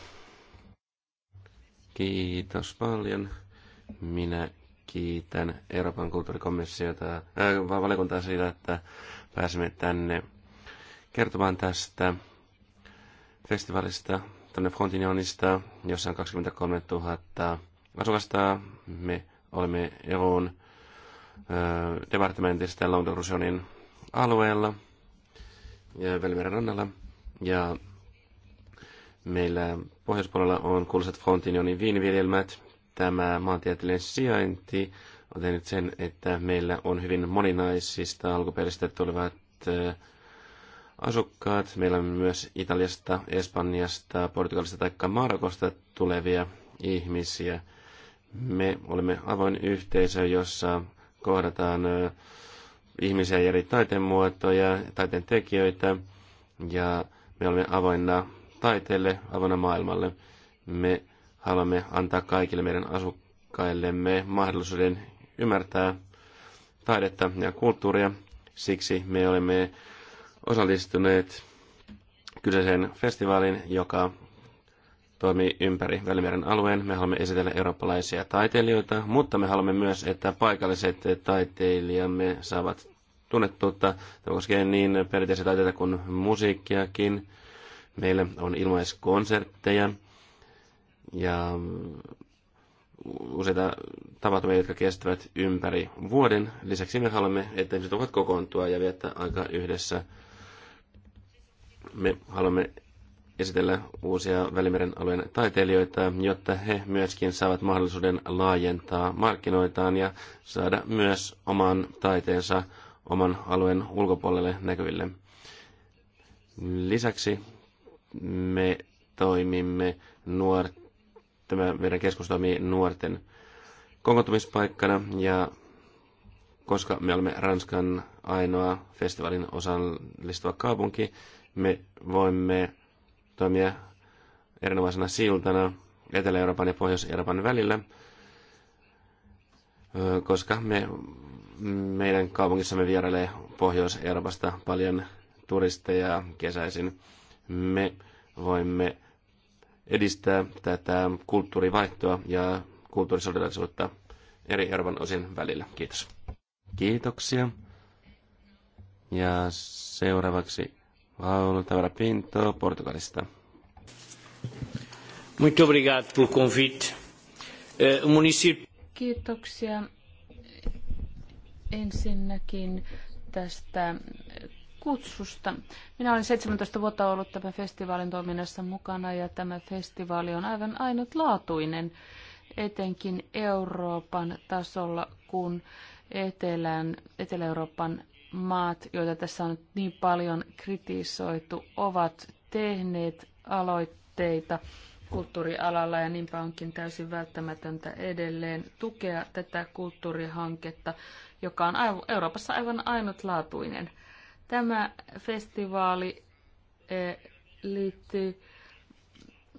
Kiitos paljon. Minä kiitän Euroopan kulttuurikomissiota, äh, valiokuntaa siitä, että pääsemme tänne kertomaan tästä festivaalista, tänne Frontinionista, jossa on 23 000 asukasta. Me olemme EUn äh, departementista Languedocin alueella – Välimeren rannalla. Ja meillä pohjoispuolella on kuuluisat Fontinionin viiniviljelmät. Tämä maantieteellinen sijainti on tehnyt sen, että meillä on hyvin moninaisista alkuperistä tulevat äh, asukkaat. Meillä on myös Italiasta, Espanjasta, Portugalista tai Marokosta tulevia ihmisiä. Me olemme avoin yhteisö, jossa kohdataan äh, ihmisiä ja eri taiteen muotoja, taiteen tekijöitä ja me olemme avoinna taiteelle, avoinna maailmalle. Me haluamme antaa kaikille meidän asukkaillemme mahdollisuuden ymmärtää taidetta ja kulttuuria. Siksi me olemme osallistuneet kyseiseen festivaalin, joka toimii ympäri Välimeren alueen. Me haluamme esitellä eurooppalaisia taiteilijoita, mutta me haluamme myös, että paikalliset taiteilijamme saavat tunnettuutta. Tämä koskee niin perinteisiä taiteita kuin musiikkiakin. Meillä on ilmaiskonsertteja ja useita tapahtumia, jotka kestävät ympäri vuoden. Lisäksi me haluamme, että ihmiset ovat kokoontua ja viettää aikaa yhdessä. Me haluamme esitellä uusia Välimeren alueen taiteilijoita, jotta he myöskin saavat mahdollisuuden laajentaa markkinoitaan ja saada myös oman taiteensa oman alueen ulkopuolelle näkyville. Lisäksi me toimimme nuor... tämä meidän keskus toimii nuorten kokoontumispaikkana ja koska me olemme Ranskan ainoa festivaalin osallistuva kaupunki, me voimme toimia erinomaisena siltana Etelä-Euroopan ja Pohjois-Euroopan välillä, koska me, meidän kaupungissamme vierailee Pohjois-Euroopasta paljon turisteja kesäisin. Me voimme edistää tätä kulttuurivaihtoa ja kulttuurisolidaisuutta eri Euroopan osien välillä. Kiitos. Kiitoksia. Ja seuraavaksi Portugalista. Muito obrigado pelo convite. Uh, Kiitoksia ensinnäkin tästä kutsusta. Minä olen 17 vuotta ollut tämän festivaalin toiminnassa mukana ja tämä festivaali on aivan ainutlaatuinen, etenkin Euroopan tasolla, kun Etelän, Etelä-Euroopan maat, joita tässä on niin paljon kritisoitu, ovat tehneet aloitteita kulttuurialalla ja niinpä onkin täysin välttämätöntä edelleen tukea tätä kulttuurihanketta, joka on Euroopassa aivan ainutlaatuinen. Tämä festivaali eh, liittyy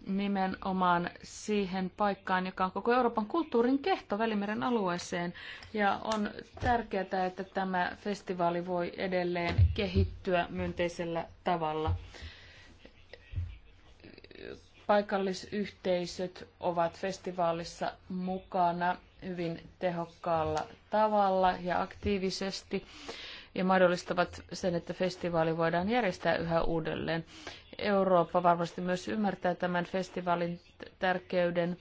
nimenomaan siihen paikkaan, joka on koko Euroopan kulttuurin kehto Välimeren alueeseen. Ja on tärkeää, että tämä festivaali voi edelleen kehittyä myönteisellä tavalla. Paikallisyhteisöt ovat festivaalissa mukana hyvin tehokkaalla tavalla ja aktiivisesti ja mahdollistavat sen, että festivaali voidaan järjestää yhä uudelleen. Eurooppa varmasti myös ymmärtää tämän festivaalin tärkeyden,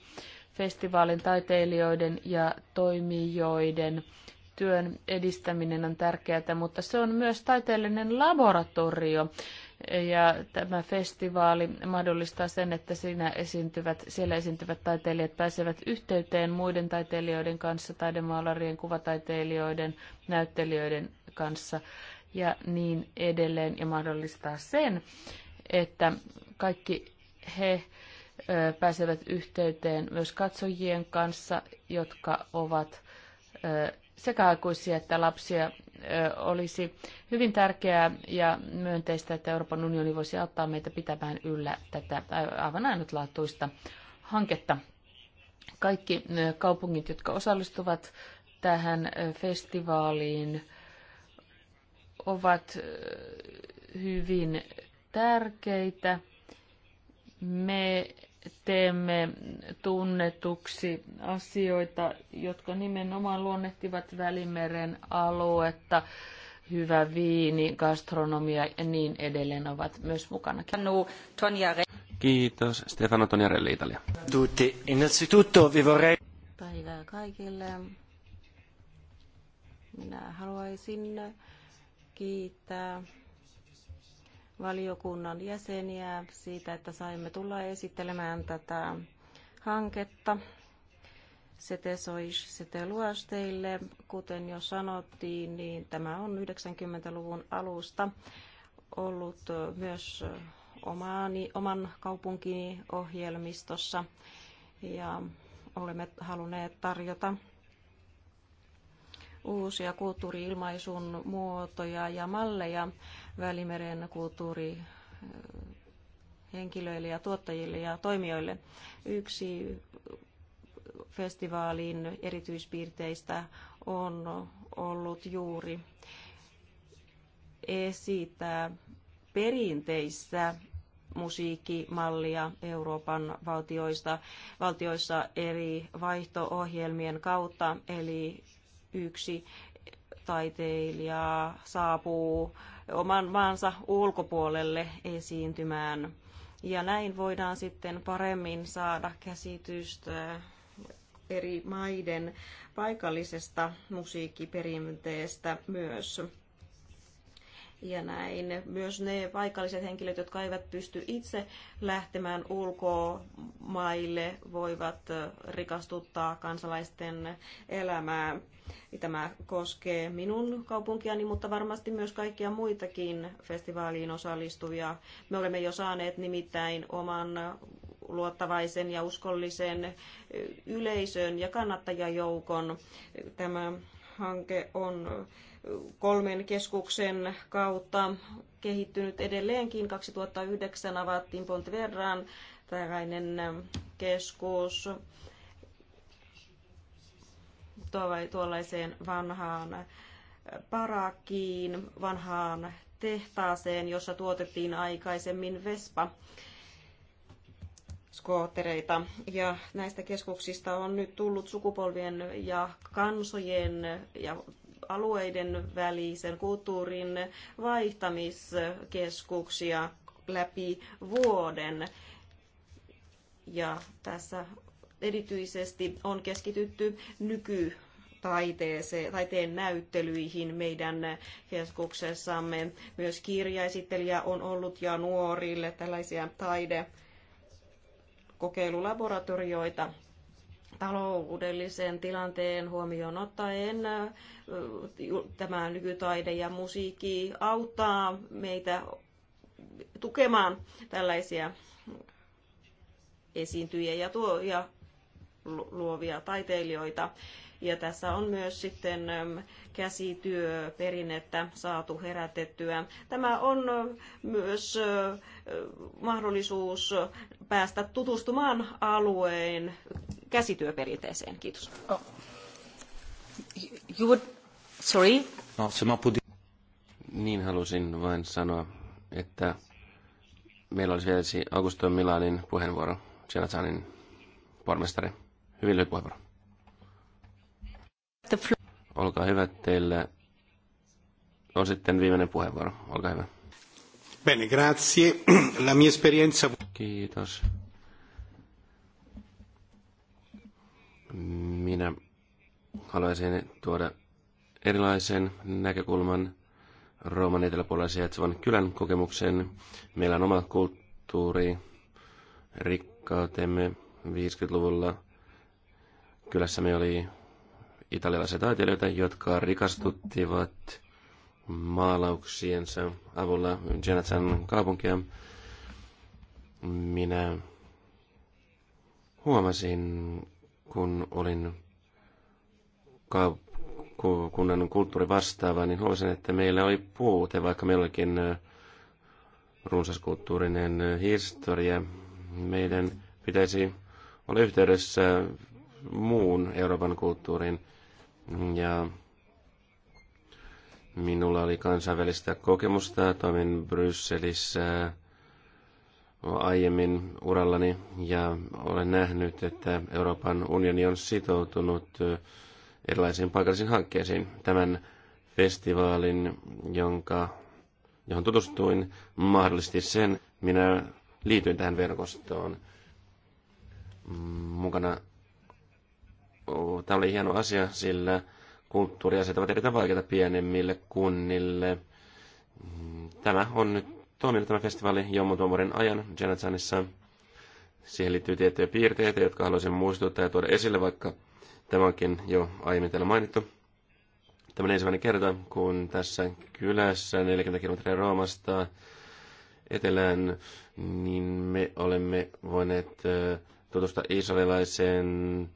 festivaalin taiteilijoiden ja toimijoiden työn edistäminen on tärkeää, mutta se on myös taiteellinen laboratorio. Ja tämä festivaali mahdollistaa sen, että siinä esiintyvät, siellä esiintyvät taiteilijat pääsevät yhteyteen muiden taiteilijoiden kanssa, taidemaalarien, kuvataiteilijoiden, näyttelijöiden kanssa ja niin edelleen ja mahdollistaa sen, että kaikki he pääsevät yhteyteen myös katsojien kanssa, jotka ovat sekä aikuisia että lapsia. Olisi hyvin tärkeää ja myönteistä, että Euroopan unioni voisi auttaa meitä pitämään yllä tätä aivan ainutlaatuista hanketta. Kaikki kaupungit, jotka osallistuvat tähän festivaaliin, ovat hyvin tärkeitä. Me teemme tunnetuksi asioita, jotka nimenomaan luonnehtivat Välimeren aluetta. Hyvä viini, gastronomia ja niin edelleen ovat myös mukana. Kiitos. Stefano Toniarelli, Italia. Päivää kaikille. Minä haluaisin kiittää valiokunnan jäseniä siitä, että saimme tulla esittelemään tätä hanketta. Se sois, se teluas teille. Kuten jo sanottiin, niin tämä on 90-luvun alusta ollut myös omaani, oman kaupunkini ohjelmistossa ja olemme halunneet tarjota uusia kulttuuriilmaisun muotoja ja malleja Välimeren kulttuurihenkilöille ja tuottajille ja toimijoille. Yksi festivaalin erityispiirteistä on ollut juuri esittää perinteissä musiikkimallia Euroopan valtioista, valtioissa eri vaihto-ohjelmien kautta, eli yksi taiteilija saapuu oman maansa ulkopuolelle esiintymään. Ja näin voidaan sitten paremmin saada käsitystä eri maiden paikallisesta musiikkiperinteestä myös. Ja näin myös ne paikalliset henkilöt, jotka eivät pysty itse lähtemään ulkomaille, voivat rikastuttaa kansalaisten elämää niin tämä koskee minun kaupunkiani, mutta varmasti myös kaikkia muitakin festivaaliin osallistuvia. Me olemme jo saaneet nimittäin oman luottavaisen ja uskollisen yleisön ja kannattajajoukon. Tämä hanke on kolmen keskuksen kautta kehittynyt edelleenkin. 2009 avattiin Pontverran tällainen keskus tuollaiseen vanhaan parakiin, vanhaan tehtaaseen, jossa tuotettiin aikaisemmin Vespa skoottereita. Ja näistä keskuksista on nyt tullut sukupolvien ja kansojen ja alueiden välisen kulttuurin vaihtamiskeskuksia läpi vuoden. Ja tässä Erityisesti on keskitytty nyky taiteen näyttelyihin meidän keskuksessamme. Myös kirjaesittelijä on ollut ja nuorille tällaisia taide kokeilulaboratorioita taloudellisen tilanteen huomioon ottaen tämä nykytaide ja musiikki auttaa meitä tukemaan tällaisia esiintyjiä ja, tuo, ja luovia taiteilijoita. Ja tässä on myös sitten käsityöperinnettä saatu herätettyä. Tämä on myös mahdollisuus päästä tutustumaan alueen käsityöperinteeseen. Kiitos. Oh. You would... Sorry? No, se mä Niin halusin vain sanoa, että meillä olisi vielä Augusto Milanin puheenvuoro, Senatsanin pormestari. Hyvin lyhyt puheenvuoro. Olkaa hyvä, teille. on sitten viimeinen puheenvuoro. Olkaa hyvä. Bene, grazie. La mia esperienza... Kiitos. Minä haluaisin tuoda erilaisen näkökulman Rooman eteläpuolella sijaitsevan kylän kokemuksen. Meillä on oma kulttuuri, rikkautemme 50-luvulla Kylässämme oli italialaisia taiteilijoita, jotka rikastuttivat maalauksiensa avulla Genetsan kaupunkia. Minä huomasin, kun olin kunnan kulttuuri vastaava, niin huomasin, että meillä oli puute, vaikka meillä olikin runsaskulttuurinen historia. Meidän pitäisi olla yhteydessä muun Euroopan kulttuurin. Ja minulla oli kansainvälistä kokemusta. Toimin Brysselissä aiemmin urallani ja olen nähnyt, että Euroopan unioni on sitoutunut erilaisiin paikallisiin hankkeisiin. Tämän festivaalin, jonka, johon tutustuin, mahdollisti sen minä liityin tähän verkostoon. Mukana Tämä oli hieno asia, sillä kulttuuriasiat ovat erittäin vaikeita pienemmille kunnille. Mm, tämä on nyt toiminut tämä festivaali jommon tuomarin ajan Janetsanissa. Siihen liittyy tiettyjä piirteitä, jotka haluaisin muistuttaa ja tuoda esille, vaikka tämä onkin jo aiemmin täällä mainittu. Tämä ensimmäinen kerta, kun tässä kylässä 40 kilometriä Roomasta etelään, niin me olemme voineet tutustua israelilaiseen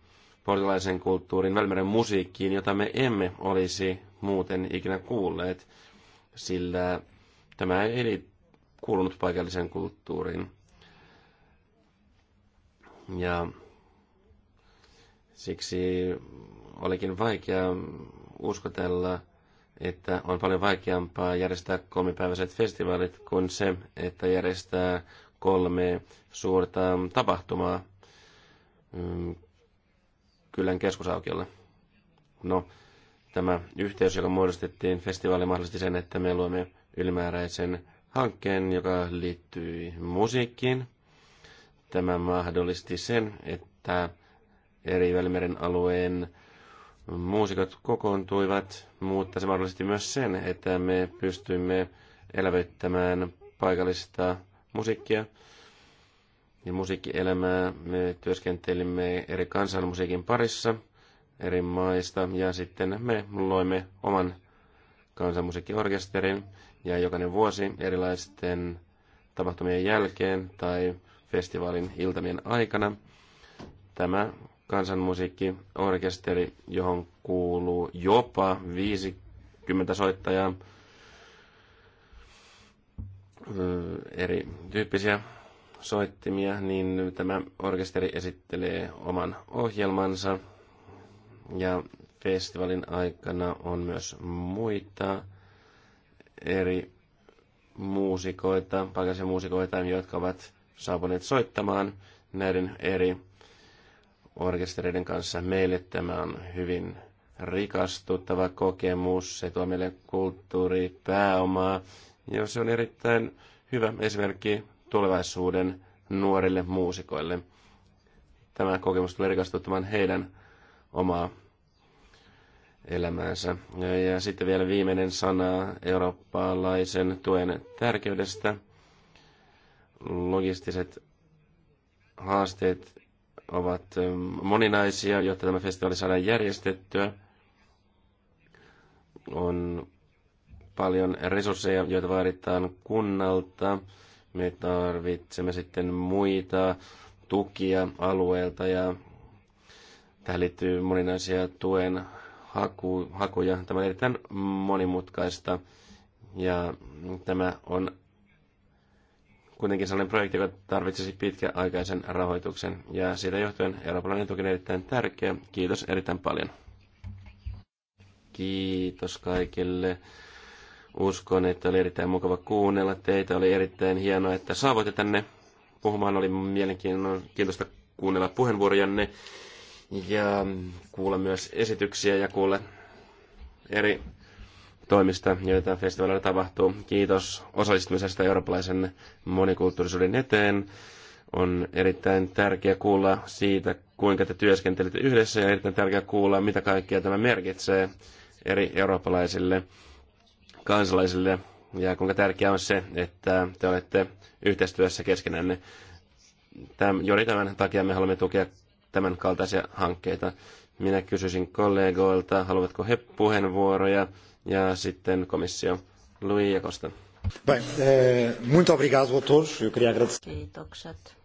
portugalaisen kulttuurin, Välimeren musiikkiin, jota me emme olisi muuten ikinä kuulleet, sillä tämä ei kuulunut paikalliseen kulttuuriin. Ja siksi olikin vaikea uskotella, että on paljon vaikeampaa järjestää kolmipäiväiset festivaalit kuin se, että järjestää kolme suurta tapahtumaa mm, kylän keskusaukiolle. No, tämä yhteys, joka muodostettiin festivaali mahdollisti sen, että me luomme ylimääräisen hankkeen, joka liittyy musiikkiin. Tämä mahdollisti sen, että eri Välimeren alueen muusikot kokoontuivat, mutta se mahdollisti myös sen, että me pystyimme elävyttämään paikallista musiikkia ja musiikkielämää. Me työskentelimme eri kansanmusiikin parissa eri maista ja sitten me loimme oman kansanmusiikkiorkesterin ja jokainen vuosi erilaisten tapahtumien jälkeen tai festivaalin iltamien aikana tämä kansanmusiikkiorkesteri, johon kuuluu jopa 50 soittajaa eri tyyppisiä soittimia, niin tämä orkesteri esittelee oman ohjelmansa. Ja festivaalin aikana on myös muita eri muusikoita, paikallisia muusikoita, jotka ovat saapuneet soittamaan näiden eri orkestereiden kanssa. Meille tämä on hyvin rikastuttava kokemus, se tuo meille kulttuuripääomaa ja se on erittäin hyvä esimerkki tulevaisuuden nuorille muusikoille. Tämä kokemus tulee rikastuttamaan heidän omaa elämäänsä. Ja sitten vielä viimeinen sana eurooppalaisen tuen tärkeydestä. Logistiset haasteet ovat ähm, moninaisia, jotta tämä festivaali saadaan järjestettyä. On paljon resursseja, joita vaaditaan kunnalta. Me tarvitsemme sitten muita tukia alueelta ja tähän liittyy moninaisia tuen haku, hakuja. Tämä on erittäin monimutkaista ja tämä on kuitenkin sellainen projekti, joka tarvitsisi pitkäaikaisen rahoituksen. Ja siitä johtuen eurooppalainen tuki on erittäin tärkeä. Kiitos erittäin paljon. Kiitos kaikille. Uskon, että oli erittäin mukava kuunnella teitä. Oli erittäin hienoa, että saavoitte tänne puhumaan. Oli mielenkiintoista kuunnella puheenvuorojanne ja kuulla myös esityksiä ja kuulla eri toimista, joita festivaaleilla tapahtuu. Kiitos osallistumisesta eurooppalaisen monikulttuurisuuden eteen. On erittäin tärkeää kuulla siitä, kuinka te työskentelette yhdessä ja erittäin tärkeää kuulla, mitä kaikkea tämä merkitsee eri eurooppalaisille kansalaisille ja kuinka tärkeää on se, että te olette yhteistyössä keskenänne. Täm, juuri tämän takia me haluamme tukea tämän kaltaisia hankkeita. Minä kysyisin kollegoilta, haluavatko he puheenvuoroja ja sitten komissio Louis Jakosta. Bem, eh, muito obrigado a todos. Eu queria agradecer. Kiitokset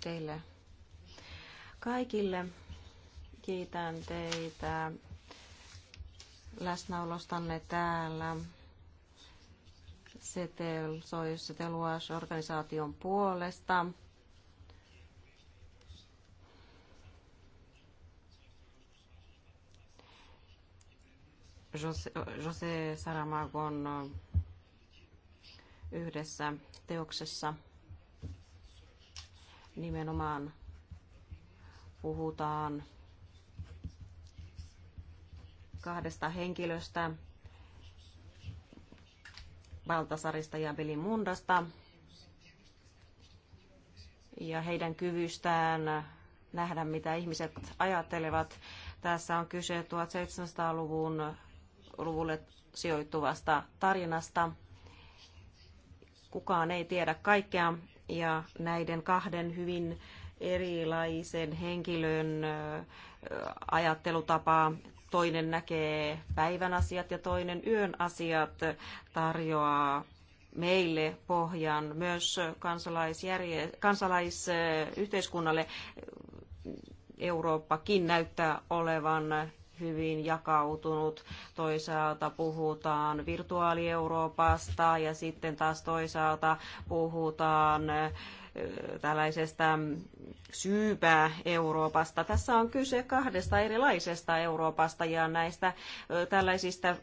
teille kaikille. Kiitän teitä läsnäolostanne täällä Setel Soyuz organisaation puolesta. Jose, Jose Saramagon yhdessä teoksessa nimenomaan puhutaan kahdesta henkilöstä, Baltasarista ja Belimundasta, ja heidän kyvystään nähdä, mitä ihmiset ajattelevat. Tässä on kyse 1700-luvun luvulle sijoittuvasta tarinasta. Kukaan ei tiedä kaikkea ja näiden kahden hyvin erilaisen henkilön ajattelutapaa toinen näkee päivän asiat ja toinen yön asiat, tarjoaa meille pohjan myös kansalaisjärje- kansalaisyhteiskunnalle. Eurooppakin näyttää olevan hyvin jakautunut. Toisaalta puhutaan virtuaalieuroopasta ja sitten taas toisaalta puhutaan tällaisesta syypää Euroopasta. Tässä on kyse kahdesta erilaisesta Euroopasta ja näistä tällaisista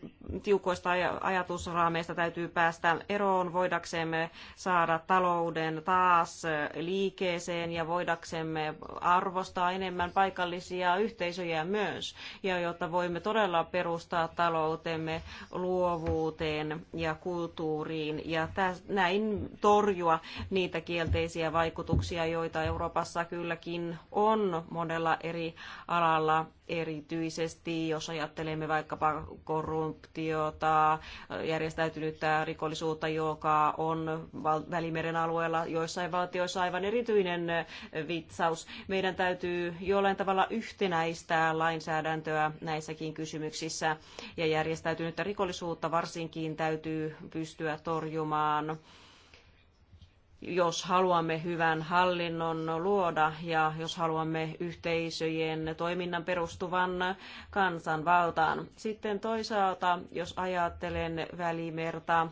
tiukoista ajatusraameista täytyy päästä eroon voidaksemme saada talouden taas liikkeeseen ja voidaksemme arvostaa enemmän paikallisia yhteisöjä myös ja jotta voimme todella perustaa taloutemme luovuuteen ja kulttuuriin ja näin torjua niitä kielteisiä kielteisiä vaikutuksia, joita Euroopassa kylläkin on monella eri alalla, erityisesti jos ajattelemme vaikkapa korruptiota, järjestäytynyttä rikollisuutta, joka on Välimeren alueella joissain valtioissa aivan erityinen vitsaus. Meidän täytyy jollain tavalla yhtenäistää lainsäädäntöä näissäkin kysymyksissä ja järjestäytynyttä rikollisuutta varsinkin täytyy pystyä torjumaan jos haluamme hyvän hallinnon luoda ja jos haluamme yhteisöjen toiminnan perustuvan kansanvaltaan. Sitten toisaalta, jos ajattelen välimerta,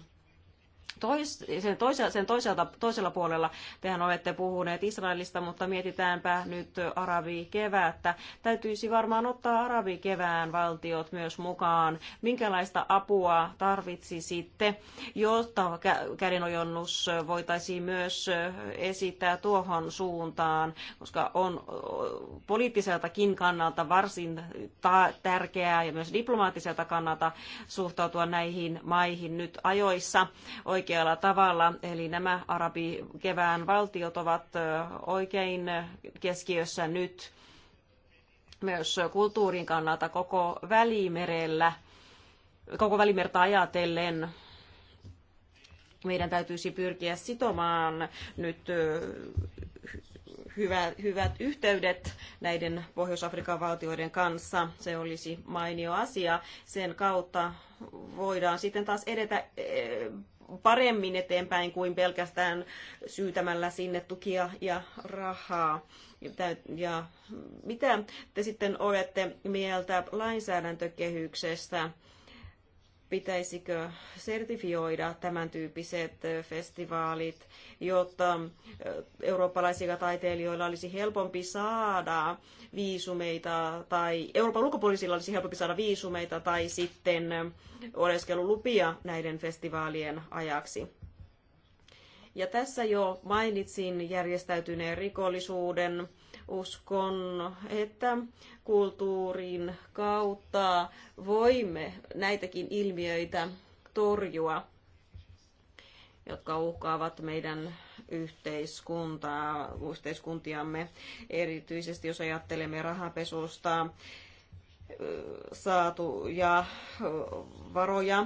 Tois, sen, toisa, sen toisaalta, toisella puolella tehän olette puhuneet Israelista, mutta mietitäänpä nyt kevättä. Täytyisi varmaan ottaa arabikevään valtiot myös mukaan. Minkälaista apua tarvitsisitte, jotta kädenojonnus voitaisiin myös esittää tuohon suuntaan, koska on poliittiseltakin kannalta varsin tärkeää ja myös diplomaattiselta kannalta suhtautua näihin maihin nyt ajoissa oikein oikealla tavalla. Eli nämä arabikevään valtiot ovat oikein keskiössä nyt myös kulttuurin kannalta koko välimerellä, koko välimerta ajatellen meidän täytyisi pyrkiä sitomaan nyt hyvät yhteydet näiden Pohjois-Afrikan valtioiden kanssa. Se olisi mainio asia. Sen kautta voidaan sitten taas edetä e, paremmin eteenpäin kuin pelkästään syytämällä sinne tukia ja rahaa. Ja mitä te sitten olette mieltä lainsäädäntökehyksestä? pitäisikö sertifioida tämän tyyppiset festivaalit, jotta eurooppalaisilla taiteilijoilla olisi helpompi saada viisumeita tai Euroopan ulkopuolisilla olisi helpompi saada viisumeita tai sitten oleskelulupia näiden festivaalien ajaksi. Ja tässä jo mainitsin järjestäytyneen rikollisuuden Uskon, että kulttuurin kautta voimme näitäkin ilmiöitä torjua, jotka uhkaavat meidän yhteiskuntaa, yhteiskuntiamme, erityisesti jos ajattelemme rahapesusta saatuja varoja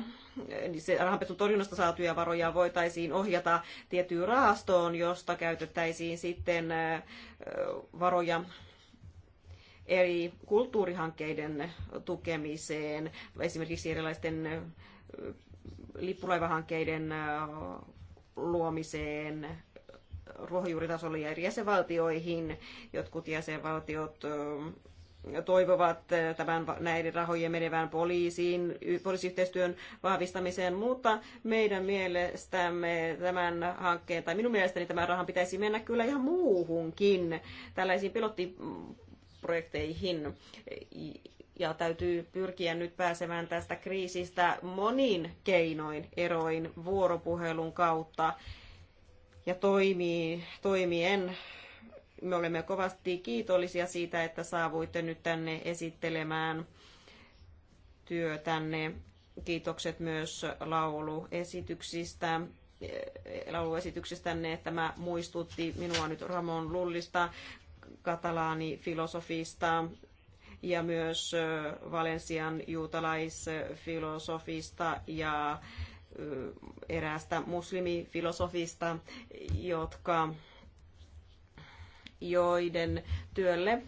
se rahanpesun torjunnasta saatuja varoja voitaisiin ohjata tiettyyn rahastoon, josta käytettäisiin sitten varoja eri kulttuurihankkeiden tukemiseen, esimerkiksi erilaisten lippulaivahankkeiden luomiseen, ruohonjuuritasolle ja eri jäsenvaltioihin. Jotkut jäsenvaltiot toivovat eh, tämän, näiden rahojen menevän poliisiin, poliisiyhteistyön vahvistamiseen, mutta meidän mielestämme tämän hankkeen, tai minun mielestäni tämän rahan pitäisi mennä kyllä ihan muuhunkin, tällaisiin pilottiprojekteihin ja täytyy pyrkiä nyt pääsemään tästä kriisistä monin keinoin, eroin, vuoropuhelun kautta ja toimii, toimien me olemme kovasti kiitollisia siitä, että saavuitte nyt tänne esittelemään tänne. Kiitokset myös lauluesityksistä eh, lauluesityksestänne. Tämä muistutti minua nyt Ramon Lullista, filosofista ja myös eh, Valensian juutalaisfilosofista ja eh, eräästä muslimifilosofista, jotka joiden työlle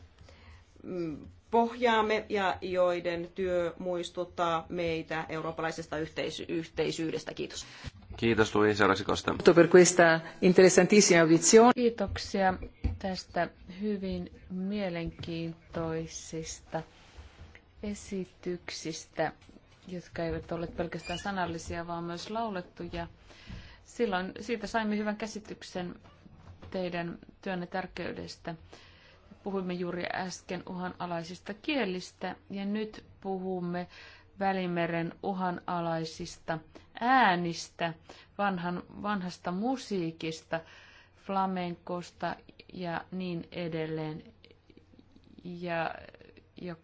mm, pohjaamme ja joiden työ muistuttaa meitä eurooppalaisesta yhteisy- yhteisyydestä. Kiitos. Kiitos Luisa Rasikosta. Kiitoksia tästä hyvin mielenkiintoisista esityksistä, jotka eivät ole pelkästään sanallisia, vaan myös laulettuja. Silloin siitä saimme hyvän käsityksen teidän työnne tärkeydestä. Puhuimme juuri äsken uhanalaisista kielistä ja nyt puhumme Välimeren uhanalaisista äänistä, vanhan, vanhasta musiikista, flamenkosta ja niin edelleen, ja,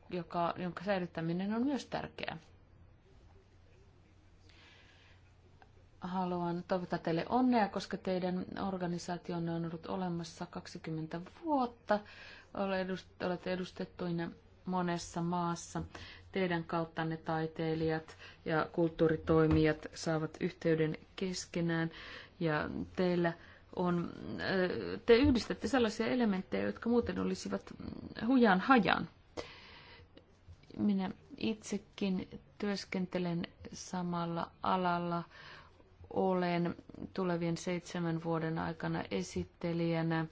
joka, jonka säilyttäminen on myös tärkeää. haluan toivottaa teille onnea, koska teidän organisaationne on ollut olemassa 20 vuotta. Olette edustettuina monessa maassa. Teidän kauttanne taiteilijat ja kulttuuritoimijat saavat yhteyden keskenään ja teillä on, äh, te yhdistätte sellaisia elementtejä, jotka muuten olisivat hujan hajan. Minä itsekin työskentelen samalla alalla olen tulevien seitsemän vuoden aikana esittelijänä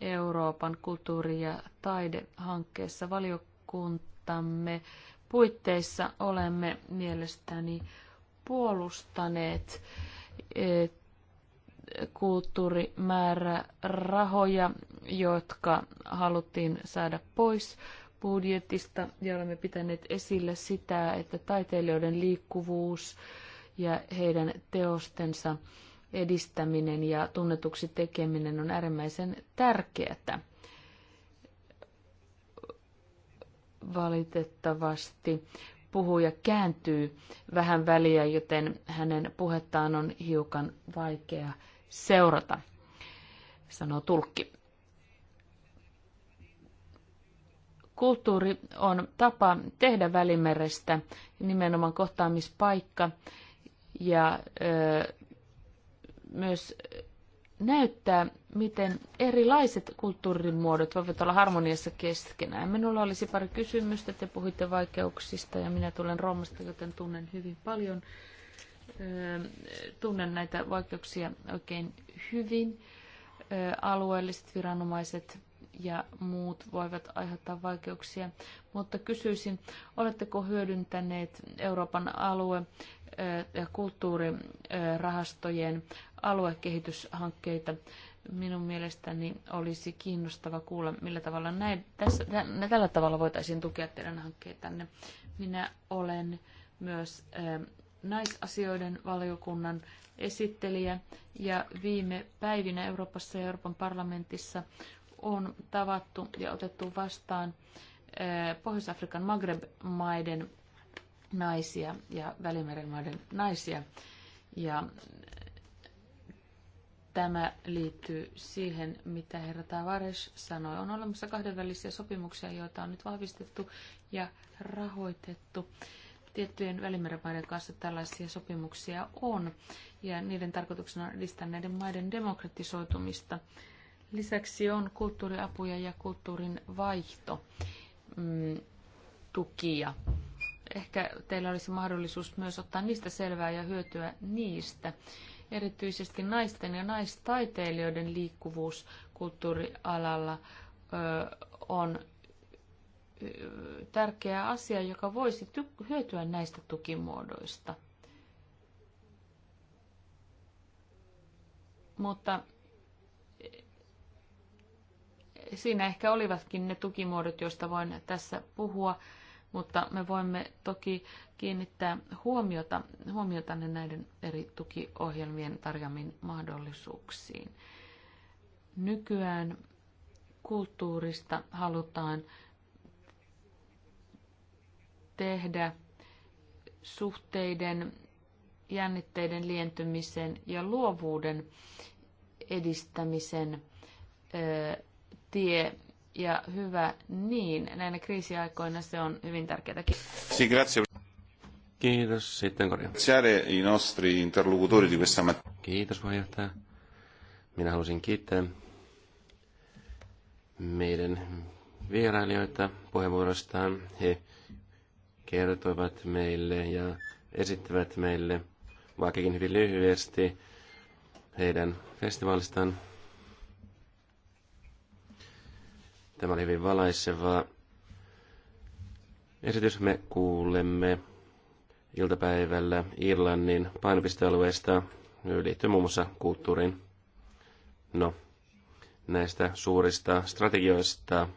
Euroopan kulttuuri- ja taidehankkeessa valiokuntamme puitteissa olemme mielestäni puolustaneet kulttuurimäärärahoja, jotka haluttiin saada pois budjetista ja olemme pitäneet esillä sitä, että taiteilijoiden liikkuvuus ja heidän teostensa edistäminen ja tunnetuksi tekeminen on äärimmäisen tärkeää. Valitettavasti puhuja kääntyy vähän väliä, joten hänen puhettaan on hiukan vaikea seurata, sanoo tulkki. Kulttuuri on tapa tehdä välimerestä nimenomaan kohtaamispaikka, ja myös näyttää, miten erilaiset kulttuurimuodot voivat olla harmoniassa keskenään. Minulla olisi pari kysymystä. Te puhuitte vaikeuksista ja minä tulen Roomasta, joten tunnen hyvin paljon. Tunnen näitä vaikeuksia oikein hyvin. Alueelliset viranomaiset ja muut voivat aiheuttaa vaikeuksia. Mutta kysyisin, oletteko hyödyntäneet Euroopan alue- ja kulttuurirahastojen aluekehityshankkeita? Minun mielestäni olisi kiinnostava kuulla, millä tavalla näin, tässä, nä, tällä tavalla voitaisiin tukea teidän hankkeitanne. Minä olen myös naisasioiden valiokunnan esittelijä ja viime päivinä Euroopassa ja Euroopan parlamentissa on tavattu ja otettu vastaan eh, Pohjois-Afrikan Maghreb-maiden naisia ja Välimeren maiden naisia. Ja eh, tämä liittyy siihen, mitä herra Tavares sanoi. On olemassa kahdenvälisiä sopimuksia, joita on nyt vahvistettu ja rahoitettu. Tiettyjen välimerenmaiden kanssa tällaisia sopimuksia on, ja niiden tarkoituksena on edistää näiden maiden demokratisoitumista Lisäksi on kulttuuriapuja ja kulttuurin vaihto mm, tukia. Ehkä teillä olisi mahdollisuus myös ottaa niistä selvää ja hyötyä niistä. Erityisesti naisten ja naistaiteilijoiden liikkuvuus kulttuurialalla on tärkeä asia, joka voisi hyötyä näistä tukimuodoista. Mutta siinä ehkä olivatkin ne tukimuodot, joista voin tässä puhua, mutta me voimme toki kiinnittää huomiota, huomiota näiden eri tukiohjelmien tarjoamiin mahdollisuuksiin. Nykyään kulttuurista halutaan tehdä suhteiden, jännitteiden lientymisen ja luovuuden edistämisen tie ja hyvä niin. Näinä kriisiaikoina se on hyvin tärkeää. Si grazie. Kiitos. Sitten korjaa. Kiitos puheenjohtaja. Minä halusin kiittää meidän vierailijoita puheenvuorostaan. He kertoivat meille ja esittävät meille, vaikkakin hyvin lyhyesti, heidän festivaalistaan Tämä oli hyvin valaisevaa. Esitys me kuulemme iltapäivällä Irlannin painopistealueesta liittyen muun muassa kulttuuriin. No, näistä suurista strategioista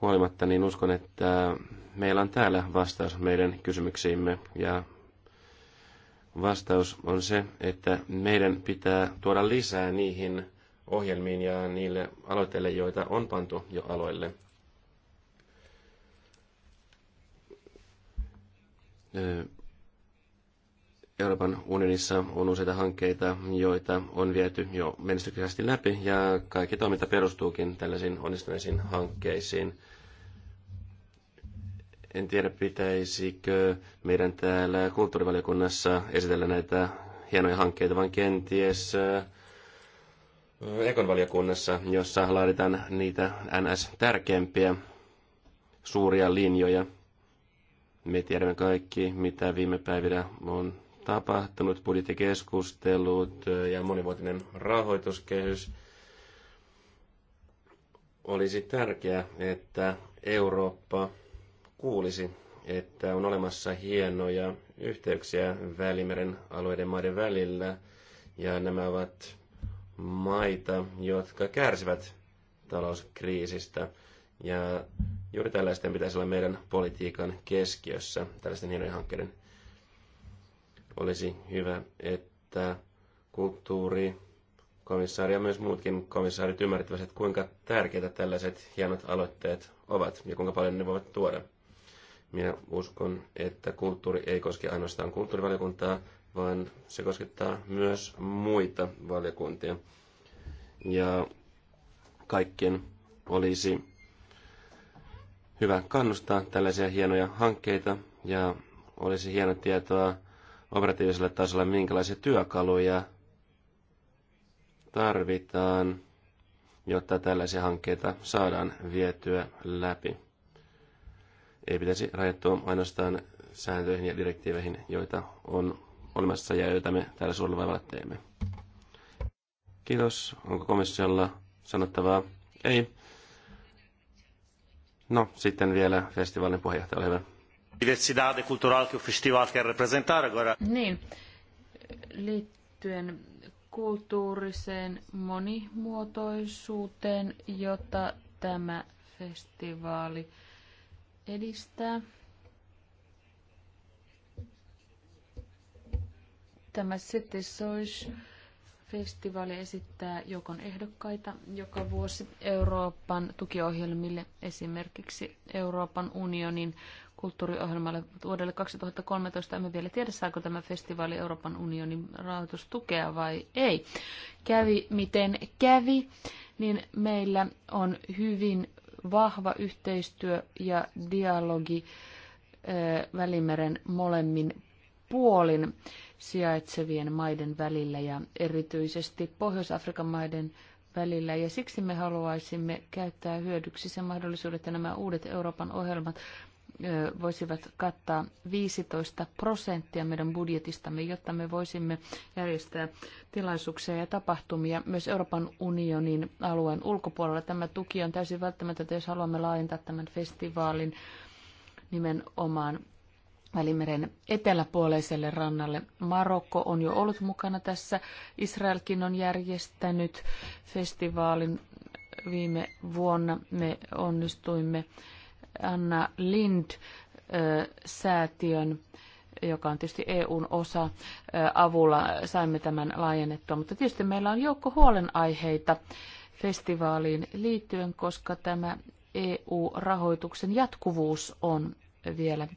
huolimatta, niin uskon, että meillä on täällä vastaus meidän kysymyksiimme. Ja vastaus on se, että meidän pitää tuoda lisää niihin ohjelmiin ja niille aloitteille, joita on pantu jo aloille. Euroopan unionissa on useita hankkeita, joita on viety jo menestyksekästi läpi, ja kaikki toiminta perustuukin tällaisiin onnistuneisiin hankkeisiin. En tiedä, pitäisikö meidän täällä kulttuurivaliokunnassa esitellä näitä hienoja hankkeita, vaan kenties Ekon valiokunnassa, jossa laaditaan niitä NS-tärkeimpiä suuria linjoja. Me tiedämme kaikki, mitä viime päivinä on tapahtunut, budjettikeskustelut ja monivuotinen rahoituskehys. Olisi tärkeää, että Eurooppa kuulisi, että on olemassa hienoja yhteyksiä Välimeren alueiden maiden välillä, ja nämä ovat maita, jotka kärsivät talouskriisistä. Ja juuri tällaisten pitäisi olla meidän politiikan keskiössä, tällaisten hienojen hankkeiden. Olisi hyvä, että kulttuuri, komissaari ja myös muutkin komissaarit ymmärtävät, kuinka tärkeitä tällaiset hienot aloitteet ovat ja kuinka paljon ne voivat tuoda. Minä uskon, että kulttuuri ei koske ainoastaan kulttuurivaliokuntaa, vaan se koskettaa myös muita valiokuntia. Ja kaikkien olisi hyvä kannustaa tällaisia hienoja hankkeita ja olisi hieno tietoa operatiivisella tasolla, minkälaisia työkaluja tarvitaan, jotta tällaisia hankkeita saadaan vietyä läpi. Ei pitäisi rajoittua ainoastaan sääntöihin ja direktiiveihin, joita on olemassa ja joita me täällä suurella vaivalla teemme. Kiitos. Onko komissiolla sanottavaa? Ei. No, sitten vielä festivaalin puheenjohtaja, ole hyvä. Diversidade cultural que festival quer representar agora. Niin, liittyen kulttuuriseen monimuotoisuuteen, jota tämä festivaali edistää. Tämä City Soish festivaali esittää joukon ehdokkaita joka vuosi Euroopan tukiohjelmille, esimerkiksi Euroopan unionin kulttuuriohjelmalle vuodelle 2013. Emme vielä tiedä, saako tämä festivaali Euroopan unionin rahoitustukea vai ei. Kävi miten kävi, niin meillä on hyvin vahva yhteistyö ja dialogi Välimeren molemmin puolin sijaitsevien maiden välillä ja erityisesti Pohjois-Afrikan maiden välillä. Ja siksi me haluaisimme käyttää hyödyksi sen mahdollisuudet, että nämä uudet Euroopan ohjelmat voisivat kattaa 15 prosenttia meidän budjetistamme, jotta me voisimme järjestää tilaisuuksia ja tapahtumia myös Euroopan unionin alueen ulkopuolella. Tämä tuki on täysin välttämätöntä, jos haluamme laajentaa tämän festivaalin nimenomaan Välimeren eteläpuoleiselle rannalle. Marokko on jo ollut mukana tässä. Israelkin on järjestänyt festivaalin viime vuonna. Me onnistuimme Anna Lind-säätiön joka on tietysti EUn osa avulla, saimme tämän laajennettua. Mutta tietysti meillä on joukko huolenaiheita festivaaliin liittyen, koska tämä EU-rahoituksen jatkuvuus on vielä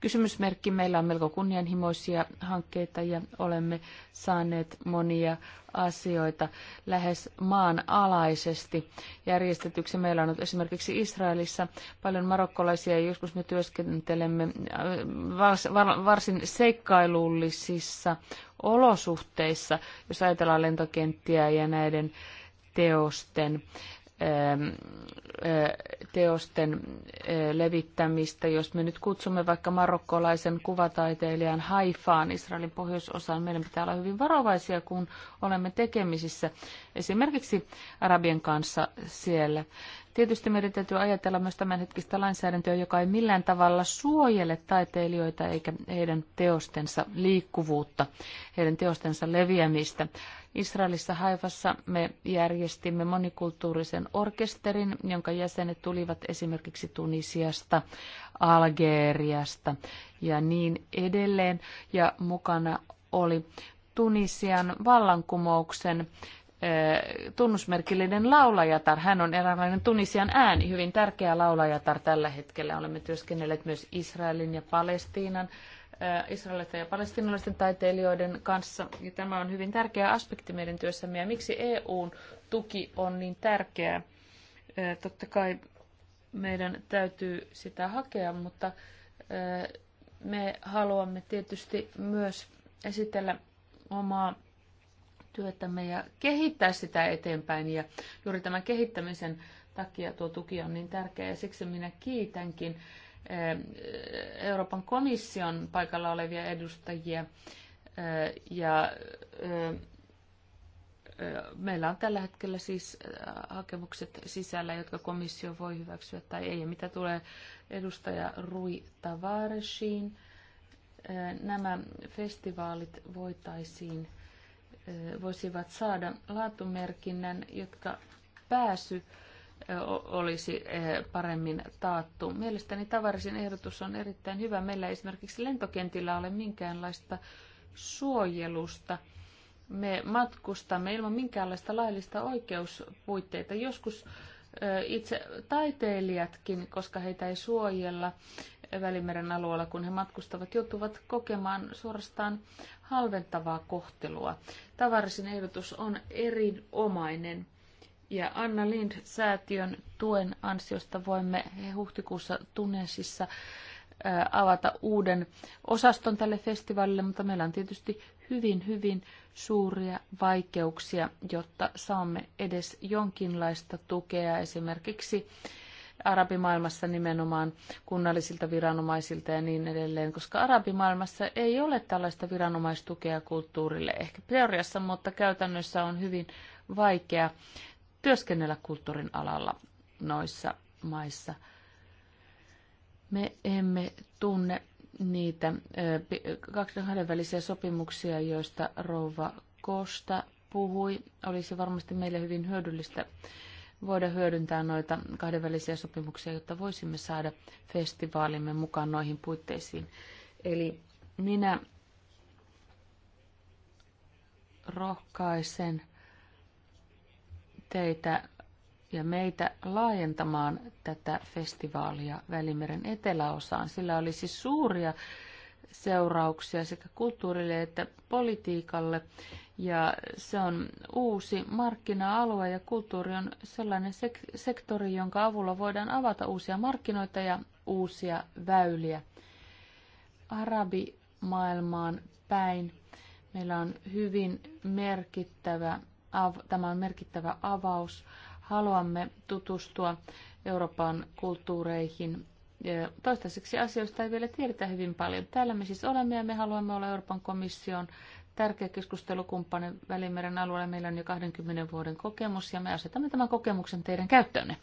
kysymysmerkki. Meillä on melko kunnianhimoisia hankkeita ja olemme saaneet monia asioita lähes maanalaisesti järjestetyksi. Meillä on nyt esimerkiksi Israelissa paljon marokkolaisia ja joskus me työskentelemme äh, varsin seikkailullisissa olosuhteissa, jos ajatellaan lentokenttiä ja näiden teosten Ähm, äh, teosten äh, levittämistä. Jos me nyt kutsumme vaikka marokkolaisen kuvataiteilijan haifaan Israelin pohjoisosaan, meidän pitää olla hyvin varovaisia, kun olemme tekemisissä esimerkiksi Arabien kanssa siellä. Tietysti meidän täytyy ajatella myös tämänhetkistä lainsäädäntöä, joka ei millään tavalla suojele taiteilijoita eikä heidän teostensa liikkuvuutta, heidän teostensa leviämistä. Israelissa Haivassa me järjestimme monikulttuurisen orkesterin, jonka jäsenet tulivat esimerkiksi Tunisiasta, Algeriasta ja niin edelleen. Ja mukana oli Tunisian vallankumouksen eh, tunnusmerkillinen laulajatar. Hän on eräänlainen Tunisian ääni, hyvin tärkeä laulajatar tällä hetkellä. Olemme työskennelleet myös Israelin ja Palestiinan Äh, israelilaisten ja palestinalaisten taiteilijoiden kanssa. Ja tämä on hyvin tärkeä aspekti meidän työssämme. Ja miksi EUn tuki on niin tärkeää? Äh, totta kai meidän täytyy sitä hakea, mutta äh, me haluamme tietysti myös esitellä omaa työtämme ja kehittää sitä eteenpäin. Ja juuri tämän kehittämisen takia tuo tuki on niin tärkeä ja siksi minä kiitänkin Euroopan komission paikalla olevia edustajia. Ja meillä on tällä hetkellä siis hakemukset sisällä, jotka komissio voi hyväksyä tai ei. Ja mitä tulee edustaja Rui Tavaresiin, nämä festivaalit voitaisiin, voisivat saada laatumerkinnän, jotka pääsy olisi paremmin taattu. Mielestäni tavarisin ehdotus on erittäin hyvä. Meillä esimerkiksi lentokentillä ole minkäänlaista suojelusta. Me matkustamme ilman minkäänlaista laillista oikeuspuitteita. Joskus itse taiteilijatkin, koska heitä ei suojella Välimeren alueella, kun he matkustavat, joutuvat kokemaan suorastaan halventavaa kohtelua. Tavarisin ehdotus on erinomainen ja Anna Lind-säätiön tuen ansiosta voimme huhtikuussa Tunesissa avata uuden osaston tälle festivaalille, mutta meillä on tietysti hyvin, hyvin suuria vaikeuksia, jotta saamme edes jonkinlaista tukea esimerkiksi arabimaailmassa nimenomaan kunnallisilta viranomaisilta ja niin edelleen, koska arabimaailmassa ei ole tällaista viranomaistukea kulttuurille ehkä teoriassa, mutta käytännössä on hyvin vaikea työskennellä kulttuurin alalla noissa maissa. Me emme tunne niitä kahdenvälisiä sopimuksia, joista rouva Kosta puhui. Olisi varmasti meille hyvin hyödyllistä voida hyödyntää noita kahdenvälisiä sopimuksia, jotta voisimme saada festivaalimme mukaan noihin puitteisiin. Eli minä rohkaisen teitä ja meitä laajentamaan tätä festivaalia Välimeren eteläosaan. Sillä olisi suuria seurauksia sekä kulttuurille että politiikalle. Ja se on uusi markkina-alue ja kulttuuri on sellainen sek- sektori, jonka avulla voidaan avata uusia markkinoita ja uusia väyliä arabimaailmaan päin. Meillä on hyvin merkittävä tämä on merkittävä avaus. Haluamme tutustua Euroopan kulttuureihin. Toistaiseksi asioista ei vielä tiedetä hyvin paljon. Täällä me siis olemme ja me haluamme olla Euroopan komission tärkeä keskustelukumppani Välimeren alueella. Meillä on jo 20 vuoden kokemus ja me asetamme tämän kokemuksen teidän käyttöönne.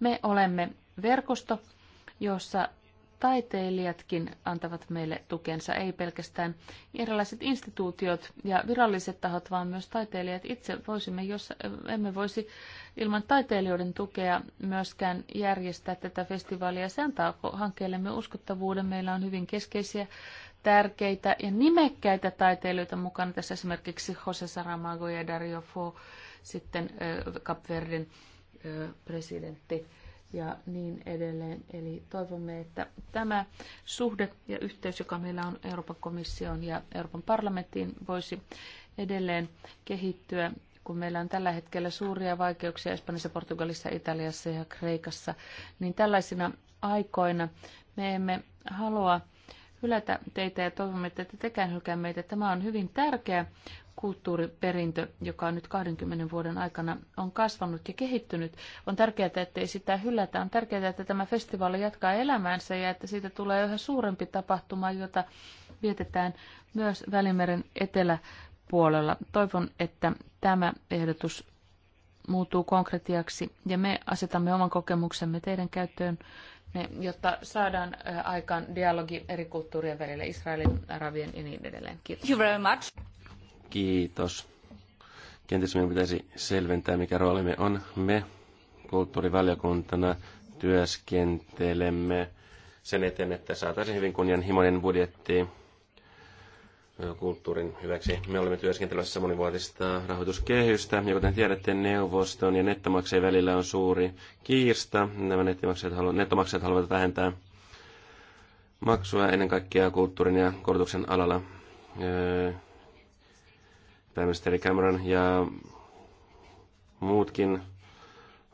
Me olemme verkosto, jossa taiteilijatkin antavat meille tukensa, ei pelkästään erilaiset instituutiot ja viralliset tahot, vaan myös taiteilijat itse voisimme, jos emme voisi ilman taiteilijoiden tukea myöskään järjestää tätä festivaalia. Se antaa hankkeellemme uskottavuuden. Meillä on hyvin keskeisiä tärkeitä ja nimekkäitä taiteilijoita mukana. Tässä esimerkiksi Jose Saramago ja Dario Fo, sitten Kapverdin presidentti ja niin edelleen. Eli toivomme, että tämä suhde ja yhteys, joka meillä on Euroopan komission ja Euroopan parlamenttiin, voisi edelleen kehittyä, kun meillä on tällä hetkellä suuria vaikeuksia Espanjassa, Portugalissa, Italiassa ja Kreikassa, niin tällaisina aikoina me emme halua hylätä teitä ja toivomme, että te tekään hylkää meitä. Tämä on hyvin tärkeä kulttuuriperintö, joka nyt 20 vuoden aikana on kasvanut ja kehittynyt. On tärkeää, ettei sitä hylätä. On tärkeää, että tämä festivaali jatkaa elämäänsä ja että siitä tulee yhä suurempi tapahtuma, jota vietetään myös Välimeren eteläpuolella. Toivon, että tämä ehdotus muuttuu konkretiaksi ja me asetamme oman kokemuksemme teidän käyttöön ne, jotta saadaan aikaan dialogi eri kulttuurien välillä, Israelin, Arabien ja niin edelleen. Kiitos. Thank you very much kiitos. Kenties meidän pitäisi selventää, mikä roolimme on. Me kulttuurivaliokuntana työskentelemme sen eteen, että saataisiin hyvin kunnianhimoinen budjetti kulttuurin hyväksi. Me olemme työskentelemässä monivuotista rahoituskehystä, ja kuten tiedätte, neuvoston ja nettomaksajien välillä on suuri kiista. Nämä nettomaksajat halu- nettomaksajat haluavat vähentää maksua ennen kaikkea kulttuurin ja koulutuksen alalla. Öö, Pääministeri Cameron ja muutkin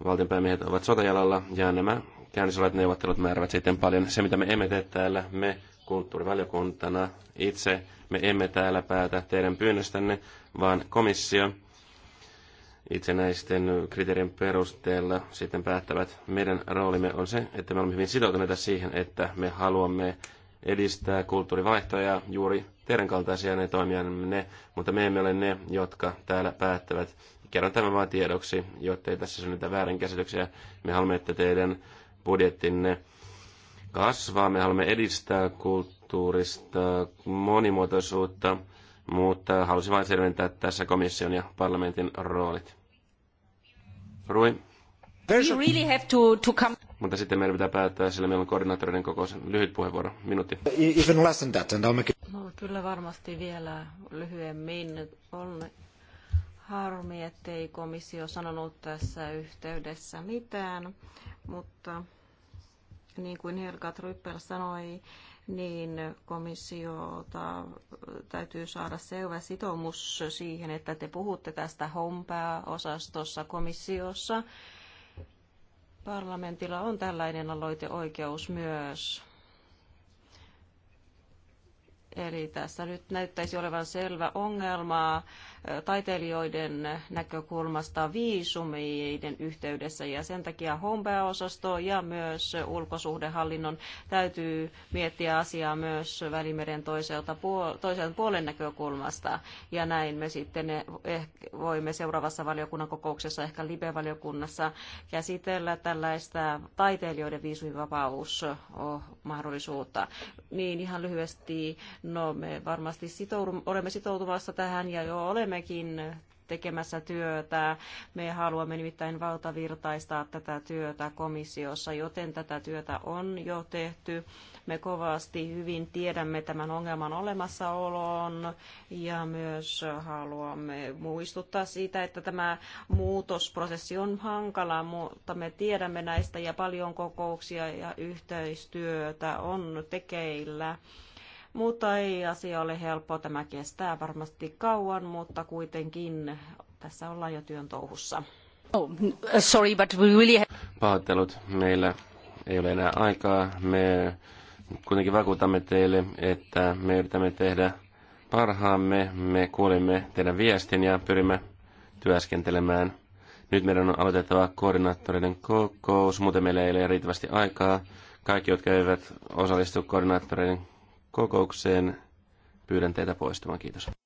valtionpäämiehet ovat sotajalalla ja nämä käynnissä neuvottelut määrävät sitten paljon. Se, mitä me emme tee täällä, me kulttuurivaliokuntana itse, me emme täällä päätä teidän pyynnöstänne, vaan komissio itsenäisten kriteerien perusteella sitten päättävät. Meidän roolimme on se, että me olemme hyvin sitoutuneita siihen, että me haluamme edistää kulttuurivaihtoja juuri teidän kaltaisia ne toimijanne, mutta me emme ole ne, jotka täällä päättävät. Kerron tämän vain tiedoksi, ei tässä synnytä väärinkäsityksiä. Me haluamme, että teidän budjettinne kasvaa. Me haluamme edistää kulttuurista monimuotoisuutta, mutta halusin vain selventää tässä komission ja parlamentin roolit. Rui? Really to, to Mutta sitten meidän pitää päättää, sillä meillä on koordinaattoreiden kokous. Lyhyt puheenvuoro, minuutti. E- even less than that, and I'll make it... No kyllä varmasti vielä lyhyemmin. On harmi, ettei komissio sanonut tässä yhteydessä mitään, mutta niin kuin Helga Tryppel sanoi, niin komissiota täytyy saada selvä sitoumus siihen, että te puhutte tästä HOMPää-osastossa komissiossa Parlamentilla on tällainen aloiteoikeus myös. Eli tässä nyt näyttäisi olevan selvä ongelma taiteilijoiden näkökulmasta viisumeiden yhteydessä ja sen takia HOMBEA-osasto ja myös ulkosuhdehallinnon täytyy miettiä asiaa myös Välimeren toiselta puol- toisen puolen näkökulmasta ja näin me sitten eh-, voimme seuraavassa valiokunnan kokouksessa ehkä Libe-valiokunnassa käsitellä tällaista taiteilijoiden viisumivapausmahdollisuutta. Niin ihan lyhyesti, no me varmasti sitoudu- olemme sitoutumassa tähän ja jo olemme olemmekin tekemässä työtä. Me haluamme nimittäin valtavirtaistaa tätä työtä komissiossa, joten tätä työtä on jo tehty. Me kovasti hyvin tiedämme tämän ongelman olemassaolon ja myös haluamme muistuttaa siitä, että tämä muutosprosessi on hankala, mutta me tiedämme näistä ja paljon kokouksia ja yhteistyötä on tekeillä. Mutta ei asia ole helppo, tämä kestää varmasti kauan, mutta kuitenkin tässä ollaan jo työn touhussa. Oh, sorry, but we really have... Pahoittelut, meillä ei ole enää aikaa. Me kuitenkin vakuutamme teille, että me yritämme tehdä parhaamme, me kuulimme teidän viestin ja pyrimme työskentelemään. Nyt meidän on aloitettava koordinaattoreiden kokous, muuten meillä ei ole riittävästi aikaa. Kaikki, jotka eivät osallistu koordinaattoreiden kokoukseen. Pyydän teitä poistumaan. Kiitos.